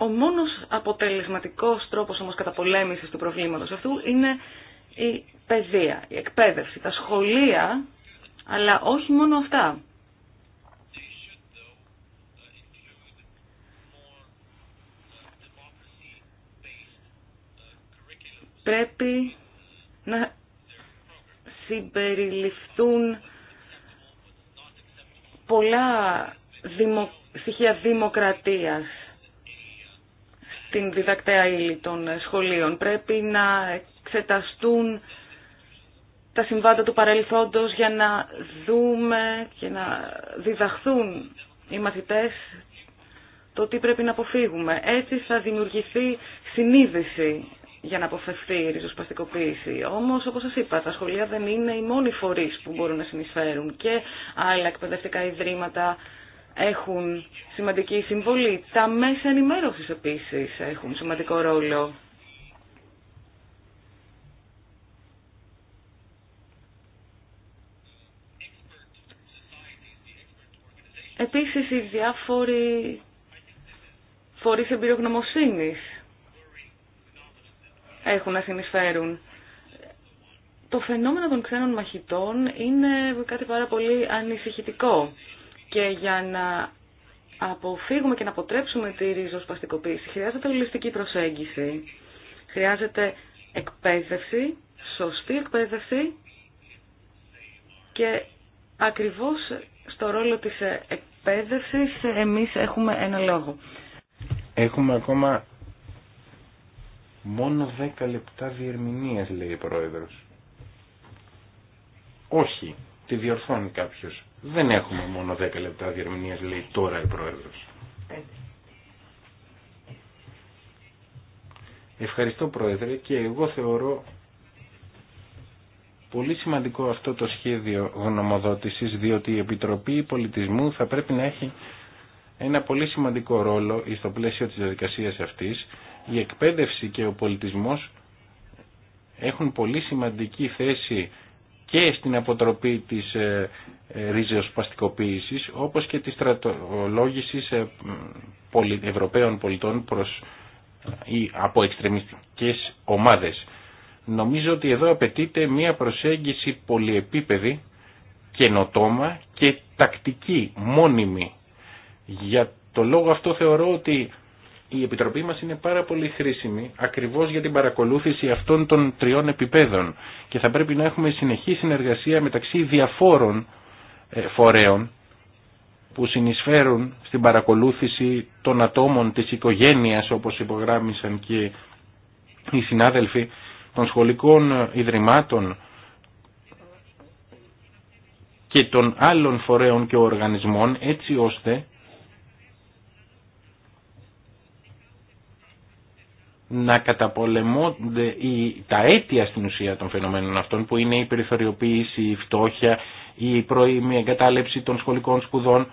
Ο μόνος αποτελεσματικός τρόπος όμως καταπολέμησης του προβλήματος αυτού είναι η παιδεία, η εκπαίδευση, τα σχολεία, αλλά όχι μόνο αυτά. Πρέπει να συμπεριληφθούν πολλά στοιχεία δημοκρατίας την διδακτέα ύλη των ε, σχολείων. Πρέπει να εξεταστούν τα συμβάντα του παρελθόντος για να δούμε και να διδαχθούν οι μαθητές το τι πρέπει να αποφύγουμε. Έτσι θα δημιουργηθεί συνείδηση για να αποφευθεί η ριζοσπαστικοποίηση. Όμω, όπω σα είπα, τα σχολεία δεν είναι οι μόνοι φορεί που μπορούν να συνεισφέρουν και άλλα εκπαιδευτικά ιδρύματα, έχουν σημαντική συμβολή. Τα μέσα ενημέρωσης επίσης έχουν σημαντικό ρόλο. Επίσης οι διάφοροι φορείς εμπειρογνωμοσύνης έχουν να συνεισφέρουν. Το φαινόμενο των ξένων μαχητών είναι κάτι πάρα πολύ ανησυχητικό. Και για να αποφύγουμε και να αποτρέψουμε τη ριζοσπαστικοποίηση χρειάζεται ολιστική προσέγγιση. Χρειάζεται εκπαίδευση, σωστή εκπαίδευση και ακριβώς στο ρόλο της εκπαίδευσης εμείς έχουμε ένα λόγο. Έχουμε ακόμα μόνο 10 λεπτά διερμηνίας λέει η Πρόεδρος. Όχι, Τη διορθώνει κάποιος. Δεν έχουμε μόνο 10 λεπτά διερμηνίας, λέει τώρα η Πρόεδρος. Ευχαριστώ Πρόεδρε και εγώ θεωρώ πολύ σημαντικό αυτό το σχέδιο γνωμοδότησης διότι η Επιτροπή Πολιτισμού θα πρέπει να έχει ένα πολύ σημαντικό ρόλο στο πλαίσιο της διαδικασίας αυτής. Η εκπαίδευση και ο πολιτισμός έχουν πολύ σημαντική θέση και στην αποτροπή της ε, ε, παστικοποίησης όπως και της στρατολόγησης ε, Ευρωπαίων πολιτών προς ή από εξτρεμιστικές ομάδες. Νομίζω ότι εδώ απαιτείται μια προσέγγιση πολυεπίπεδη, καινοτόμα και τακτική, μόνιμη. Για το λόγο αυτό θεωρώ ότι η Επιτροπή μας είναι πάρα πολύ χρήσιμη ακριβώς για την παρακολούθηση αυτών των τριών επιπέδων και θα πρέπει να έχουμε συνεχή συνεργασία μεταξύ διαφόρων ε, φορέων που συνεισφέρουν στην παρακολούθηση των ατόμων της οικογένειας όπως υπογράμμισαν και οι συνάδελφοι των σχολικών ε, ιδρυμάτων και των άλλων φορέων και οργανισμών έτσι ώστε να καταπολεμούνται τα αίτια στην ουσία των φαινομένων αυτών που είναι η περιθωριοποίηση, η φτώχεια, η πρώιμη εγκατάλεψη των σχολικών σπουδών.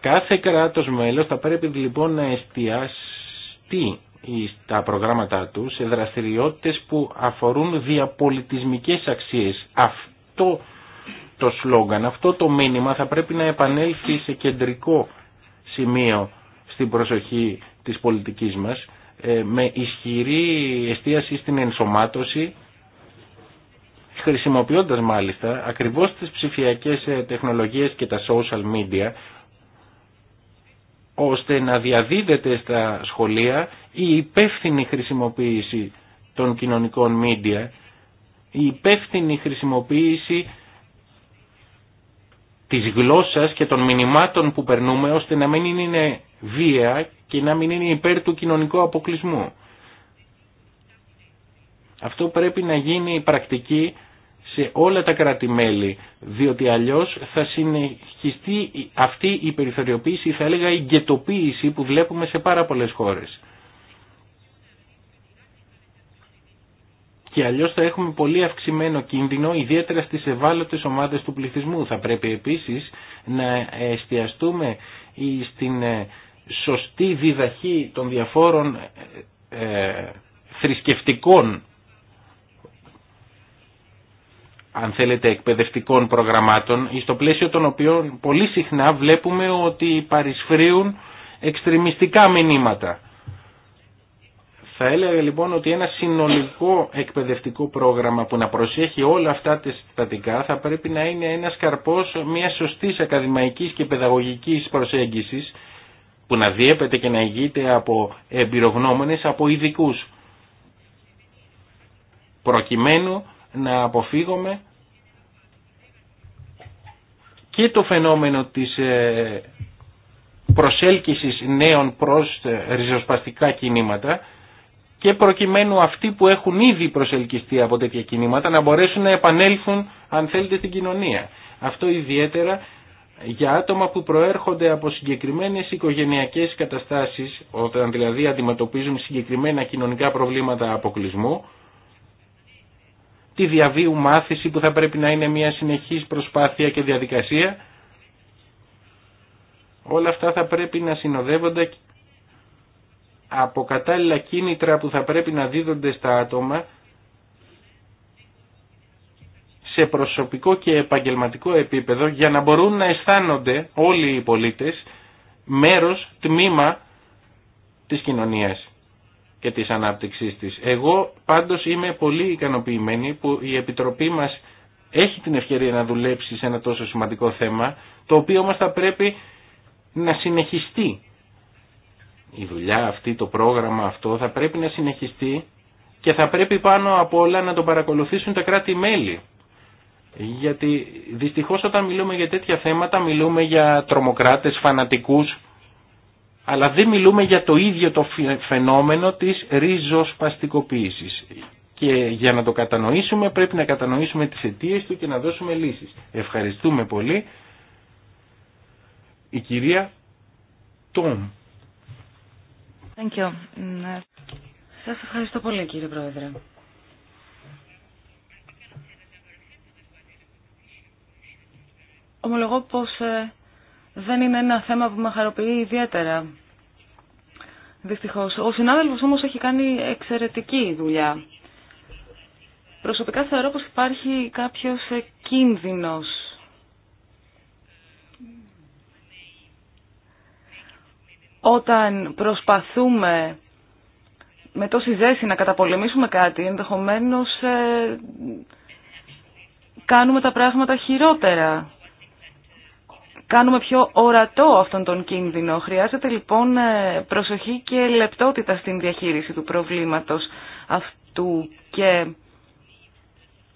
Κάθε κράτος μέλος θα πρέπει λοιπόν να εστιαστεί τα προγράμματα του σε δραστηριότητες που αφορούν διαπολιτισμικές αξίες. Αυτό το σλόγγαν, αυτό το μήνυμα θα πρέπει να επανέλθει σε κεντρικό σημείο στην προσοχή της πολιτικής μας ε, με ισχυρή εστίαση στην ενσωμάτωση χρησιμοποιώντας μάλιστα ακριβώς τις ψηφιακές ε, τεχνολογίες και τα social media ώστε να διαδίδεται στα σχολεία η υπεύθυνη χρησιμοποίηση των κοινωνικών media η υπεύθυνη χρησιμοποίηση της γλώσσας και των μηνυμάτων που περνούμε ώστε να μην είναι βία και να μην είναι υπέρ του κοινωνικού αποκλεισμού. Αυτό πρέπει να γίνει η πρακτική σε όλα τα κρατη διότι αλλιώς θα συνεχιστεί αυτή η περιθωριοποίηση, θα έλεγα η γκαιτοποίηση που βλέπουμε σε πάρα πολλές χώρες. και αλλιώς θα έχουμε πολύ αυξημένο κίνδυνο, ιδιαίτερα στις ευάλωτες ομάδες του πληθυσμού. Θα πρέπει επίσης να εστιαστούμε στην ε, σωστή διδαχή των διαφόρων ε, ε, θρησκευτικών αν θέλετε, εκπαιδευτικών προγραμμάτων, στο πλαίσιο των οποίων πολύ συχνά βλέπουμε ότι παρισφρίουν εξτρεμιστικά μηνύματα. Θα έλεγα λοιπόν ότι ένα συνολικό εκπαιδευτικό πρόγραμμα που να προσέχει όλα αυτά τα συστατικά θα πρέπει να είναι ένας καρπός μία σωστή ακαδημαϊκής και παιδαγωγικής προσέγγισης που να διέπεται και να ηγείται από εμπειρογνώμονες, από ειδικού. προκειμένου να αποφύγουμε και το φαινόμενο της ε, προσέλκυσης νέων προς ε, ριζοσπαστικά κινήματα και προκειμένου αυτοί που έχουν ήδη προσελκυστεί από τέτοια κινήματα να μπορέσουν να επανέλθουν αν θέλετε στην κοινωνία. Αυτό ιδιαίτερα για άτομα που προέρχονται από συγκεκριμένες οικογενειακές καταστάσεις, όταν δηλαδή αντιμετωπίζουν συγκεκριμένα κοινωνικά προβλήματα αποκλεισμού, τη διαβίου μάθηση που θα πρέπει να είναι μια συνεχής προσπάθεια και διαδικασία, όλα αυτά θα πρέπει να συνοδεύονται από κατάλληλα κίνητρα που θα πρέπει να δίδονται στα άτομα σε προσωπικό και επαγγελματικό επίπεδο για να μπορούν να αισθάνονται όλοι οι πολίτες μέρος, τμήμα της κοινωνίας και της ανάπτυξής της. Εγώ πάντως είμαι πολύ ικανοποιημένη που η Επιτροπή μας έχει την ευκαιρία να δουλέψει σε ένα τόσο σημαντικό θέμα, το οποίο μας θα πρέπει να συνεχιστεί η δουλειά αυτή, το πρόγραμμα αυτό θα πρέπει να συνεχιστεί και θα πρέπει πάνω απ' όλα να το παρακολουθήσουν τα κράτη-μέλη. Γιατί δυστυχώς όταν μιλούμε για τέτοια θέματα μιλούμε για τρομοκράτες, φανατικούς, αλλά δεν μιλούμε για το ίδιο το φαινόμενο της ριζοσπαστικοποίησης. Και για να το κατανοήσουμε πρέπει να κατανοήσουμε τις αιτίες του και να δώσουμε λύσεις. Ευχαριστούμε πολύ. Η κυρία Τόμ. Thank mm, ε, Σας ευχαριστώ πολύ κύριε Πρόεδρε. Ομολογώ πως ε, δεν είναι ένα θέμα που με χαροποιεί ιδιαίτερα. Δυστυχώς. Ο συνάδελφος όμως έχει κάνει εξαιρετική δουλειά. Προσωπικά θεωρώ πως υπάρχει κάποιος ε, κίνδυνος όταν προσπαθούμε με τόση ζέση να καταπολεμήσουμε κάτι, ενδεχομένως ε, κάνουμε τα πράγματα χειρότερα. Κάνουμε πιο ορατό αυτόν τον κίνδυνο. Χρειάζεται λοιπόν ε, προσοχή και λεπτότητα στην διαχείριση του προβλήματος αυτού και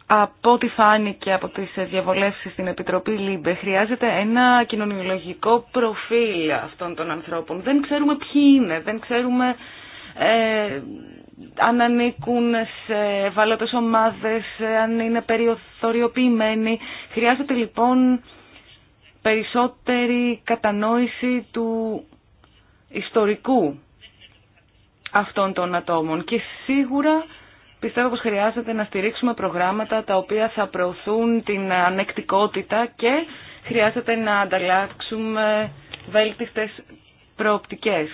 από ό,τι φάνηκε από τις διαβολεύσεις στην Επιτροπή ΛΥΜΠΕ, χρειάζεται ένα κοινωνιολογικό προφίλ αυτών των ανθρώπων. Δεν ξέρουμε ποιοι είναι, δεν ξέρουμε ε, αν ανήκουν σε ευάλωτες ομάδες, αν είναι περιοθωριοποιημένοι. Χρειάζεται λοιπόν περισσότερη κατανόηση του ιστορικού αυτών των ατόμων και σίγουρα Πιστεύω πως χρειάζεται να στηρίξουμε προγράμματα τα οποία θα προωθούν την ανεκτικότητα και χρειάζεται να ανταλλάξουμε βέλτιστες προοπτικές.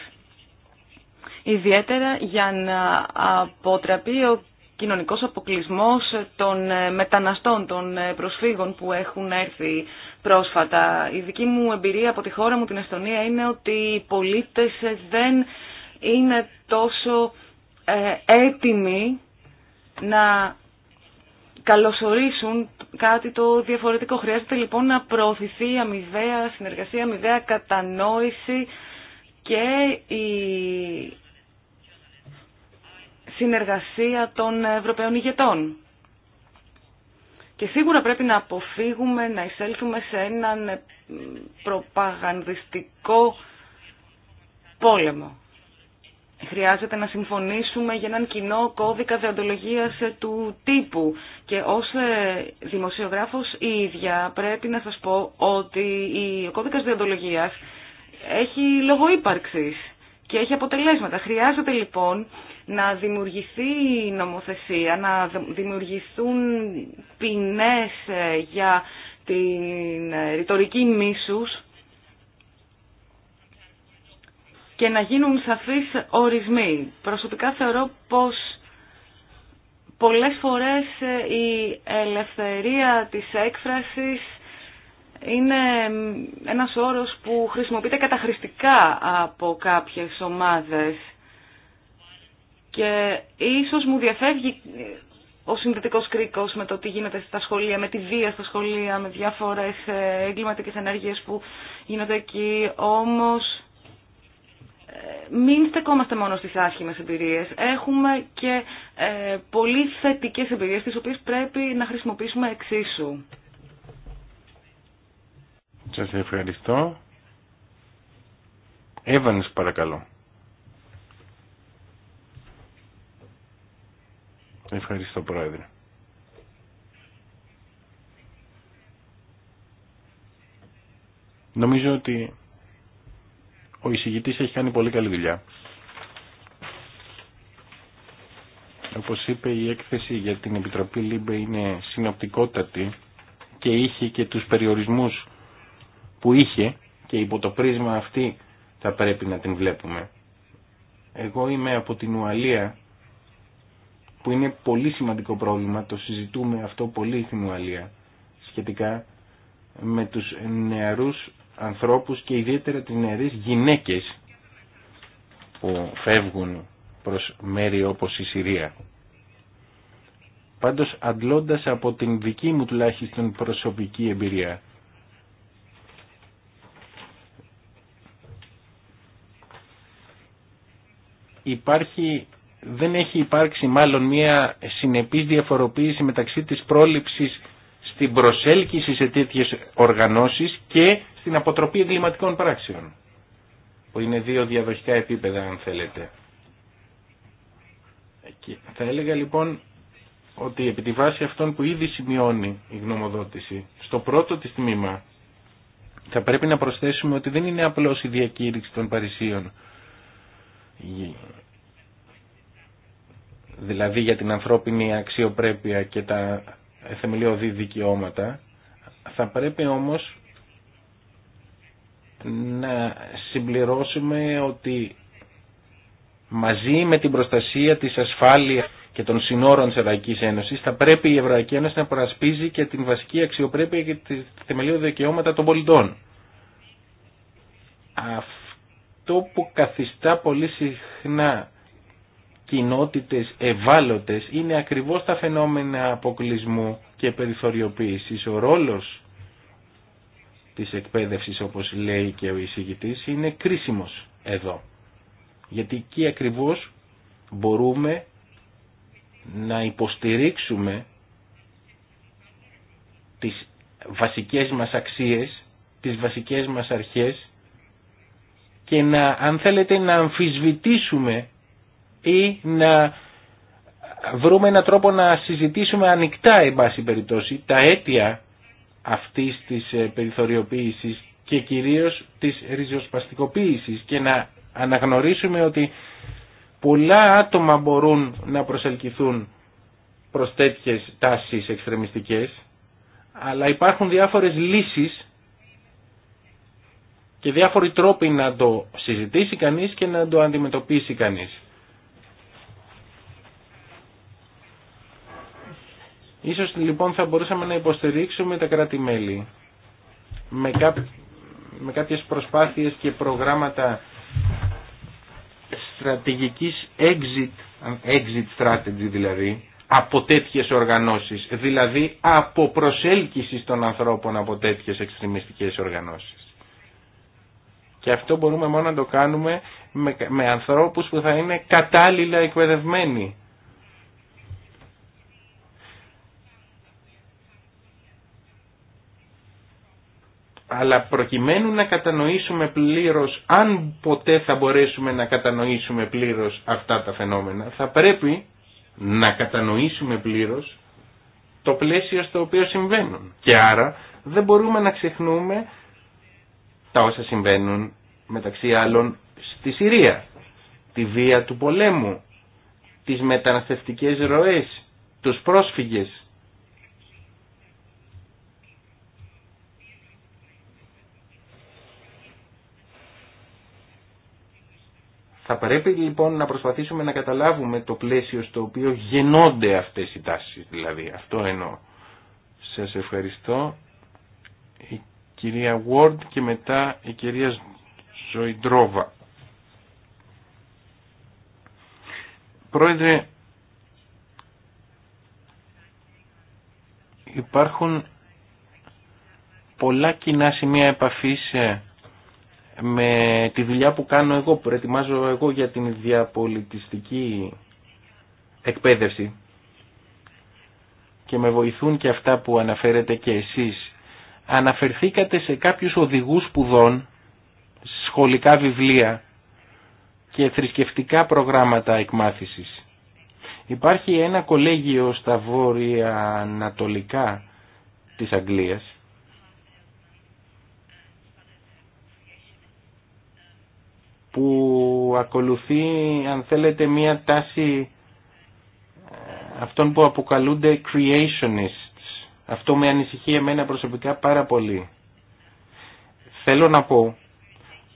Ιδιαίτερα για να αποτραπεί ο κοινωνικός αποκλεισμός των μεταναστών, των προσφύγων που έχουν έρθει πρόσφατα. Η δική μου εμπειρία από τη χώρα μου, την Εστονία, είναι ότι οι πολίτες δεν είναι τόσο ε, έτοιμοι να καλωσορίσουν κάτι το διαφορετικό. Χρειάζεται λοιπόν να προωθηθεί αμοιβαία συνεργασία, αμοιβαία κατανόηση και η συνεργασία των Ευρωπαίων ηγετών. Και σίγουρα πρέπει να αποφύγουμε να εισέλθουμε σε έναν προπαγανδιστικό πόλεμο. Χρειάζεται να συμφωνήσουμε για έναν κοινό κώδικα δεοντολογίας του τύπου και ως ε, δημοσιογράφος η ίδια πρέπει να σας πω ότι ο κώδικας δεοντολογίας έχει λόγο ύπαρξης και έχει αποτελέσματα. Χρειάζεται λοιπόν να δημιουργηθεί νομοθεσία, να δημιουργηθούν ποινές ε, για την ε, ρητορική μίσους και να γίνουν σαφείς ορισμοί. Προσωπικά θεωρώ πως πολλές φορές ε, η ελευθερία της έκφρασης είναι ένας όρος που χρησιμοποιείται καταχρηστικά από κάποιες ομάδες και ίσως μου διαφεύγει ε, ο συνδετικός κρίκος με το τι γίνεται στα σχολεία, με τη βία στα σχολεία, με διάφορες ε, εγκληματικές ενέργειες που γίνονται εκεί, όμως μην στεκόμαστε μόνο στις άσχημες εμπειρίες. Έχουμε και ε, πολύ θετικές εμπειρίες, τις οποίες πρέπει να χρησιμοποιήσουμε εξίσου. Σας ευχαριστώ. Εύανες παρακαλώ. Ευχαριστώ Πρόεδρε. Νομίζω ότι ο εισηγητής έχει κάνει πολύ καλή δουλειά. Όπως είπε η έκθεση για την Επιτροπή ΛΥΜΠΕ είναι συνοπτικότατη και είχε και τους περιορισμούς που είχε και υπό το πρίσμα αυτή θα πρέπει να την βλέπουμε. Εγώ είμαι από την Ουαλία που είναι πολύ σημαντικό πρόβλημα, το συζητούμε αυτό πολύ στην Ουαλία σχετικά με τους νεαρούς ανθρώπους και ιδιαίτερα τις νεαρές γυναίκες που φεύγουν προς μέρη όπως η Συρία. Πάντως αντλώντας από την δική μου τουλάχιστον προσωπική εμπειρία υπάρχει, δεν έχει υπάρξει μάλλον μια συνεπής διαφοροποίηση μεταξύ της πρόληψης στην προσέλκυση σε τέτοιες οργανώσεις και στην αποτροπή εγκληματικών πράξεων, που είναι δύο διαδοχικά επίπεδα αν θέλετε. θα έλεγα λοιπόν ότι επί τη βάση αυτών που ήδη σημειώνει η γνωμοδότηση, στο πρώτο της τμήμα θα πρέπει να προσθέσουμε ότι δεν είναι απλώς η διακήρυξη των Παρισίων δηλαδή για την ανθρώπινη αξιοπρέπεια και τα θεμελιώδη δικαιώματα θα πρέπει όμως να συμπληρώσουμε ότι μαζί με την προστασία της ασφάλειας και των συνόρων της Ευρωπαϊκής Ένωσης θα πρέπει η Ευρωπαϊκή Ένωση να προασπίζει και την βασική αξιοπρέπεια και τη θεμελιώδη δικαιώματα των πολιτών. Αυτό που καθιστά πολύ συχνά κοινότητες ευάλωτες είναι ακριβώς τα φαινόμενα αποκλεισμού και περιθωριοποίησης. Ο ρόλος της εκπαίδευσης όπως λέει και ο εισηγητής είναι κρίσιμος εδώ. Γιατί εκεί ακριβώς μπορούμε να υποστηρίξουμε τις βασικές μας αξίες, τις βασικές μας αρχές και να, αν θέλετε, να αμφισβητήσουμε ή να βρούμε έναν τρόπο να συζητήσουμε ανοιχτά, εν πάση περιπτώσει, τα αίτια αυτής της ε, περιθωριοποίησης και κυρίως της ριζοσπαστικοποίησης και να αναγνωρίσουμε ότι πολλά άτομα μπορούν να προσελκυθούν προς τέτοιες τάσεις εξτρεμιστικές αλλά υπάρχουν διάφορες λύσεις και διάφοροι τρόποι να το συζητήσει κανείς και να το αντιμετωπίσει κανείς. Ίσως λοιπόν θα μπορούσαμε να υποστηρίξουμε τα κράτη-μέλη με, κά... με κάποιες προσπάθειες και προγράμματα στρατηγικής exit, exit strategy δηλαδή, από τέτοιες οργανώσεις, δηλαδή από προσέλκυση των ανθρώπων από τέτοιες εξτρεμιστικές οργανώσεις. Και αυτό μπορούμε μόνο να το κάνουμε με, με ανθρώπους που θα είναι κατάλληλα εκπαιδευμένοι αλλά προκειμένου να κατανοήσουμε πλήρως, αν ποτέ θα μπορέσουμε να κατανοήσουμε πλήρως αυτά τα φαινόμενα, θα πρέπει να κατανοήσουμε πλήρως το πλαίσιο στο οποίο συμβαίνουν. Και άρα δεν μπορούμε να ξεχνούμε τα όσα συμβαίνουν μεταξύ άλλων στη Συρία, τη βία του πολέμου, τις μεταναστευτικές ροές, τους πρόσφυγες, Θα πρέπει λοιπόν να προσπαθήσουμε να καταλάβουμε το πλαίσιο στο οποίο γεννώνται αυτές οι τάσεις δηλαδή. Αυτό εννοώ. Σας ευχαριστώ. Η κυρία Ward και μετά η κυρία Ζοϊντρόβα. Πρόεδρε, υπάρχουν πολλά κοινά σημεία επαφής ε, με τη δουλειά που κάνω εγώ, που προετοιμάζω εγώ για την διαπολιτιστική εκπαίδευση και με βοηθούν και αυτά που αναφέρετε και εσείς. Αναφερθήκατε σε κάποιους οδηγούς σπουδών, σχολικά βιβλία και θρησκευτικά προγράμματα εκμάθησης. Υπάρχει ένα κολέγιο στα βόρεια ανατολικά της Αγγλίας που ακολουθεί αν θέλετε μία τάση ε, αυτών που αποκαλούνται creationists. Αυτό με ανησυχεί εμένα προσωπικά πάρα πολύ. Θέλω να πω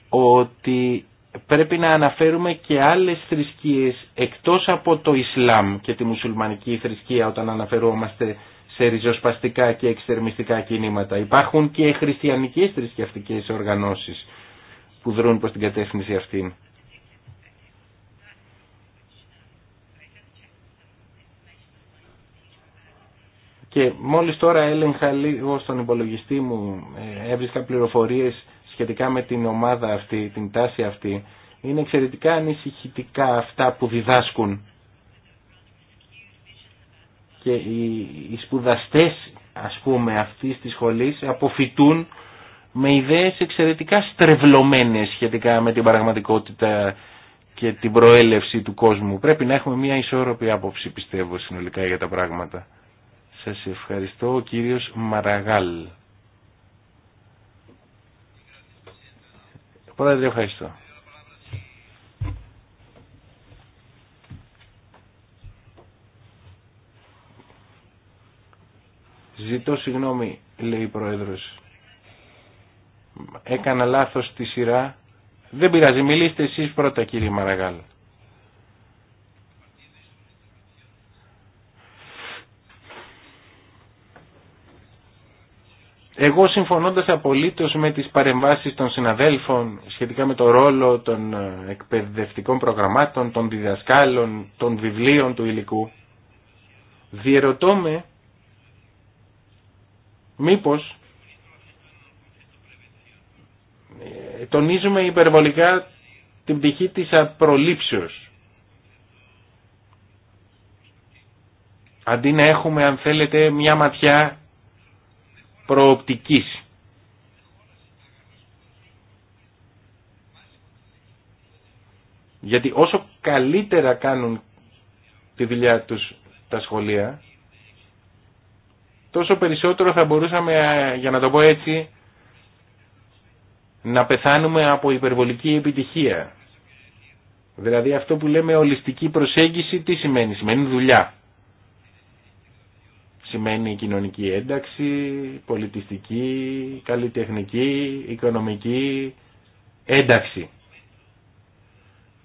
ότι πρέπει να αναφέρουμε και άλλες θρησκείες εκτός από το Ισλάμ και τη μουσουλμανική θρησκεία όταν αναφερόμαστε σε ριζοσπαστικά και εξτερμιστικά κινήματα. Υπάρχουν και χριστιανικές θρησκευτικές οργανώσεις που δρούν προς την κατεύθυνση αυτή. Και μόλις τώρα έλεγχα λίγο στον υπολογιστή μου, ε, έβρισκα πληροφορίες σχετικά με την ομάδα αυτή, την τάση αυτή. Είναι εξαιρετικά ανησυχητικά αυτά που διδάσκουν. Και οι, οι σπουδαστές, ας πούμε, αυτής της σχολής αποφυτούν με ιδέες εξαιρετικά στρεβλωμένες σχετικά με την πραγματικότητα και την προέλευση του κόσμου. Πρέπει να έχουμε μια ισόρροπη άποψη πιστεύω συνολικά για τα πράγματα. Σας ευχαριστώ ο κύριος Μαραγάλ. Πρόεδρε ευχαριστώ. Ζητώ συγγνώμη, λέει η Πρόεδρος έκανα λάθος στη σειρά. Δεν πειράζει, μιλήστε εσείς πρώτα κύριε Μαραγάλ. Εγώ συμφωνώντας απολύτως με τις παρεμβάσεις των συναδέλφων σχετικά με το ρόλο των ε, εκπαιδευτικών προγραμμάτων, των διδασκάλων, των βιβλίων του υλικού, διερωτώ με μήπως τονίζουμε υπερβολικά την πτυχή της απρολήψεως. Αντί να έχουμε αν θέλετε μια ματιά προοπτικής. Γιατί όσο καλύτερα κάνουν τη δουλειά τους τα σχολεία, τόσο περισσότερο θα μπορούσαμε, για να το πω έτσι, να πεθάνουμε από υπερβολική επιτυχία. Δηλαδή αυτό που λέμε ολιστική προσέγγιση τι σημαίνει. Σημαίνει δουλειά. Σημαίνει κοινωνική ένταξη, πολιτιστική, καλλιτεχνική, οικονομική ένταξη.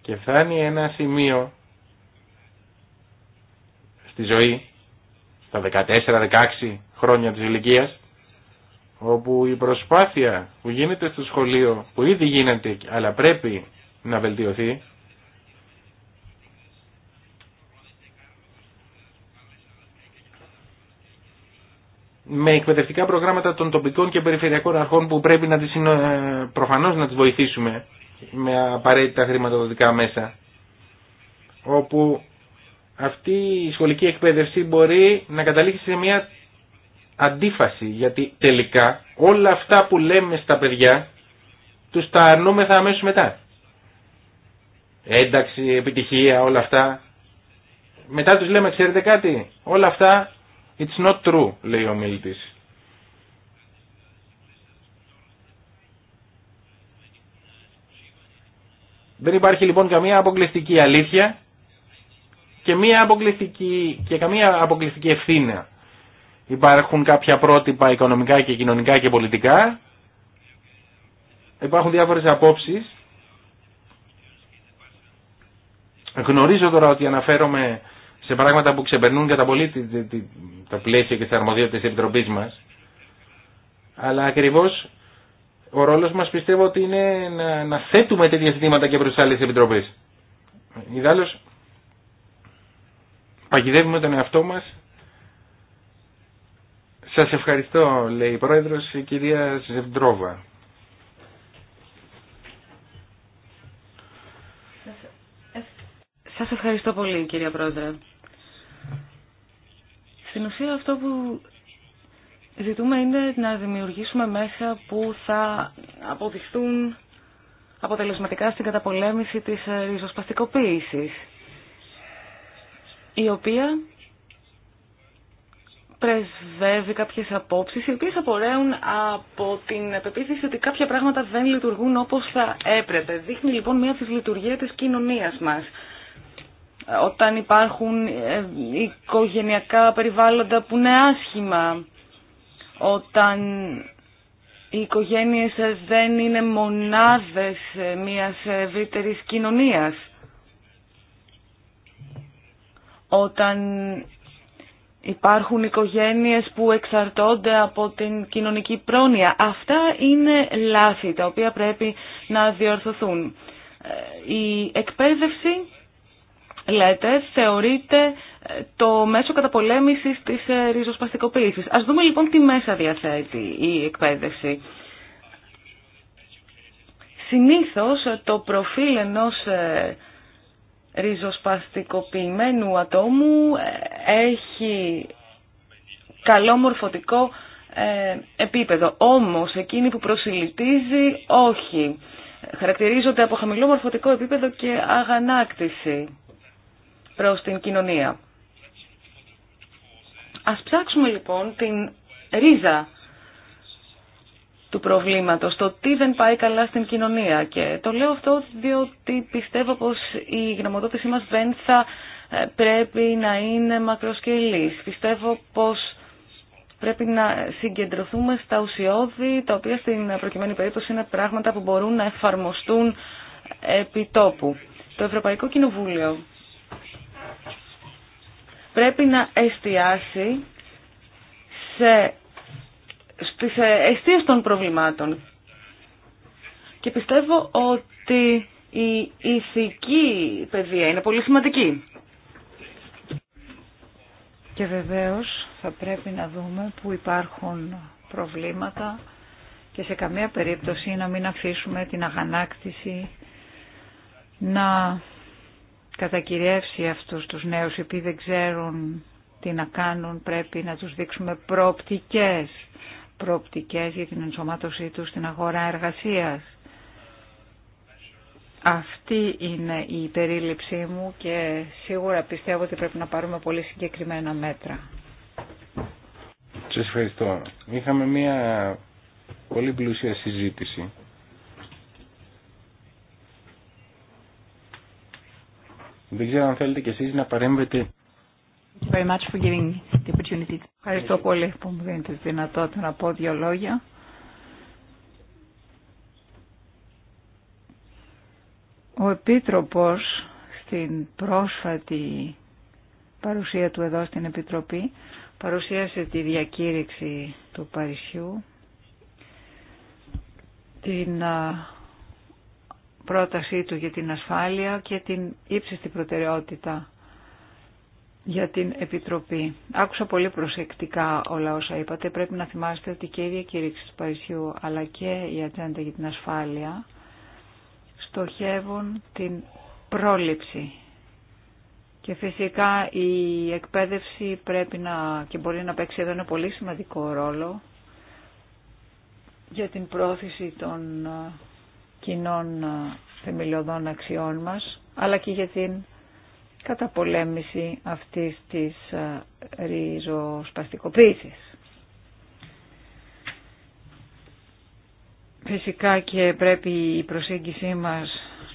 Και φτάνει ένα σημείο στη ζωή, στα 14-16 χρόνια της ηλικίας, όπου η προσπάθεια που γίνεται στο σχολείο, που ήδη γίνεται αλλά πρέπει να βελτιωθεί, με εκπαιδευτικά προγράμματα των τοπικών και περιφερειακών αρχών που πρέπει να τις, ε, προφανώς να τις βοηθήσουμε με απαραίτητα χρηματοδοτικά μέσα όπου αυτή η σχολική εκπαίδευση μπορεί να καταλήξει σε μια αντίφαση γιατί τελικά όλα αυτά που λέμε στα παιδιά τους τα αρνούμεθα αμέσως μετά. Ένταξη, επιτυχία, όλα αυτά. Μετά τους λέμε ξέρετε κάτι, όλα αυτά it's not true λέει ο μιλητής. Δεν υπάρχει λοιπόν καμία αποκλειστική αλήθεια και, μία αποκλειστική, και καμία αποκλειστική ευθύνα Υπάρχουν κάποια πρότυπα οικονομικά και κοινωνικά και πολιτικά. Υπάρχουν διάφορες απόψεις. Γνωρίζω τώρα ότι αναφέρομαι σε πράγματα που ξεπερνούν κατά πολύ τα πλαίσια και τα αρμοδιότητες της Επιτροπής μας. Αλλά ακριβώς ο ρόλος μας πιστεύω ότι είναι να, να θέτουμε τέτοια ζητήματα και προς άλλες επιτροπές. Ιδάλλως, παγιδεύουμε τον εαυτό μας σας ευχαριστώ, λέει η Πρόεδρος, η κυρία Ζευντρόβα. Σας ευχαριστώ πολύ, κυρία Πρόεδρε. Στην ουσία αυτό που ζητούμε είναι να δημιουργήσουμε μέσα που θα αποδειχθούν αποτελεσματικά στην καταπολέμηση της ριζοσπαστικοποίησης, η οποία πρεσβεύει κάποιες απόψεις οι οποίες απορρέουν από την πεποίθηση ότι κάποια πράγματα δεν λειτουργούν όπως θα έπρεπε. Δείχνει λοιπόν μια δυσλειτουργία της κοινωνίας μας. Όταν υπάρχουν ε, οικογενειακά περιβάλλοντα που είναι άσχημα, όταν οι οικογένειες δεν είναι μονάδες μιας ευρύτερη κοινωνίας, όταν Υπάρχουν οικογένειες που εξαρτώνται από την κοινωνική πρόνοια. Αυτά είναι λάθη τα οποία πρέπει να διορθωθούν. Ε, η εκπαίδευση, λέτε, θεωρείται ε, το μέσο καταπολέμησης της ε, ριζοσπαστικοποίησης. Ας δούμε λοιπόν τι μέσα διαθέτει η εκπαίδευση. Συνήθως το προφίλ ενός ριζοσπαστικοποιημένου ατόμου ε, έχει καλό μορφωτικό ε, επίπεδο. Όμως εκείνη που προσιλητίζει όχι. Χαρακτηρίζονται από χαμηλό μορφωτικό επίπεδο και αγανάκτηση προς την κοινωνία. Ας ψάξουμε λοιπόν την ρίζα του προβλήματος, το τι δεν πάει καλά στην κοινωνία. Και το λέω αυτό διότι πιστεύω πως η γνωμοδότησή μας δεν θα ε, πρέπει να είναι μακροσκελής. Πιστεύω πως πρέπει να συγκεντρωθούμε στα ουσιώδη, τα οποία στην προκειμένη περίπτωση είναι πράγματα που μπορούν να εφαρμοστούν επί τόπου. Το Ευρωπαϊκό Κοινοβούλιο πρέπει να εστιάσει σε στις ε, αιστείες των προβλημάτων. Και πιστεύω ότι η ηθική παιδεία είναι πολύ σημαντική. Και βεβαίως θα πρέπει να δούμε που υπάρχουν προβλήματα και σε καμία περίπτωση να μην αφήσουμε την αγανάκτηση να κατακυριεύσει αυτούς τους νέους επειδή δεν ξέρουν τι να κάνουν πρέπει να τους δείξουμε προοπτικές προοπτικές για την ενσωμάτωσή τους στην αγορά εργασίας. Αυτή είναι η περίληψή μου και σίγουρα πιστεύω ότι πρέπει να πάρουμε πολύ συγκεκριμένα μέτρα. Σας ευχαριστώ. Είχαμε μια πολύ πλούσια συζήτηση. Δεν ξέρω αν θέλετε κι εσείς να παρέμβετε Ευχαριστώ πολύ που μου δίνετε τη δυνατότητα να πω δύο λόγια. Ο Επίτροπος στην πρόσφατη παρουσία του εδώ στην Επιτροπή παρουσίασε τη διακήρυξη του Παρισιού, την πρότασή του για την ασφάλεια και την ύψιστη προτεραιότητα για την Επιτροπή. Άκουσα πολύ προσεκτικά όλα όσα είπατε. Πρέπει να θυμάστε ότι και η διακήρυξη του Παρισιού αλλά και η ατζέντα για την ασφάλεια στοχεύουν την πρόληψη. Και φυσικά η εκπαίδευση πρέπει να και μπορεί να παίξει εδώ ένα πολύ σημαντικό ρόλο για την πρόθεση των ε, κοινών ε, θεμελιωδών αξιών μας, αλλά και για την καταπολέμηση αυτής της ε, ριζοσπαστικοποίησης. Φυσικά και πρέπει η προσέγγιση μας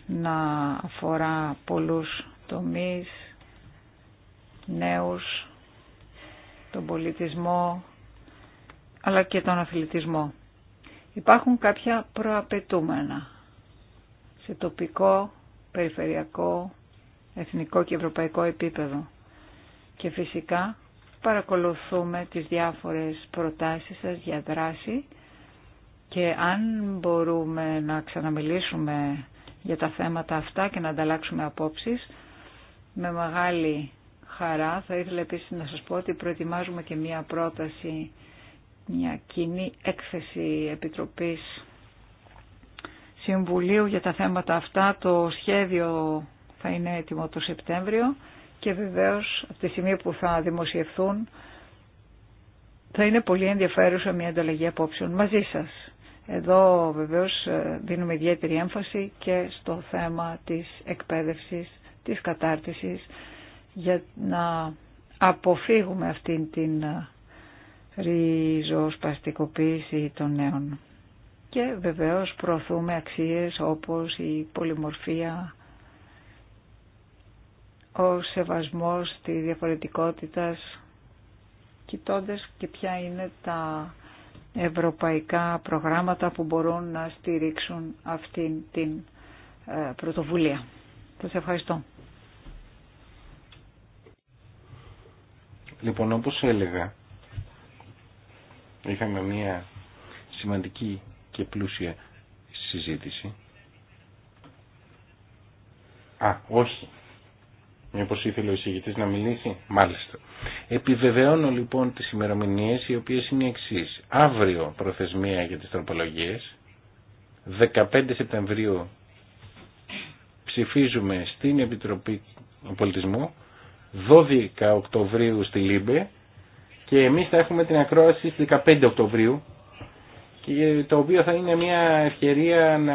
να αφορά πολλούς τομείς, νέους, τον πολιτισμό, αλλά και τον αθλητισμό. Υπάρχουν κάποια προαπαιτούμενα σε τοπικό, περιφερειακό, εθνικό και ευρωπαϊκό επίπεδο. Και φυσικά παρακολουθούμε τις διάφορες προτάσεις σας για δράση και αν μπορούμε να ξαναμιλήσουμε για τα θέματα αυτά και να ανταλλάξουμε απόψεις, με μεγάλη χαρά θα ήθελα επίσης να σας πω ότι προετοιμάζουμε και μία πρόταση, μια κοινή έκθεση Επιτροπής Συμβουλίου για τα θέματα αυτά. Το σχέδιο θα είναι έτοιμο το Σεπτέμβριο και βεβαίως από τη στιγμή που θα δημοσιευθούν θα είναι πολύ ενδιαφέρουσα μια ανταλλαγή απόψεων μαζί σας. Εδώ βεβαίως ε, δίνουμε ιδιαίτερη έμφαση και στο θέμα της εκπαίδευσης, της κατάρτισης για να αποφύγουμε αυτήν την ε, ριζοσπαστικοποίηση των νέων. Και βεβαίως προωθούμε αξίες όπως η πολυμορφία, ο σεβασμός τη διαφορετικότητας κοιτώντας και ποια είναι τα ευρωπαϊκά προγράμματα που μπορούν να στηρίξουν αυτήν την ε, πρωτοβουλία. Σας ευχαριστώ. Λοιπόν, όπως έλεγα, είχαμε μία σημαντική και πλούσια συζήτηση. Α, όχι, Μήπως ήθελε ο εισηγητής να μιλήσει. Μάλιστα. Επιβεβαιώνω λοιπόν τις ημερομηνίε οι οποίες είναι εξή. Αύριο προθεσμία για τις τροπολογίες. 15 Σεπτεμβρίου ψηφίζουμε στην Επιτροπή Πολιτισμού. 12 Οκτωβρίου στη Λίμπε. Και εμείς θα έχουμε την ακρόαση στις 15 Οκτωβρίου. Και το οποίο θα είναι μια ευκαιρία να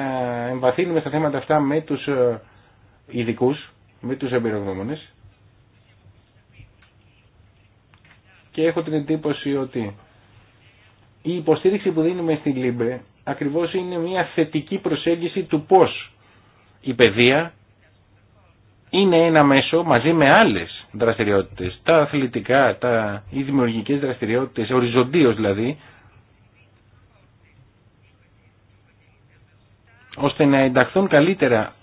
εμβαθύνουμε στα θέματα αυτά με τους ε, ειδικούς με τους εμπειρογνώμονες και έχω την εντύπωση ότι η υποστήριξη που δίνουμε στην Λίμπρε ακριβώς είναι μια θετική προσέγγιση του πώς η παιδεία είναι ένα μέσο μαζί με άλλες δραστηριότητες, τα αθλητικά, τα, οι δημιουργικές δραστηριότητες, οριζοντίως δηλαδή, ώστε να ενταχθούν καλύτερα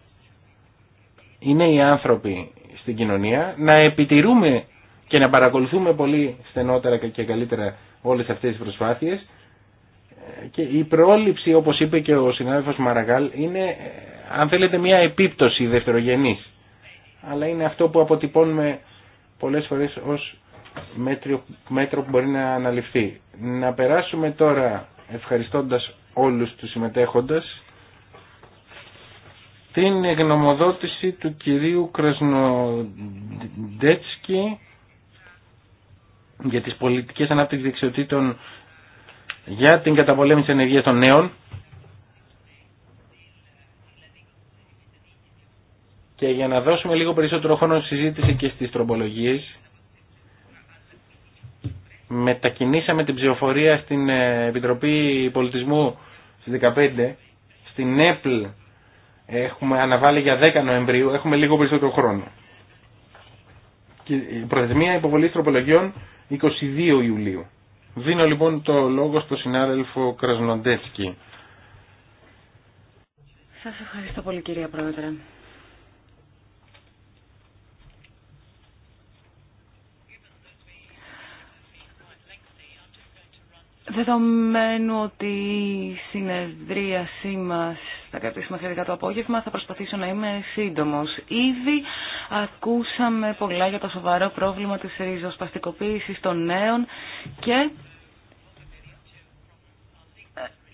είναι οι άνθρωποι στην κοινωνία, να επιτηρούμε και να παρακολουθούμε πολύ στενότερα και καλύτερα όλες αυτές τις προσπάθειες και η πρόληψη όπως είπε και ο συνάδελφος Μαραγκάλ είναι αν θέλετε μια επίπτωση δευτερογενής αλλά είναι αυτό που αποτυπώνουμε πολλές φορές ως μέτριο, μέτρο που μπορεί να αναλυφθεί. Να περάσουμε τώρα ευχαριστώντας όλους τους συμμετέχοντες την γνωμοδότηση του κυρίου Κρασνοντέτσκι για τις πολιτικές ανάπτυξης δεξιοτήτων για την καταπολέμηση ενεργείας των νέων και για να δώσουμε λίγο περισσότερο χρόνο συζήτηση και στις τροπολογίες μετακινήσαμε την ψηφοφορία στην ε, Επιτροπή Πολιτισμού στις 15 στην ΕΠΛ Έχουμε αναβάλει για 10 Νοεμβρίου, έχουμε λίγο περισσότερο χρόνο. Και η προθεσμία υποβολής τροπολογιών 22 Ιουλίου. Δίνω λοιπόν το λόγο στο συνάδελφο Κρασνοντεύσκη. Σας ευχαριστώ πολύ κυρία Πρόεδρε. Δεδομένου ότι η συνεδρίασή μας θα κρατήσουμε το απόγευμα. Θα προσπαθήσω να είμαι σύντομο. Ήδη ακούσαμε πολλά για το σοβαρό πρόβλημα τη ριζοσπαστικοποίηση των νέων και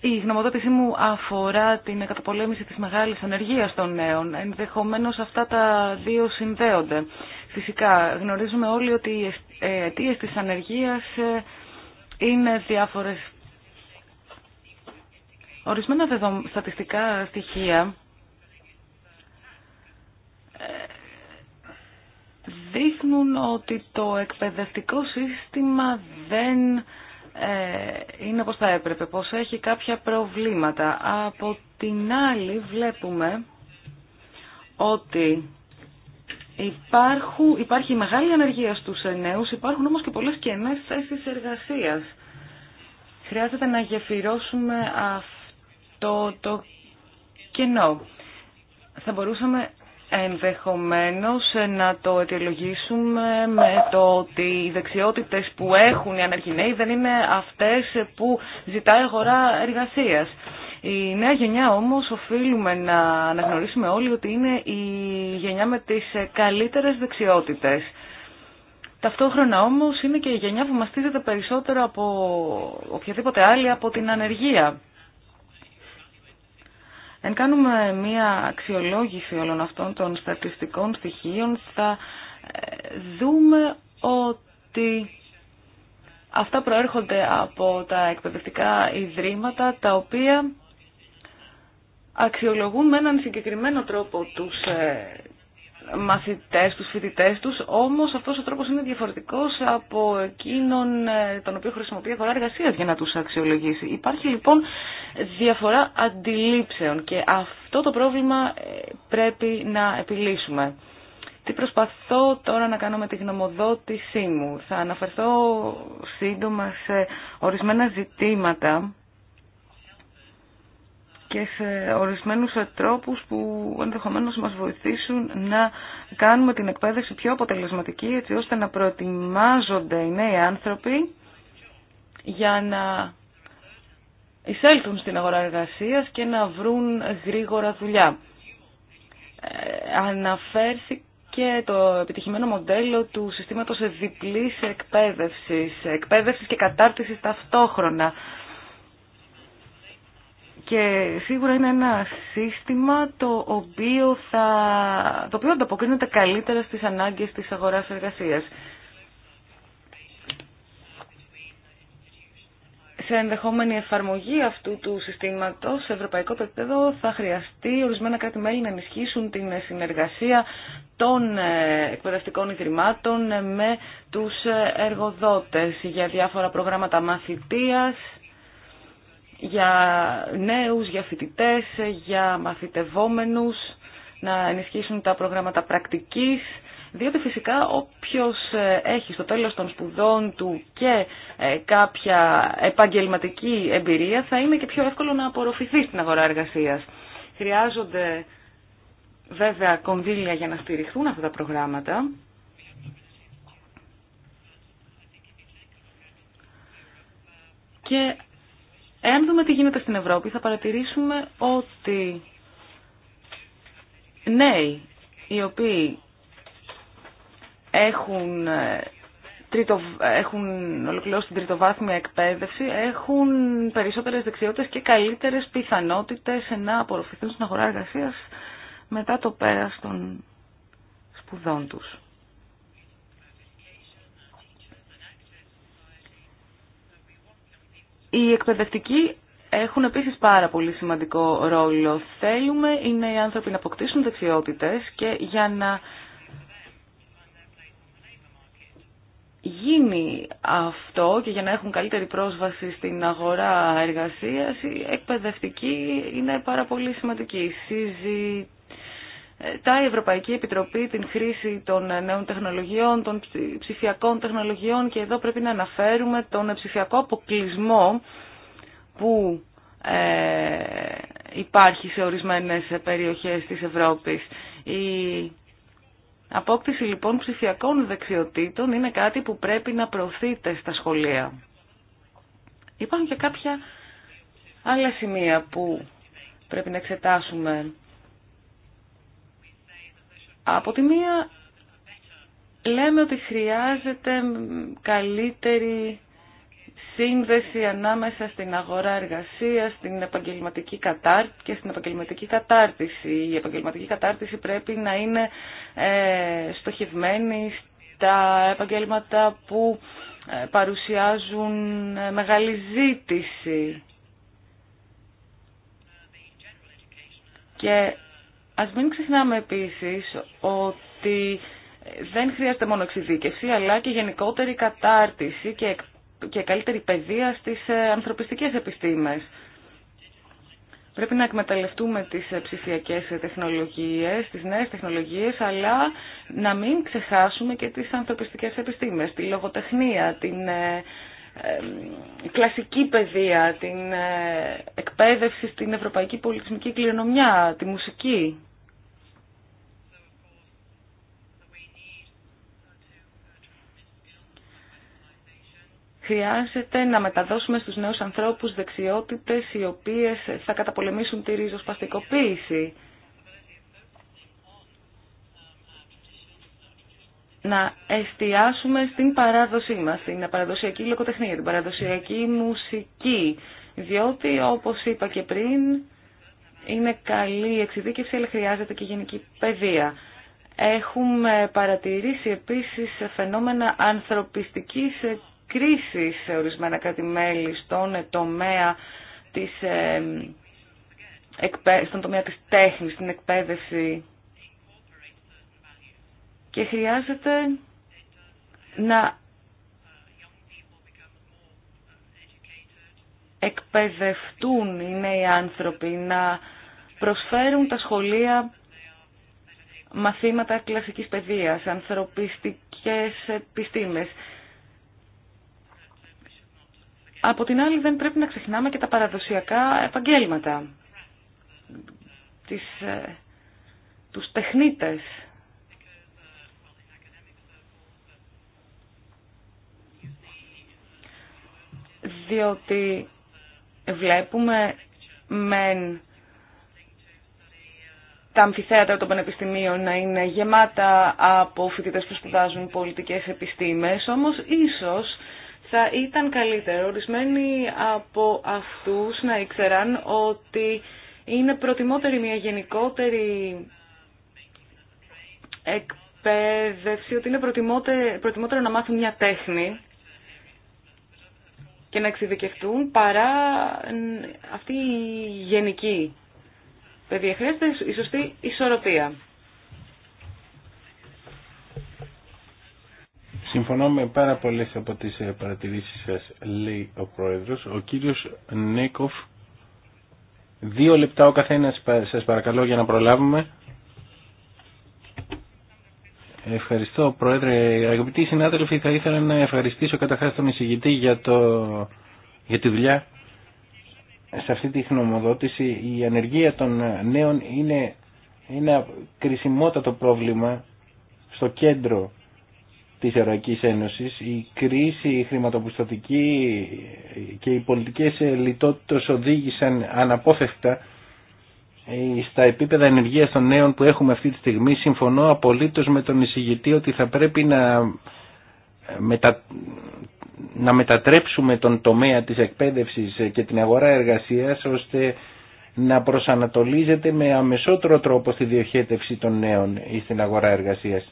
ε, η γνωμοδότησή μου αφορά την καταπολέμηση της μεγάλης ανεργίας των νέων. Ενδεχομένως αυτά τα δύο συνδέονται. Φυσικά γνωρίζουμε όλοι ότι οι ε, αιτίες της ανεργίας ε, είναι διάφορες Ορισμένα στατιστικά στοιχεία ε, δείχνουν ότι το εκπαιδευτικό σύστημα δεν ε, είναι όπως θα έπρεπε, πως έχει κάποια προβλήματα. Από την άλλη βλέπουμε ότι υπάρχουν, υπάρχει μεγάλη ανεργία στους νέους, υπάρχουν όμως και πολλές κενές θέσεις εργασίας. Χρειάζεται να γεφυρώσουμε το το κενό. Θα μπορούσαμε ενδεχομένως να το αιτιολογήσουμε με το ότι οι δεξιότητες που έχουν οι ανεργηναίοι δεν είναι αυτές που ζητάει αγορά εργασίας. Η νέα γενιά όμως οφείλουμε να αναγνωρίσουμε όλοι ότι είναι η γενιά με τις καλύτερες δεξιότητες. Ταυτόχρονα όμως είναι και η γενιά που μαστίζεται περισσότερο από οποιαδήποτε άλλη από την ανεργία. Εν κάνουμε μία αξιολόγηση όλων αυτών των στατιστικών στοιχείων θα ε, δούμε ότι αυτά προέρχονται από τα εκπαιδευτικά ιδρύματα τα οποία αξιολογούν με έναν συγκεκριμένο τρόπο τους ε, μαθητές τους, φοιτητές τους, όμως αυτός ο τρόπος είναι διαφορετικός από εκείνον ε, τον οποίο χρησιμοποιεί η αγορά εργασία για να τους αξιολογήσει. Υπάρχει λοιπόν διαφορά αντιλήψεων και αυτό το πρόβλημα ε, πρέπει να επιλύσουμε. Τι προσπαθώ τώρα να κάνω με τη γνωμοδότησή μου. Θα αναφερθώ σύντομα σε ορισμένα ζητήματα και σε ορισμένους τρόπους που ενδεχομένως μας βοηθήσουν να κάνουμε την εκπαίδευση πιο αποτελεσματική έτσι ώστε να προετοιμάζονται οι νέοι άνθρωποι για να εισέλθουν στην αγορά εργασίας και να βρουν γρήγορα δουλειά. Ε, αναφέρθηκε το επιτυχημένο μοντέλο του συστήματος διπλής εκπαίδευσης, εκπαίδευσης και κατάρτισης ταυτόχρονα και σίγουρα είναι ένα σύστημα το οποίο, θα, το οποίο ανταποκρίνεται καλύτερα στις ανάγκες της αγοράς εργασίας. σε ενδεχόμενη εφαρμογή αυτού του συστήματος σε ευρωπαϊκό επίπεδο θα χρειαστεί ορισμένα κράτη-μέλη να ενισχύσουν την συνεργασία των ε, εκπαιδευτικών ιδρυμάτων με τους ε, εργοδότες για διάφορα προγράμματα μαθητείας, για νέους, για φοιτητές, για μαθητευόμενους, να ενισχύσουν τα προγράμματα πρακτικής, διότι φυσικά όποιος ε, έχει στο τέλος των σπουδών του και ε, κάποια επαγγελματική εμπειρία θα είναι και πιο εύκολο να απορροφηθεί στην αγορά εργασίας. Χρειάζονται βέβαια κονδύλια για να στηριχθούν αυτά τα προγράμματα. Και Εάν δούμε τι γίνεται στην Ευρώπη, θα παρατηρήσουμε ότι νέοι οι οποίοι έχουν, τρίτο, έχουν ολοκληρώσει την τριτοβάθμια εκπαίδευση έχουν περισσότερες δεξιότητες και καλύτερες πιθανότητες να απορροφηθούν στην αγορά εργασίας μετά το πέρας των σπουδών τους. Οι εκπαιδευτικοί έχουν επίσης πάρα πολύ σημαντικό ρόλο. Θέλουμε οι νέοι άνθρωποι να αποκτήσουν δεξιότητες και για να γίνει αυτό και για να έχουν καλύτερη πρόσβαση στην αγορά εργασίας, η εκπαιδευτική είναι πάρα πολύ σημαντική τα Ευρωπαϊκή Επιτροπή την χρήση των νέων τεχνολογιών, των ψηφιακών τεχνολογιών και εδώ πρέπει να αναφέρουμε τον ψηφιακό αποκλεισμό που ε, υπάρχει σε ορισμένες περιοχές της Ευρώπης. Η απόκτηση λοιπόν ψηφιακών δεξιοτήτων είναι κάτι που πρέπει να προωθείται στα σχολεία. Υπάρχουν και κάποια άλλα σημεία που πρέπει να εξετάσουμε από τη μία λέμε ότι χρειάζεται καλύτερη σύνδεση ανάμεσα στην αγορά εργασίας, στην επαγγελματική κατάρτιση, και στην επαγγελματική κατάρτιση. Η επαγγελματική κατάρτιση πρέπει να είναι ε, στοχευμένη στα επαγγέλματα που ε, παρουσιάζουν ε, μεγάλη ζήτηση. Και Ας μην ξεχνάμε επίσης ότι δεν χρειάζεται μόνο εξειδίκευση, αλλά και γενικότερη κατάρτιση και, και καλύτερη παιδεία στις ε, ανθρωπιστικές επιστήμες. Πρέπει να εκμεταλλευτούμε τις ε, ψηφιακές ε, τεχνολογίες, τις νέες τεχνολογίες, αλλά να μην ξεχάσουμε και τις ανθρωπιστικές επιστήμες, τη λογοτεχνία, την κλασική παιδεία, την ε, εκπαίδευση στην ευρωπαϊκή πολιτισμική κληρονομιά, τη μουσική. Χρειάζεται να μεταδώσουμε στους νέους ανθρώπους δεξιότητες οι οποίες θα καταπολεμήσουν τη ριζοσπαστικοποίηση. να εστιάσουμε στην παράδοσή μας, στην παραδοσιακή λογοτεχνία, την παραδοσιακή μουσική, διότι όπως είπα και πριν είναι καλή εξειδίκευση αλλά χρειάζεται και γενική παιδεία. Έχουμε παρατηρήσει επίσης φαινόμενα ανθρωπιστικής κρίσης σε ορισμένα κράτη-μέλη στον τομέα της, ε, στον τομέα της τέχνης, στην εκπαίδευση και χρειάζεται να εκπαιδευτούν οι νέοι άνθρωποι, να προσφέρουν τα σχολεία μαθήματα κλασικής παιδείας, ανθρωπιστικές επιστήμες. Από την άλλη δεν πρέπει να ξεχνάμε και τα παραδοσιακά επαγγέλματα, τις, ε, τους τεχνίτες, διότι βλέπουμε μεν τα αμφιθέατρα των πανεπιστημίων να είναι γεμάτα από φοιτητέ που σπουδάζουν πολιτικές επιστήμες, όμως ίσως θα ήταν καλύτερο ορισμένοι από αυτούς να ήξεραν ότι είναι προτιμότερη μια γενικότερη εκπαίδευση, ότι είναι προτιμότερο να μάθουν μια τέχνη και να εξειδικευτούν παρά αυτή η γενική παιδεία. Χρειάζεται η σωστή ισορροπία. Συμφωνώ με πάρα πολλές από τις ε, παρατηρήσεις σας, λέει ο Πρόεδρος. Ο κύριος Νέκοφ, δύο λεπτά ο καθένας σας παρακαλώ για να προλάβουμε. Ευχαριστώ Πρόεδρε. Αγαπητοί συνάδελφοι, θα ήθελα να ευχαριστήσω καταρχάς τον εισηγητή για, το, για τη δουλειά σε αυτή τη χνομοδότηση. Η ανεργία των νέων είναι ένα κρισιμότατο πρόβλημα στο κέντρο της Ευρωπαϊκής Ένωσης. Η κρίση η χρηματοπιστωτική και οι πολιτικές λιτότητες οδήγησαν αναπόφευκτα ε, στα επίπεδα ενεργείας των νέων που έχουμε αυτή τη στιγμή συμφωνώ απολύτως με τον εισηγητή ότι θα πρέπει να, ε, να μετατρέψουμε τον τομέα της εκπαίδευσης ε, και την αγορά εργασίας ώστε να προσανατολίζεται με αμεσότερο τρόπο στη διοχέτευση των νέων ή στην αγορά εργασίας.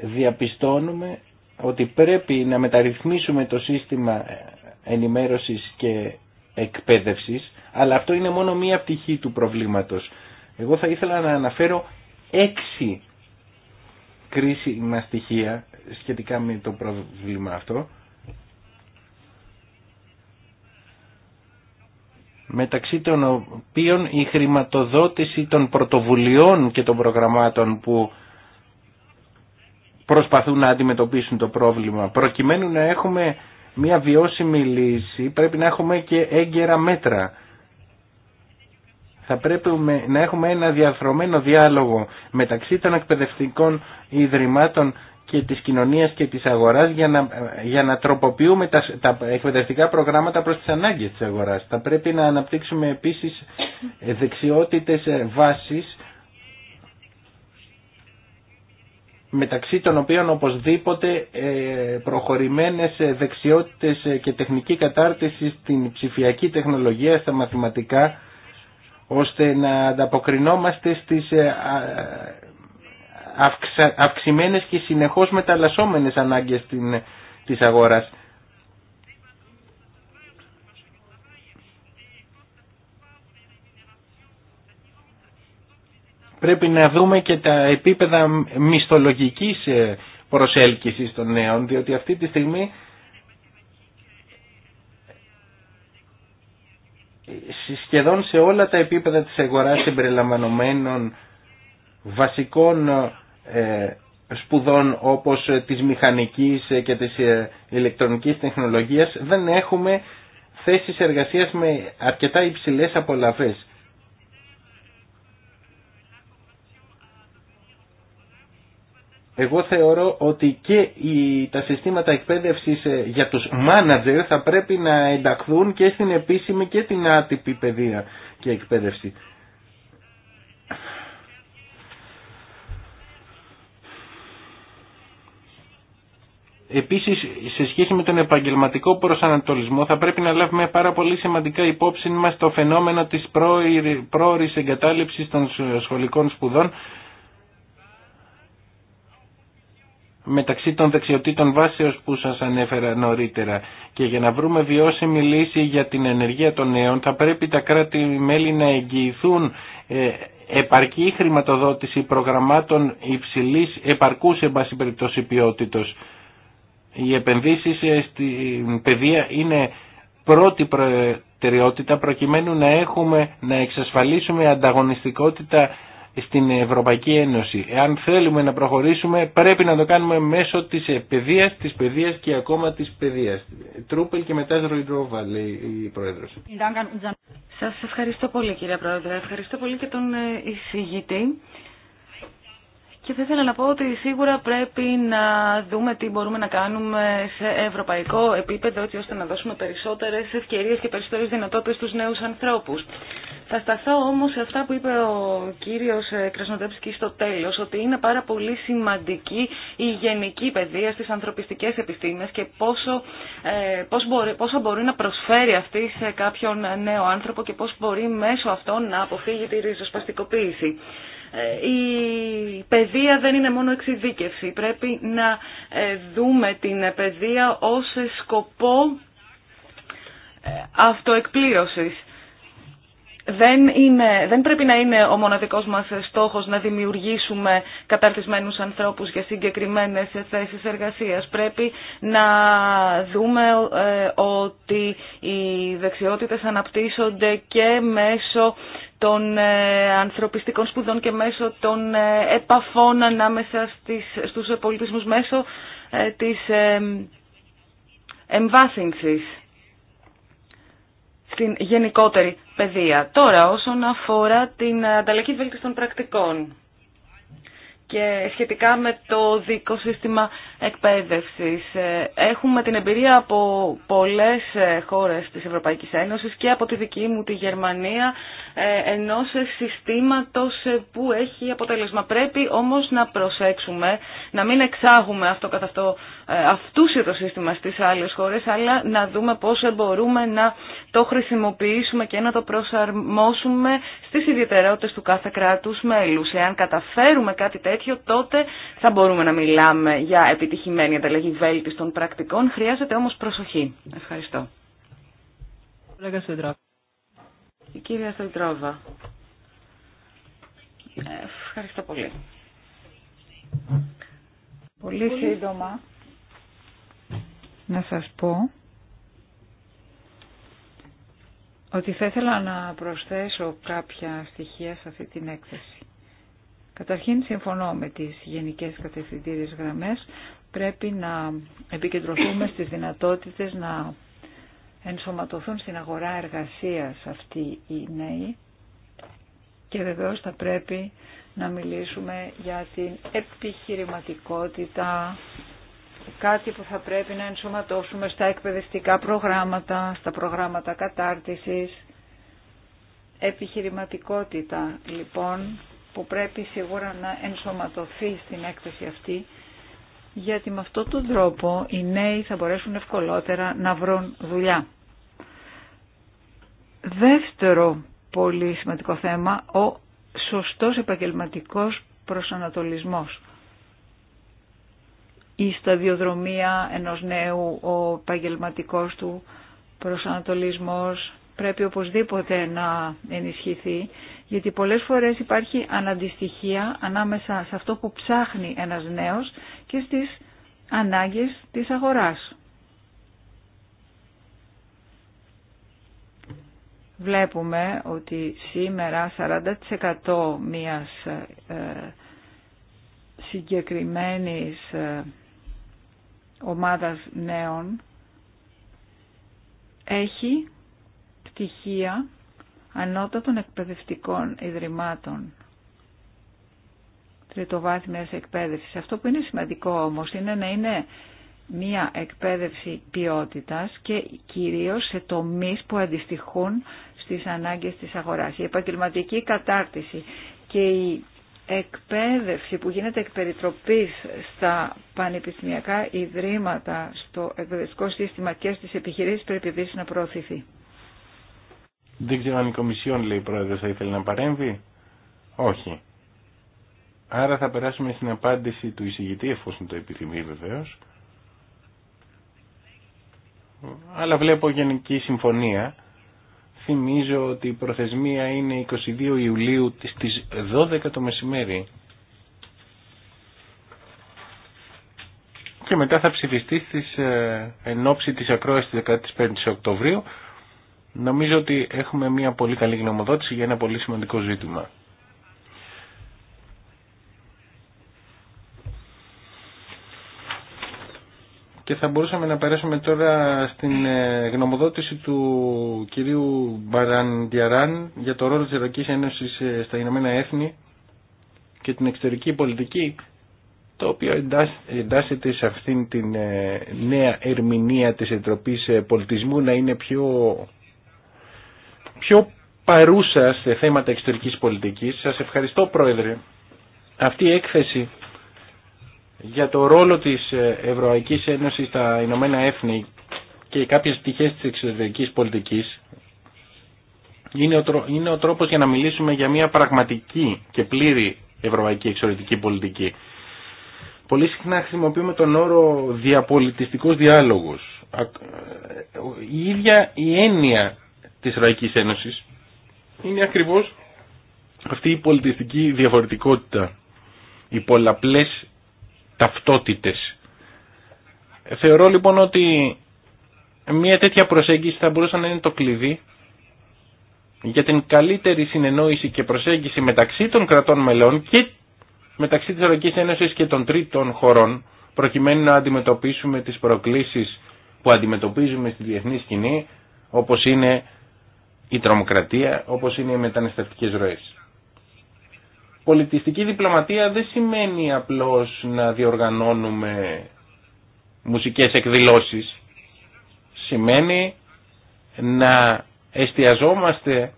Διαπιστώνουμε ότι πρέπει να μεταρρυθμίσουμε το σύστημα ενημέρωσης και εκπαίδευσης αλλά αυτό είναι μόνο μία πτυχή του προβλήματος. Εγώ θα ήθελα να αναφέρω έξι κρίσιμα στοιχεία σχετικά με το πρόβλημα αυτό. μεταξύ των οποίων η χρηματοδότηση των πρωτοβουλειών και των προγραμμάτων που προσπαθούν να αντιμετωπίσουν το πρόβλημα. Προκειμένου να έχουμε μια βιώσιμη λύση πρέπει να έχουμε και έγκαιρα μέτρα θα πρέπει να έχουμε ένα διαφρομένο διάλογο μεταξύ των εκπαιδευτικών ιδρυμάτων και της κοινωνίας και της αγοράς για να, για να τροποποιούμε τα, τα εκπαιδευτικά προγράμματα προς τις ανάγκες της αγοράς. Θα πρέπει να αναπτύξουμε επίσης δεξιότητες ε, βάσης μεταξύ των οποίων οπωσδήποτε ε, προχωρημένες ε, δεξιότητες και τεχνική κατάρτιση στην ψηφιακή τεχνολογία, στα μαθηματικά ώστε να ανταποκρινόμαστε στις ε, αυξημένες και συνεχώς μεταλλασσόμενες ανάγκες της αγοράς. Πρέπει να δούμε και τα επίπεδα μισθολογικής ε, προσέλκυσης των νέων, διότι αυτή τη στιγμή σχεδόν σε όλα τα επίπεδα της αγοράς συμπεριλαμβανομένων βασικών ε, σπουδών όπως ε, της μηχανικής ε, και της ηλεκτρονικής τεχνολογίας δεν έχουμε θέσεις εργασίας με αρκετά υψηλές απολαβές. Εγώ θεωρώ ότι και τα συστήματα εκπαίδευσης ε, για τους μάνατζερ θα πρέπει να ενταχθούν και στην επίσημη και την άτυπη παιδεία και εκπαίδευση. Επίσης, σε σχέση με τον επαγγελματικό προσανατολισμό θα πρέπει να λάβουμε πάρα πολύ σημαντικά υπόψη μας το φαινόμενο της πρόορης εγκατάλειψης των σχολικών σπουδών μεταξύ των δεξιοτήτων βάσεως που σας ανέφερα νωρίτερα. Και για να βρούμε βιώσιμη λύση για την ενεργεία των νέων θα πρέπει τα κράτη-μέλη να εγγυηθούν ε, επαρκή χρηματοδότηση προγραμμάτων υψηλής επαρκούς περιπτώσει ποιότητος. Οι επενδύσεις ε, στην παιδεία είναι πρώτη προτεραιότητα προκειμένου να έχουμε, να εξασφαλίσουμε ανταγωνιστικότητα στην Ευρωπαϊκή Ένωση. Εάν θέλουμε να προχωρήσουμε πρέπει να το κάνουμε μέσω της παιδείας, της παιδείας και ακόμα της παιδείας. Τρούπελ και μετά Ροϊντρόβα λέει η Πρόεδρος. Σας ευχαριστώ πολύ κύριε Πρόεδρε. Ευχαριστώ πολύ και τον ε, εισηγητή και θα ήθελα να πω ότι σίγουρα πρέπει να δούμε τι μπορούμε να κάνουμε σε ευρωπαϊκό επίπεδο έτσι ώστε να δώσουμε περισσότερε ευκαιρίε και περισσότερε δυνατότητε στους νέου ανθρώπου. Θα σταθώ όμω σε αυτά που είπε ο κύριο ε, Κρασνοδέψκη στο τέλο, ότι είναι πάρα πολύ σημαντική η γενική παιδεία στι ανθρωπιστικέ επιστήμες και πόσο, ε, μπορεί, πόσο μπορεί να προσφέρει αυτή σε κάποιον νέο άνθρωπο και πώ μπορεί μέσω αυτών να αποφύγει τη ριζοσπαστικοποίηση. Ε, η παιδεία δεν είναι μόνο εξειδίκευση. Πρέπει να ε, δούμε την παιδεία ως σκοπό ε, αυτοεκπλήρωσης. Δεν, είναι, δεν πρέπει να είναι ο μοναδικός μας στόχος να δημιουργήσουμε καταρτισμένους ανθρώπους για συγκεκριμένες θέσεις εργασίας. Πρέπει να δούμε ότι οι δεξιότητες αναπτύσσονται και μέσω των ε, ανθρωπιστικών σπουδών και μέσω των ε, επαφών ανάμεσα στις, στους πολιτισμούς μέσω ε, της εμβάθυνσης στην γενικότερη παιδεία. Τώρα όσον αφορά την ανταλλαγή βέλτιστων πρακτικών και σχετικά με το δικό σύστημα εκπαίδευσης. Ε, έχουμε την εμπειρία από πολλές ε, χώρες της Ευρωπαϊκής Ένωσης και από τη δική μου τη Γερμανία ε, ενός συστήματος που έχει αποτέλεσμα. Πρέπει όμως να προσέξουμε, να μην εξάγουμε αυτό καθ' αυτό ε, αυτούσιο το σύστημα στις άλλες χώρες, αλλά να δούμε πώς μπορούμε να το χρησιμοποιήσουμε και να το προσαρμόσουμε στις ιδιαιτερότητες του κάθε κράτους μέλους. Εάν καταφέρουμε κάτι τέτοιο, τότε θα μπορούμε να μιλάμε για επιτυχημένη ανταλλαγή βέλτιστων πρακτικών. Χρειάζεται όμως προσοχή. Ευχαριστώ. Η κυρία ε, Ευχαριστώ πολύ. Πολύ σύντομα να σας πω ότι θα ήθελα να προσθέσω κάποια στοιχεία σε αυτή την έκθεση. Καταρχήν συμφωνώ με τις γενικές κατευθυντήριες γραμμές. Πρέπει να επικεντρωθούμε στις δυνατότητες να ενσωματωθούν στην αγορά εργασίας αυτοί οι νέοι και βεβαίως θα πρέπει να μιλήσουμε για την επιχειρηματικότητα, κάτι που θα πρέπει να ενσωματώσουμε στα εκπαιδευτικά προγράμματα, στα προγράμματα κατάρτισης, επιχειρηματικότητα λοιπόν που πρέπει σίγουρα να ενσωματωθεί στην έκθεση αυτή γιατί με αυτόν τον τρόπο οι νέοι θα μπορέσουν ευκολότερα να βρουν δουλειά. Δεύτερο πολύ σημαντικό θέμα, ο σωστός επαγγελματικός προσανατολισμός η σταδιοδρομία ενός νέου, ο επαγγελματικό του προσανατολισμός πρέπει οπωσδήποτε να ενισχυθεί, γιατί πολλές φορές υπάρχει αναντιστοιχία ανάμεσα σε αυτό που ψάχνει ένας νέος και στις ανάγκες της αγοράς. Βλέπουμε ότι σήμερα 40% μιας ε, συγκεκριμένης ε, ομάδας νέων έχει πτυχία ανώτατων εκπαιδευτικών ιδρυμάτων τριτοβάθμιας εκπαίδευσης. Αυτό που είναι σημαντικό όμως είναι να είναι μία εκπαίδευση ποιότητας και κυρίως σε τομείς που αντιστοιχούν στις ανάγκες της αγοράς. Η επαγγελματική κατάρτιση και η εκπαίδευση που γίνεται εκ στα πανεπιστημιακά ιδρύματα, στο εκπαιδευτικό σύστημα και στις επιχειρήσεις πρέπει επίσης να προωθηθεί. Δεν ξέρω αν η Κομισιόν, λέει η Πρόεδρος, θα ήθελε να παρέμβει. Όχι. Άρα θα περάσουμε στην απάντηση του εισηγητή, εφόσον το επιθυμεί βεβαίω. Αλλά βλέπω γενική συμφωνία Θυμίζω ότι η προθεσμία είναι 22 Ιουλίου στις 12 το μεσημέρι. Και μετά θα ψηφιστεί στις ε, ενόψη της ακρόασης της 15ης Οκτωβρίου. Νομίζω ότι έχουμε μια πολύ καλή γνωμοδότηση για ένα πολύ σημαντικό ζήτημα. Και θα μπορούσαμε να περάσουμε τώρα στην ε, γνωμοδότηση του κυρίου Μπαραντιαράν για το ρόλο της Ευρωπαϊκής Ένωσης ε, στα Ηνωμένα Έθνη και την εξωτερική πολιτική, το οποίο εντάσσεται σε αυτήν την ε, νέα ερμηνεία της Επιτροπής Πολιτισμού να είναι πιο, πιο παρούσα σε θέματα εξωτερικής πολιτικής. Σας ευχαριστώ Πρόεδρε. Αυτή η έκθεση για το ρόλο της ε, Ευρωπαϊκής Ένωσης στα Ηνωμένα Έθνη και κάποιες πτυχές της εξωτερικής πολιτικής είναι ο, είναι ο τρόπος για να μιλήσουμε για μια πραγματική και πλήρη ευρωπαϊκή εξωτερική πολιτική. Πολύ συχνά χρησιμοποιούμε τον όρο διαπολιτιστικός διάλογος. Ε, η ίδια η έννοια της Ευρωπαϊκής Ένωσης είναι ακριβώς αυτή η πολιτιστική διαφορετικότητα. Οι πολλαπλές ταυτότητες. Θεωρώ λοιπόν ότι μια τέτοια προσέγγιση θα μπορούσε να είναι το κλειδί για την καλύτερη συνεννόηση και προσέγγιση μεταξύ των κρατών μελών και μεταξύ της Ευρωπαϊκής Ένωσης και των τρίτων χωρών προκειμένου να αντιμετωπίσουμε τις προκλήσεις που αντιμετωπίζουμε στη διεθνή σκηνή όπως είναι η τρομοκρατία, όπως είναι οι μεταναστευτικές ροές πολιτιστική διπλωματία δεν σημαίνει απλώς να διοργανώνουμε μουσικές εκδηλώσεις. Σημαίνει να εστιαζόμαστε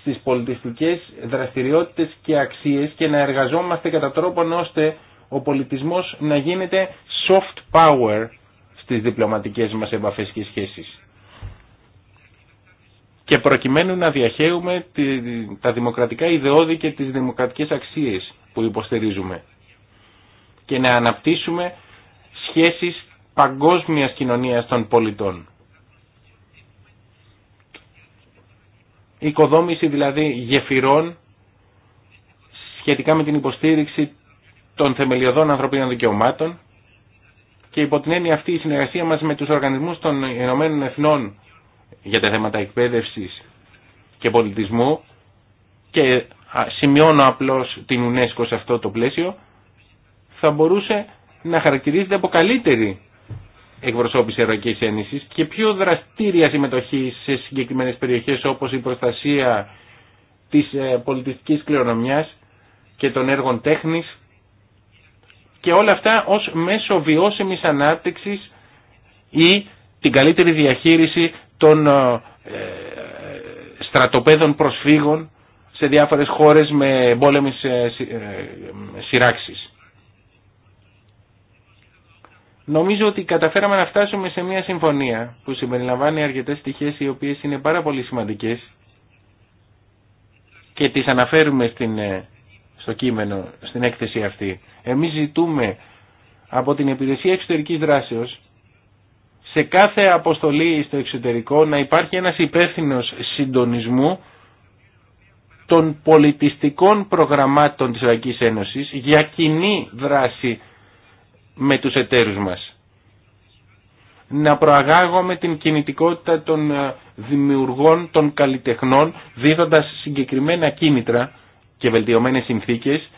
στις πολιτιστικές δραστηριότητες και αξίες και να εργαζόμαστε κατά τρόπον ώστε ο πολιτισμός να γίνεται soft power στις διπλωματικές μας επαφές και σχέσεις και προκειμένου να διαχέουμε τα δημοκρατικά ιδεώδη και τις δημοκρατικές αξίες που υποστηρίζουμε και να αναπτύσσουμε σχέσεις παγκόσμιας κοινωνίας των πολιτών. Οικοδόμηση δηλαδή γεφυρών σχετικά με την υποστήριξη των θεμελιωδών ανθρωπίνων δικαιωμάτων και υπό την έννοια αυτή η συνεργασία μας με τους οργανισμούς των Ηνωμένων Εθνών για τα θέματα εκπαίδευσης και πολιτισμού και σημειώνω απλώς την UNESCO σε αυτό το πλαίσιο θα μπορούσε να χαρακτηρίζεται από καλύτερη εκπροσώπηση Ευρωπαϊκής και πιο δραστήρια συμμετοχή σε συγκεκριμένες περιοχές όπως η προστασία της ε, πολιτιστικής κληρονομιάς και των έργων τέχνης και όλα αυτά ως μέσο βιώσιμης ανάπτυξης ή την καλύτερη διαχείριση των ε, ε, στρατοπέδων προσφύγων σε διάφορες χώρες με πόλεμες ε, σειράξεις. Νομίζω ότι καταφέραμε να φτάσουμε σε μια συμφωνία που συμπεριλαμβάνει αρκετές στοιχείες οι οποίες είναι πάρα πολύ σημαντικές και τις αναφέρουμε στην, στο κείμενο, στην έκθεση αυτή. Εμείς ζητούμε από την Υπηρεσία Εξωτερικής Δράσεως σε κάθε αποστολή στο εξωτερικό να υπάρχει ένας υπεύθυνος συντονισμού των πολιτιστικών προγραμμάτων της Ευρωπαϊκής Ένωσης για κοινή δράση με τους εταίρους μας. Να προαγάγουμε την κινητικότητα των ε, δημιουργών, των καλλιτεχνών, δίδοντας συγκεκριμένα κίνητρα και βελτιωμένες συνθήκες,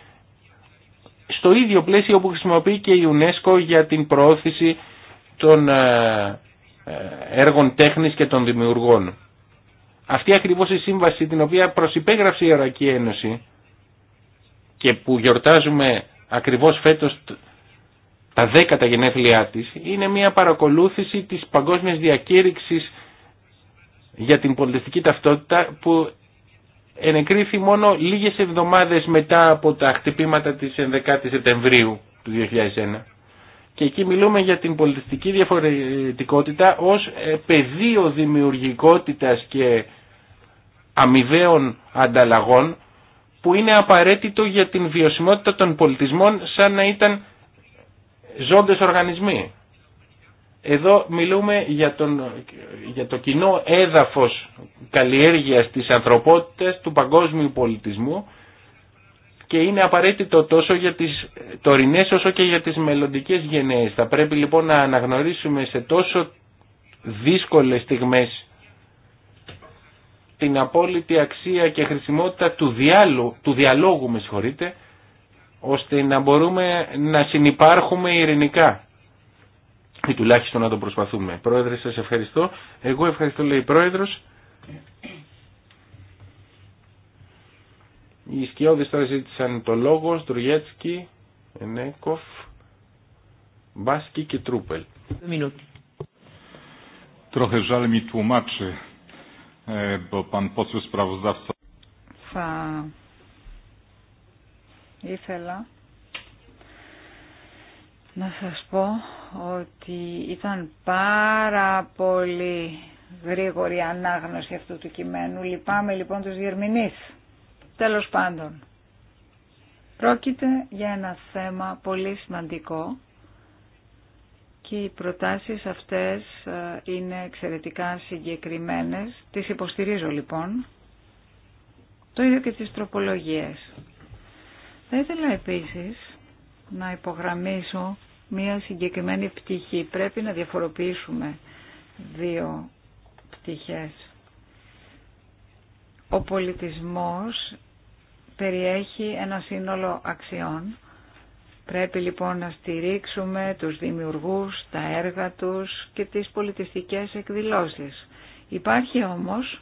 στο ίδιο πλαίσιο που χρησιμοποιεί και η UNESCO για την προώθηση των ε, ε, έργων τέχνης και των δημιουργών. Αυτή ακριβώς η σύμβαση την οποία προσυπέγραψε η Ευρωπαϊκή Ένωση και που γιορτάζουμε ακριβώς φέτος τα δέκατα γενέθλιά της είναι μια παρακολούθηση της παγκόσμιας διακήρυξης για την πολιτιστική ταυτότητα που ενεκρίθη μόνο λίγες εβδομάδες μετά από τα χτυπήματα της 11 η Σεπτεμβρίου του 2001 και εκεί μιλούμε για την πολιτιστική διαφορετικότητα ως ε, πεδίο δημιουργικότητας και αμοιβαίων ανταλλαγών που είναι απαραίτητο για την βιωσιμότητα των πολιτισμών σαν να ήταν ζώντες οργανισμοί. Εδώ μιλούμε για, τον, για το κοινό έδαφος καλλιέργειας της ανθρωπότητας του παγκόσμιου πολιτισμού και είναι απαραίτητο τόσο για τις τωρινές όσο και για τις μελλοντικέ γενναίες. Θα πρέπει λοιπόν να αναγνωρίσουμε σε τόσο δύσκολες στιγμές την απόλυτη αξία και χρησιμότητα του, διάλο, του διαλόγου, με συγχωρείτε, ώστε να μπορούμε να συνυπάρχουμε ειρηνικά ή τουλάχιστον να το προσπαθούμε. Πρόεδρε, σας ευχαριστώ. Εγώ ευχαριστώ, λέει η Πρόεδρος. Οι σκιώδεις τώρα ζήτησαν το λόγο, Στουργέτσκι, Ενέκοφ, Μπάσκι και Τρούπελ. E, Θα ήθελα να σας πω ότι ήταν πάρα πολύ γρήγορη ανάγνωση αυτού του κειμένου. Λυπάμαι λοιπόν τους Γερμινείς. Τέλος πάντων, πρόκειται για ένα θέμα πολύ σημαντικό και οι προτάσεις αυτές ε, είναι εξαιρετικά συγκεκριμένες. Τις υποστηρίζω λοιπόν. Το ίδιο και τις τροπολογίες. Θα ήθελα επίσης να υπογραμμίσω μία συγκεκριμένη πτυχή. Πρέπει να διαφοροποιήσουμε δύο πτυχές. Ο πολιτισμός περιέχει ένα σύνολο αξιών. Πρέπει λοιπόν να στηρίξουμε τους δημιουργούς, τα έργα τους και τις πολιτιστικές εκδηλώσεις. Υπάρχει όμως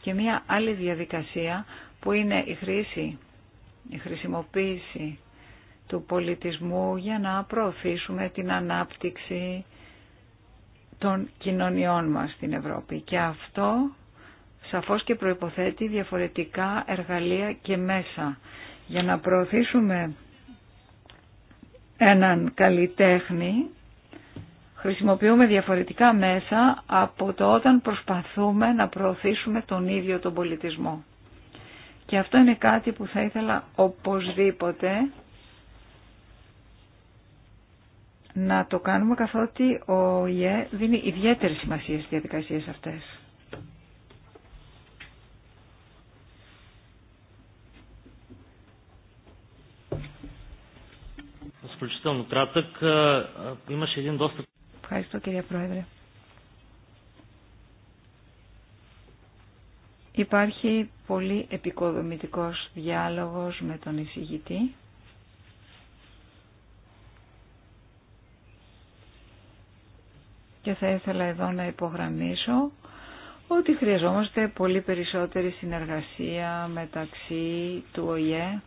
και μια άλλη διαδικασία που είναι η χρήση, η χρησιμοποίηση του πολιτισμού για να προωθήσουμε την ανάπτυξη των κοινωνιών μας στην Ευρώπη. Και αυτό σαφώς και προϋποθέτει διαφορετικά εργαλεία και μέσα. Για να προωθήσουμε έναν καλλιτέχνη χρησιμοποιούμε διαφορετικά μέσα από το όταν προσπαθούμε να προωθήσουμε τον ίδιο τον πολιτισμό. Και αυτό είναι κάτι που θα ήθελα οπωσδήποτε να το κάνουμε καθότι ο ΙΕ δίνει ιδιαίτερη σημασία στις διαδικασίες αυτές. изключително кратък. Имаше един Ευχαριστώ κύριε Πρόεδρε. Υπάρχει πολύ επικοδομητικός διάλογος με τον εισηγητή. Και θα ήθελα εδώ να υπογραμμίσω ότι χρειαζόμαστε πολύ περισσότερη συνεργασία μεταξύ του ΟΙΕ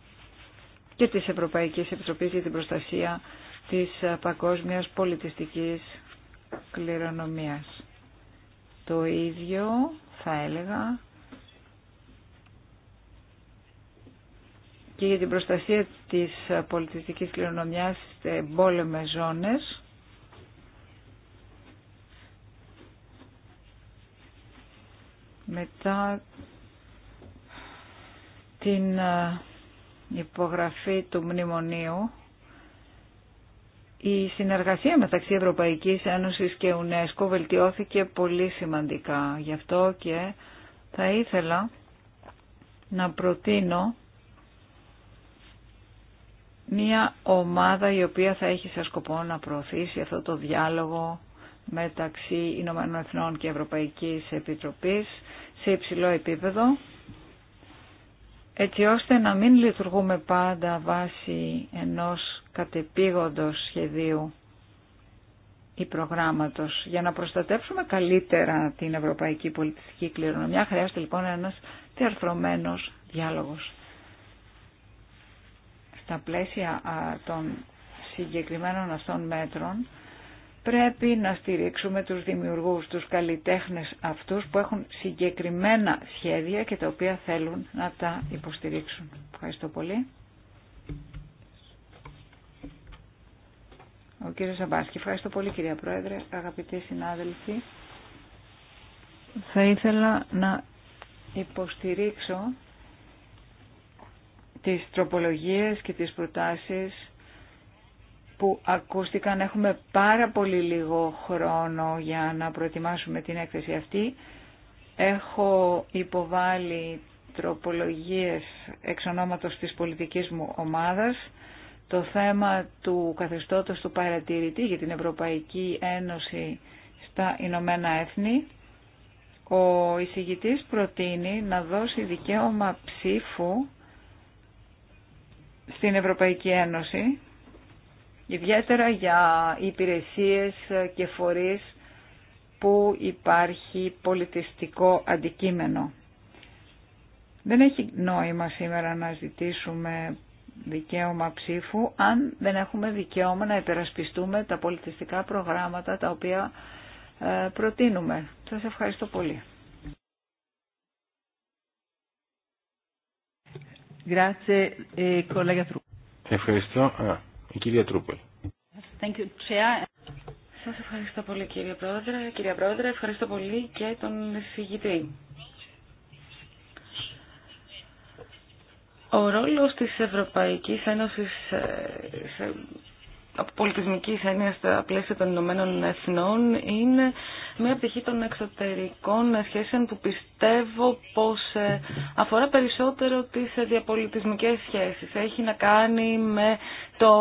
και της Ευρωπαϊκής Επιτροπής για την προστασία της ε, παγκόσμιας πολιτιστικής κληρονομίας. Το ίδιο θα έλεγα και για την προστασία της ε, πολιτιστικής κληρονομιάς σε εμπόλεμες ζώνες. Μετά την ε, υπογραφή του μνημονίου η συνεργασία μεταξύ Ευρωπαϊκής Ένωσης και UNESCO βελτιώθηκε πολύ σημαντικά. Γι' αυτό και θα ήθελα να προτείνω μία ομάδα η οποία θα έχει σαν σκοπό να προωθήσει αυτό το διάλογο μεταξύ Ηνωμένων και Ευρωπαϊκής Επιτροπής σε υψηλό επίπεδο έτσι ώστε να μην λειτουργούμε πάντα βάσει ενός κατεπήγοντος σχεδίου ή προγράμματος. Για να προστατεύσουμε καλύτερα την ευρωπαϊκή πολιτιστική κληρονομιά χρειάζεται λοιπόν ένας διαρθρωμένος διάλογος. Στα πλαίσια των συγκεκριμένων αυτών μέτρων πρέπει να στηρίξουμε τους δημιουργούς, τους καλλιτέχνες αυτούς που έχουν συγκεκριμένα σχέδια και τα οποία θέλουν να τα υποστηρίξουν. Ευχαριστώ πολύ. Ο κύριος Σαμπάσκη, ευχαριστώ πολύ κυρία Πρόεδρε, αγαπητοί συνάδελφοι. Θα ήθελα να υποστηρίξω τις τροπολογίες και τις προτάσεις που ακούστηκαν. Έχουμε πάρα πολύ λίγο χρόνο για να προετοιμάσουμε την έκθεση αυτή. Έχω υποβάλει τροπολογίες εξ ονόματος της πολιτικής μου ομάδας. Το θέμα του καθεστώτος του παρατηρητή για την Ευρωπαϊκή Ένωση στα Ηνωμένα Έθνη. Ο εισηγητής προτείνει να δώσει δικαίωμα ψήφου στην Ευρωπαϊκή Ένωση ιδιαίτερα για υπηρεσίες και φορείς που υπάρχει πολιτιστικό αντικείμενο. Δεν έχει νόημα σήμερα να ζητήσουμε δικαίωμα ψήφου αν δεν έχουμε δικαίωμα να υπερασπιστούμε τα πολιτιστικά προγράμματα τα οποία ε, προτείνουμε. Σας ευχαριστώ πολύ. Ε, ευχαριστώ. Η κυρία Τρούπελ. Thank Σας ευχαριστώ πολύ κύριε Πρόεδρε. Κυρία Πρόεδρε, ευχαριστώ πολύ και τον συγγητή. Ο ρόλος της Ευρωπαϊκής Ένωσης ε, πολιτισμική έννοια στα πλαίσια των Ηνωμένων Εθνών είναι μια πτυχή των εξωτερικών σχέσεων που πιστεύω πως ε, αφορά περισσότερο τις διαπολιτισμικές σχέσεις. Έχει να κάνει με το,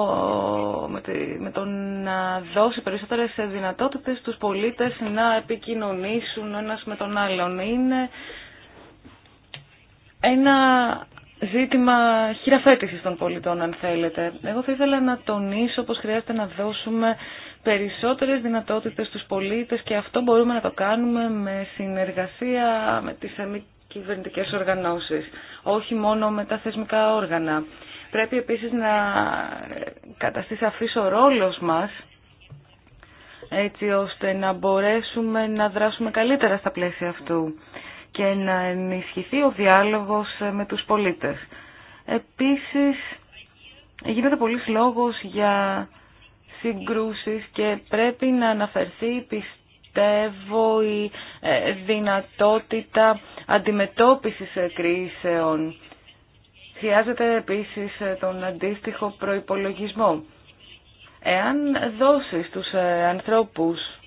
με, τη, με το να δώσει περισσότερες δυνατότητες στους πολίτες να επικοινωνήσουν ένας με τον άλλον. Είναι ένα ζήτημα χειραφέτησης των πολιτών, αν θέλετε. Εγώ θα ήθελα να τονίσω πως χρειάζεται να δώσουμε περισσότερες δυνατότητες στους πολίτες και αυτό μπορούμε να το κάνουμε με συνεργασία με τις αμή κυβερνητικές οργανώσεις, όχι μόνο με τα θεσμικά όργανα. Πρέπει επίσης να καταστεί σαφής ο ρόλος μας, έτσι ώστε να μπορέσουμε να δράσουμε καλύτερα στα πλαίσια αυτού και να ενισχυθεί ο διάλογος με τους πολίτες. Επίσης, γίνεται πολλής λόγος για συγκρούσεις και πρέπει να αναφερθεί, πιστεύω, η ε, δυνατότητα αντιμετώπισης κρίσεων. Χρειάζεται επίσης τον αντίστοιχο προϋπολογισμό. Εάν δώσεις τους ε, ανθρώπους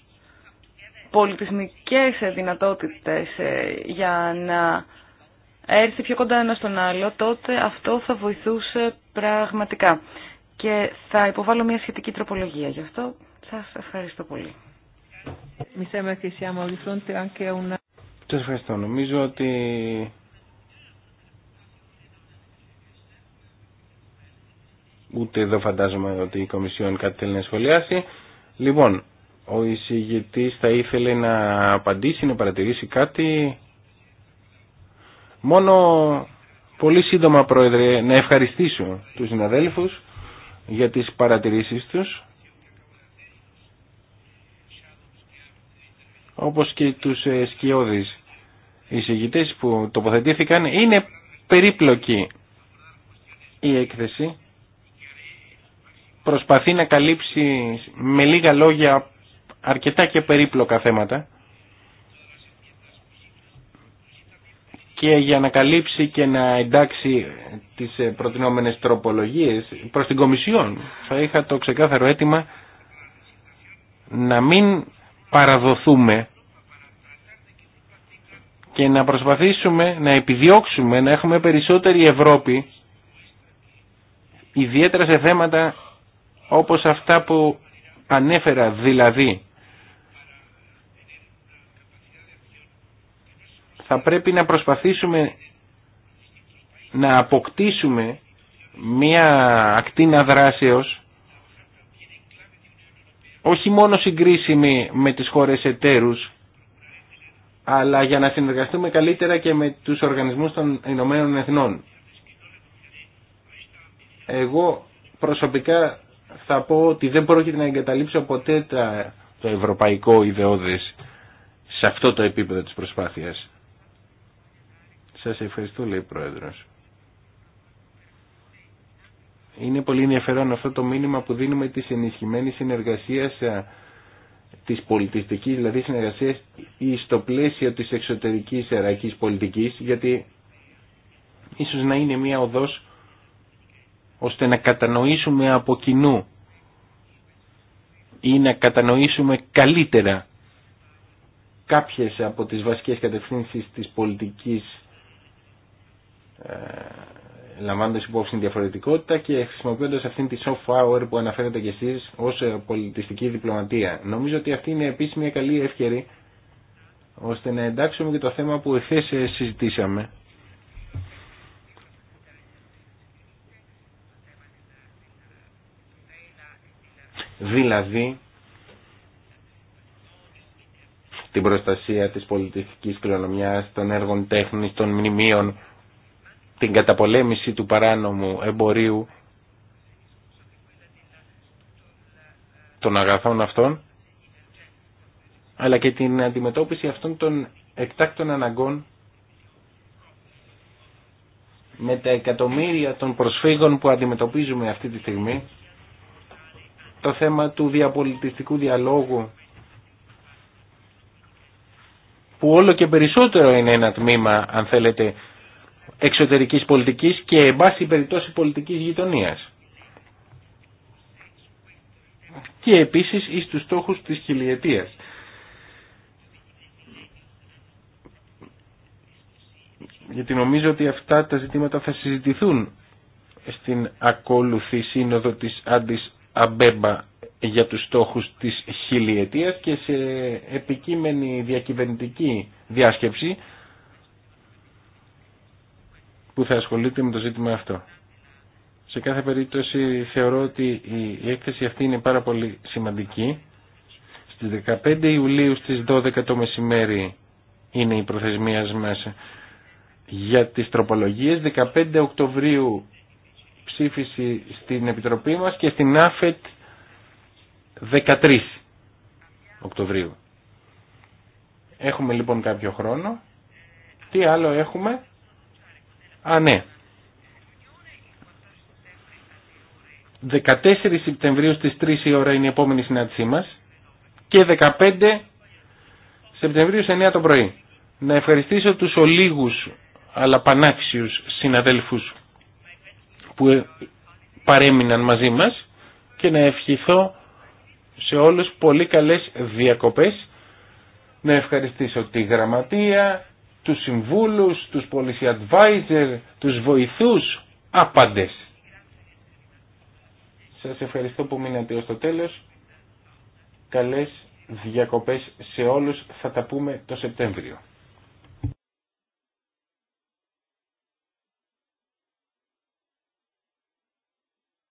πολιτισμικές δυνατότητες ε, για να έρθει πιο κοντά ένα στον άλλο, τότε αυτό θα βοηθούσε πραγματικά. Και θα υποβάλω μια σχετική τροπολογία. Γι' αυτό σας ευχαριστώ πολύ. Σας ευχαριστώ. Νομίζω ότι ούτε εδώ φαντάζομαι ότι η Κομισιόν κάτι θέλει να σχολιάσει. Λοιπόν, ο εισηγητής θα ήθελε να απαντήσει, να παρατηρήσει κάτι. Μόνο πολύ σύντομα, Πρόεδρε, να ευχαριστήσω τους συναδέλφους για τις παρατηρήσεις τους. Όπως και τους ε, σκιώδεις εισηγητές που τοποθετήθηκαν, είναι περίπλοκη η έκθεση. Προσπαθεί να καλύψει με λίγα λόγια αρκετά και περίπλοκα θέματα και για να καλύψει και να εντάξει τις ε, προτινόμενες τροπολογίες προς την Κομισιόν θα είχα το ξεκάθαρο αίτημα να μην παραδοθούμε και να προσπαθήσουμε να επιδιώξουμε να έχουμε περισσότερη Ευρώπη ιδιαίτερα σε θέματα όπως αυτά που ανέφερα δηλαδή θα πρέπει να προσπαθήσουμε να αποκτήσουμε μια ακτίνα δράσεως όχι μόνο συγκρίσιμη με τις χώρες εταίρους αλλά για να συνεργαστούμε καλύτερα και με τους οργανισμούς των Ηνωμένων Εθνών. Εγώ προσωπικά θα πω ότι δεν πρόκειται να εγκαταλείψω ποτέ το ευρωπαϊκό ιδεώδες σε αυτό το επίπεδο της προσπάθειας σα ευχαριστώ λέει Πρόεδρος. Είναι πολύ ενδιαφέρον αυτό το μήνυμα που δίνουμε της ενισχυμένης συνεργασίας ε, της πολιτιστικής, δηλαδή συνεργασίας στο πλαίσιο της εξωτερικής ιεραρχής πολιτικής, γιατί ίσως να είναι μια οδός ώστε να κατανοήσουμε από κοινού ή να κατανοήσουμε καλύτερα κάποιες από τις βασικές κατευθύνσεις της πολιτικής ε, λαμβάνοντας υπόψη την διαφορετικότητα και χρησιμοποιώντας αυτήν τη soft power που αναφέρετε κι εσεί ω ε, πολιτιστική διπλωματία. Νομίζω ότι αυτή είναι επίση μια καλή ευκαιρία ώστε να εντάξουμε και το θέμα που εχθέ ε, συζητήσαμε. Δηλαδή, την προστασία της πολιτιστικής κληρονομιάς, των έργων τέχνης, των μνημείων, την καταπολέμηση του παράνομου εμπορίου των αγαθών αυτών, αλλά και την αντιμετώπιση αυτών των εκτάκτων αναγκών με τα εκατομμύρια των προσφύγων που αντιμετωπίζουμε αυτή τη στιγμή, το θέμα του διαπολιτιστικού διαλόγου, που όλο και περισσότερο είναι ένα τμήμα, αν θέλετε, εξωτερικής πολιτικής και εν πάση περιπτώσει πολιτικής γειτονίας. Και επίσης εις τους στόχους της χιλιετίας. Γιατί νομίζω ότι αυτά τα ζητήματα θα συζητηθούν στην ακόλουθη σύνοδο της Άντις Αμπέμπα για τους στόχους της χιλιετίας και σε επικείμενη διακυβερνητική διάσκεψη που θα ασχολείται με το ζήτημα αυτό. Σε κάθε περίπτωση θεωρώ ότι η έκθεση αυτή είναι πάρα πολύ σημαντική. Στις 15 Ιουλίου στις 12 το μεσημέρι είναι η προθεσμία μας για τις τροπολογίες. 15 Οκτωβρίου ψήφιση στην Επιτροπή μας και στην ΑΦΕΤ 13 Οκτωβρίου. Έχουμε λοιπόν κάποιο χρόνο. Τι άλλο έχουμε. Α, ναι. 14 Σεπτεμβρίου στις 3 η ώρα είναι η επόμενη συνάντησή μας και 15 Σεπτεμβρίου σε 9 το πρωί. Να ευχαριστήσω τους ολίγους αλλά πανάξιους συναδέλφους που παρέμειναν μαζί μας και να ευχηθώ σε όλους πολύ καλές διακοπές. Να ευχαριστήσω τη γραμματεία, τους συμβούλους, τους policy advisor, τους βοηθούς, άπαντες. Σας ευχαριστώ που μείνατε ως το τέλος. Καλές διακοπές σε όλους. Θα τα πούμε το Σεπτέμβριο.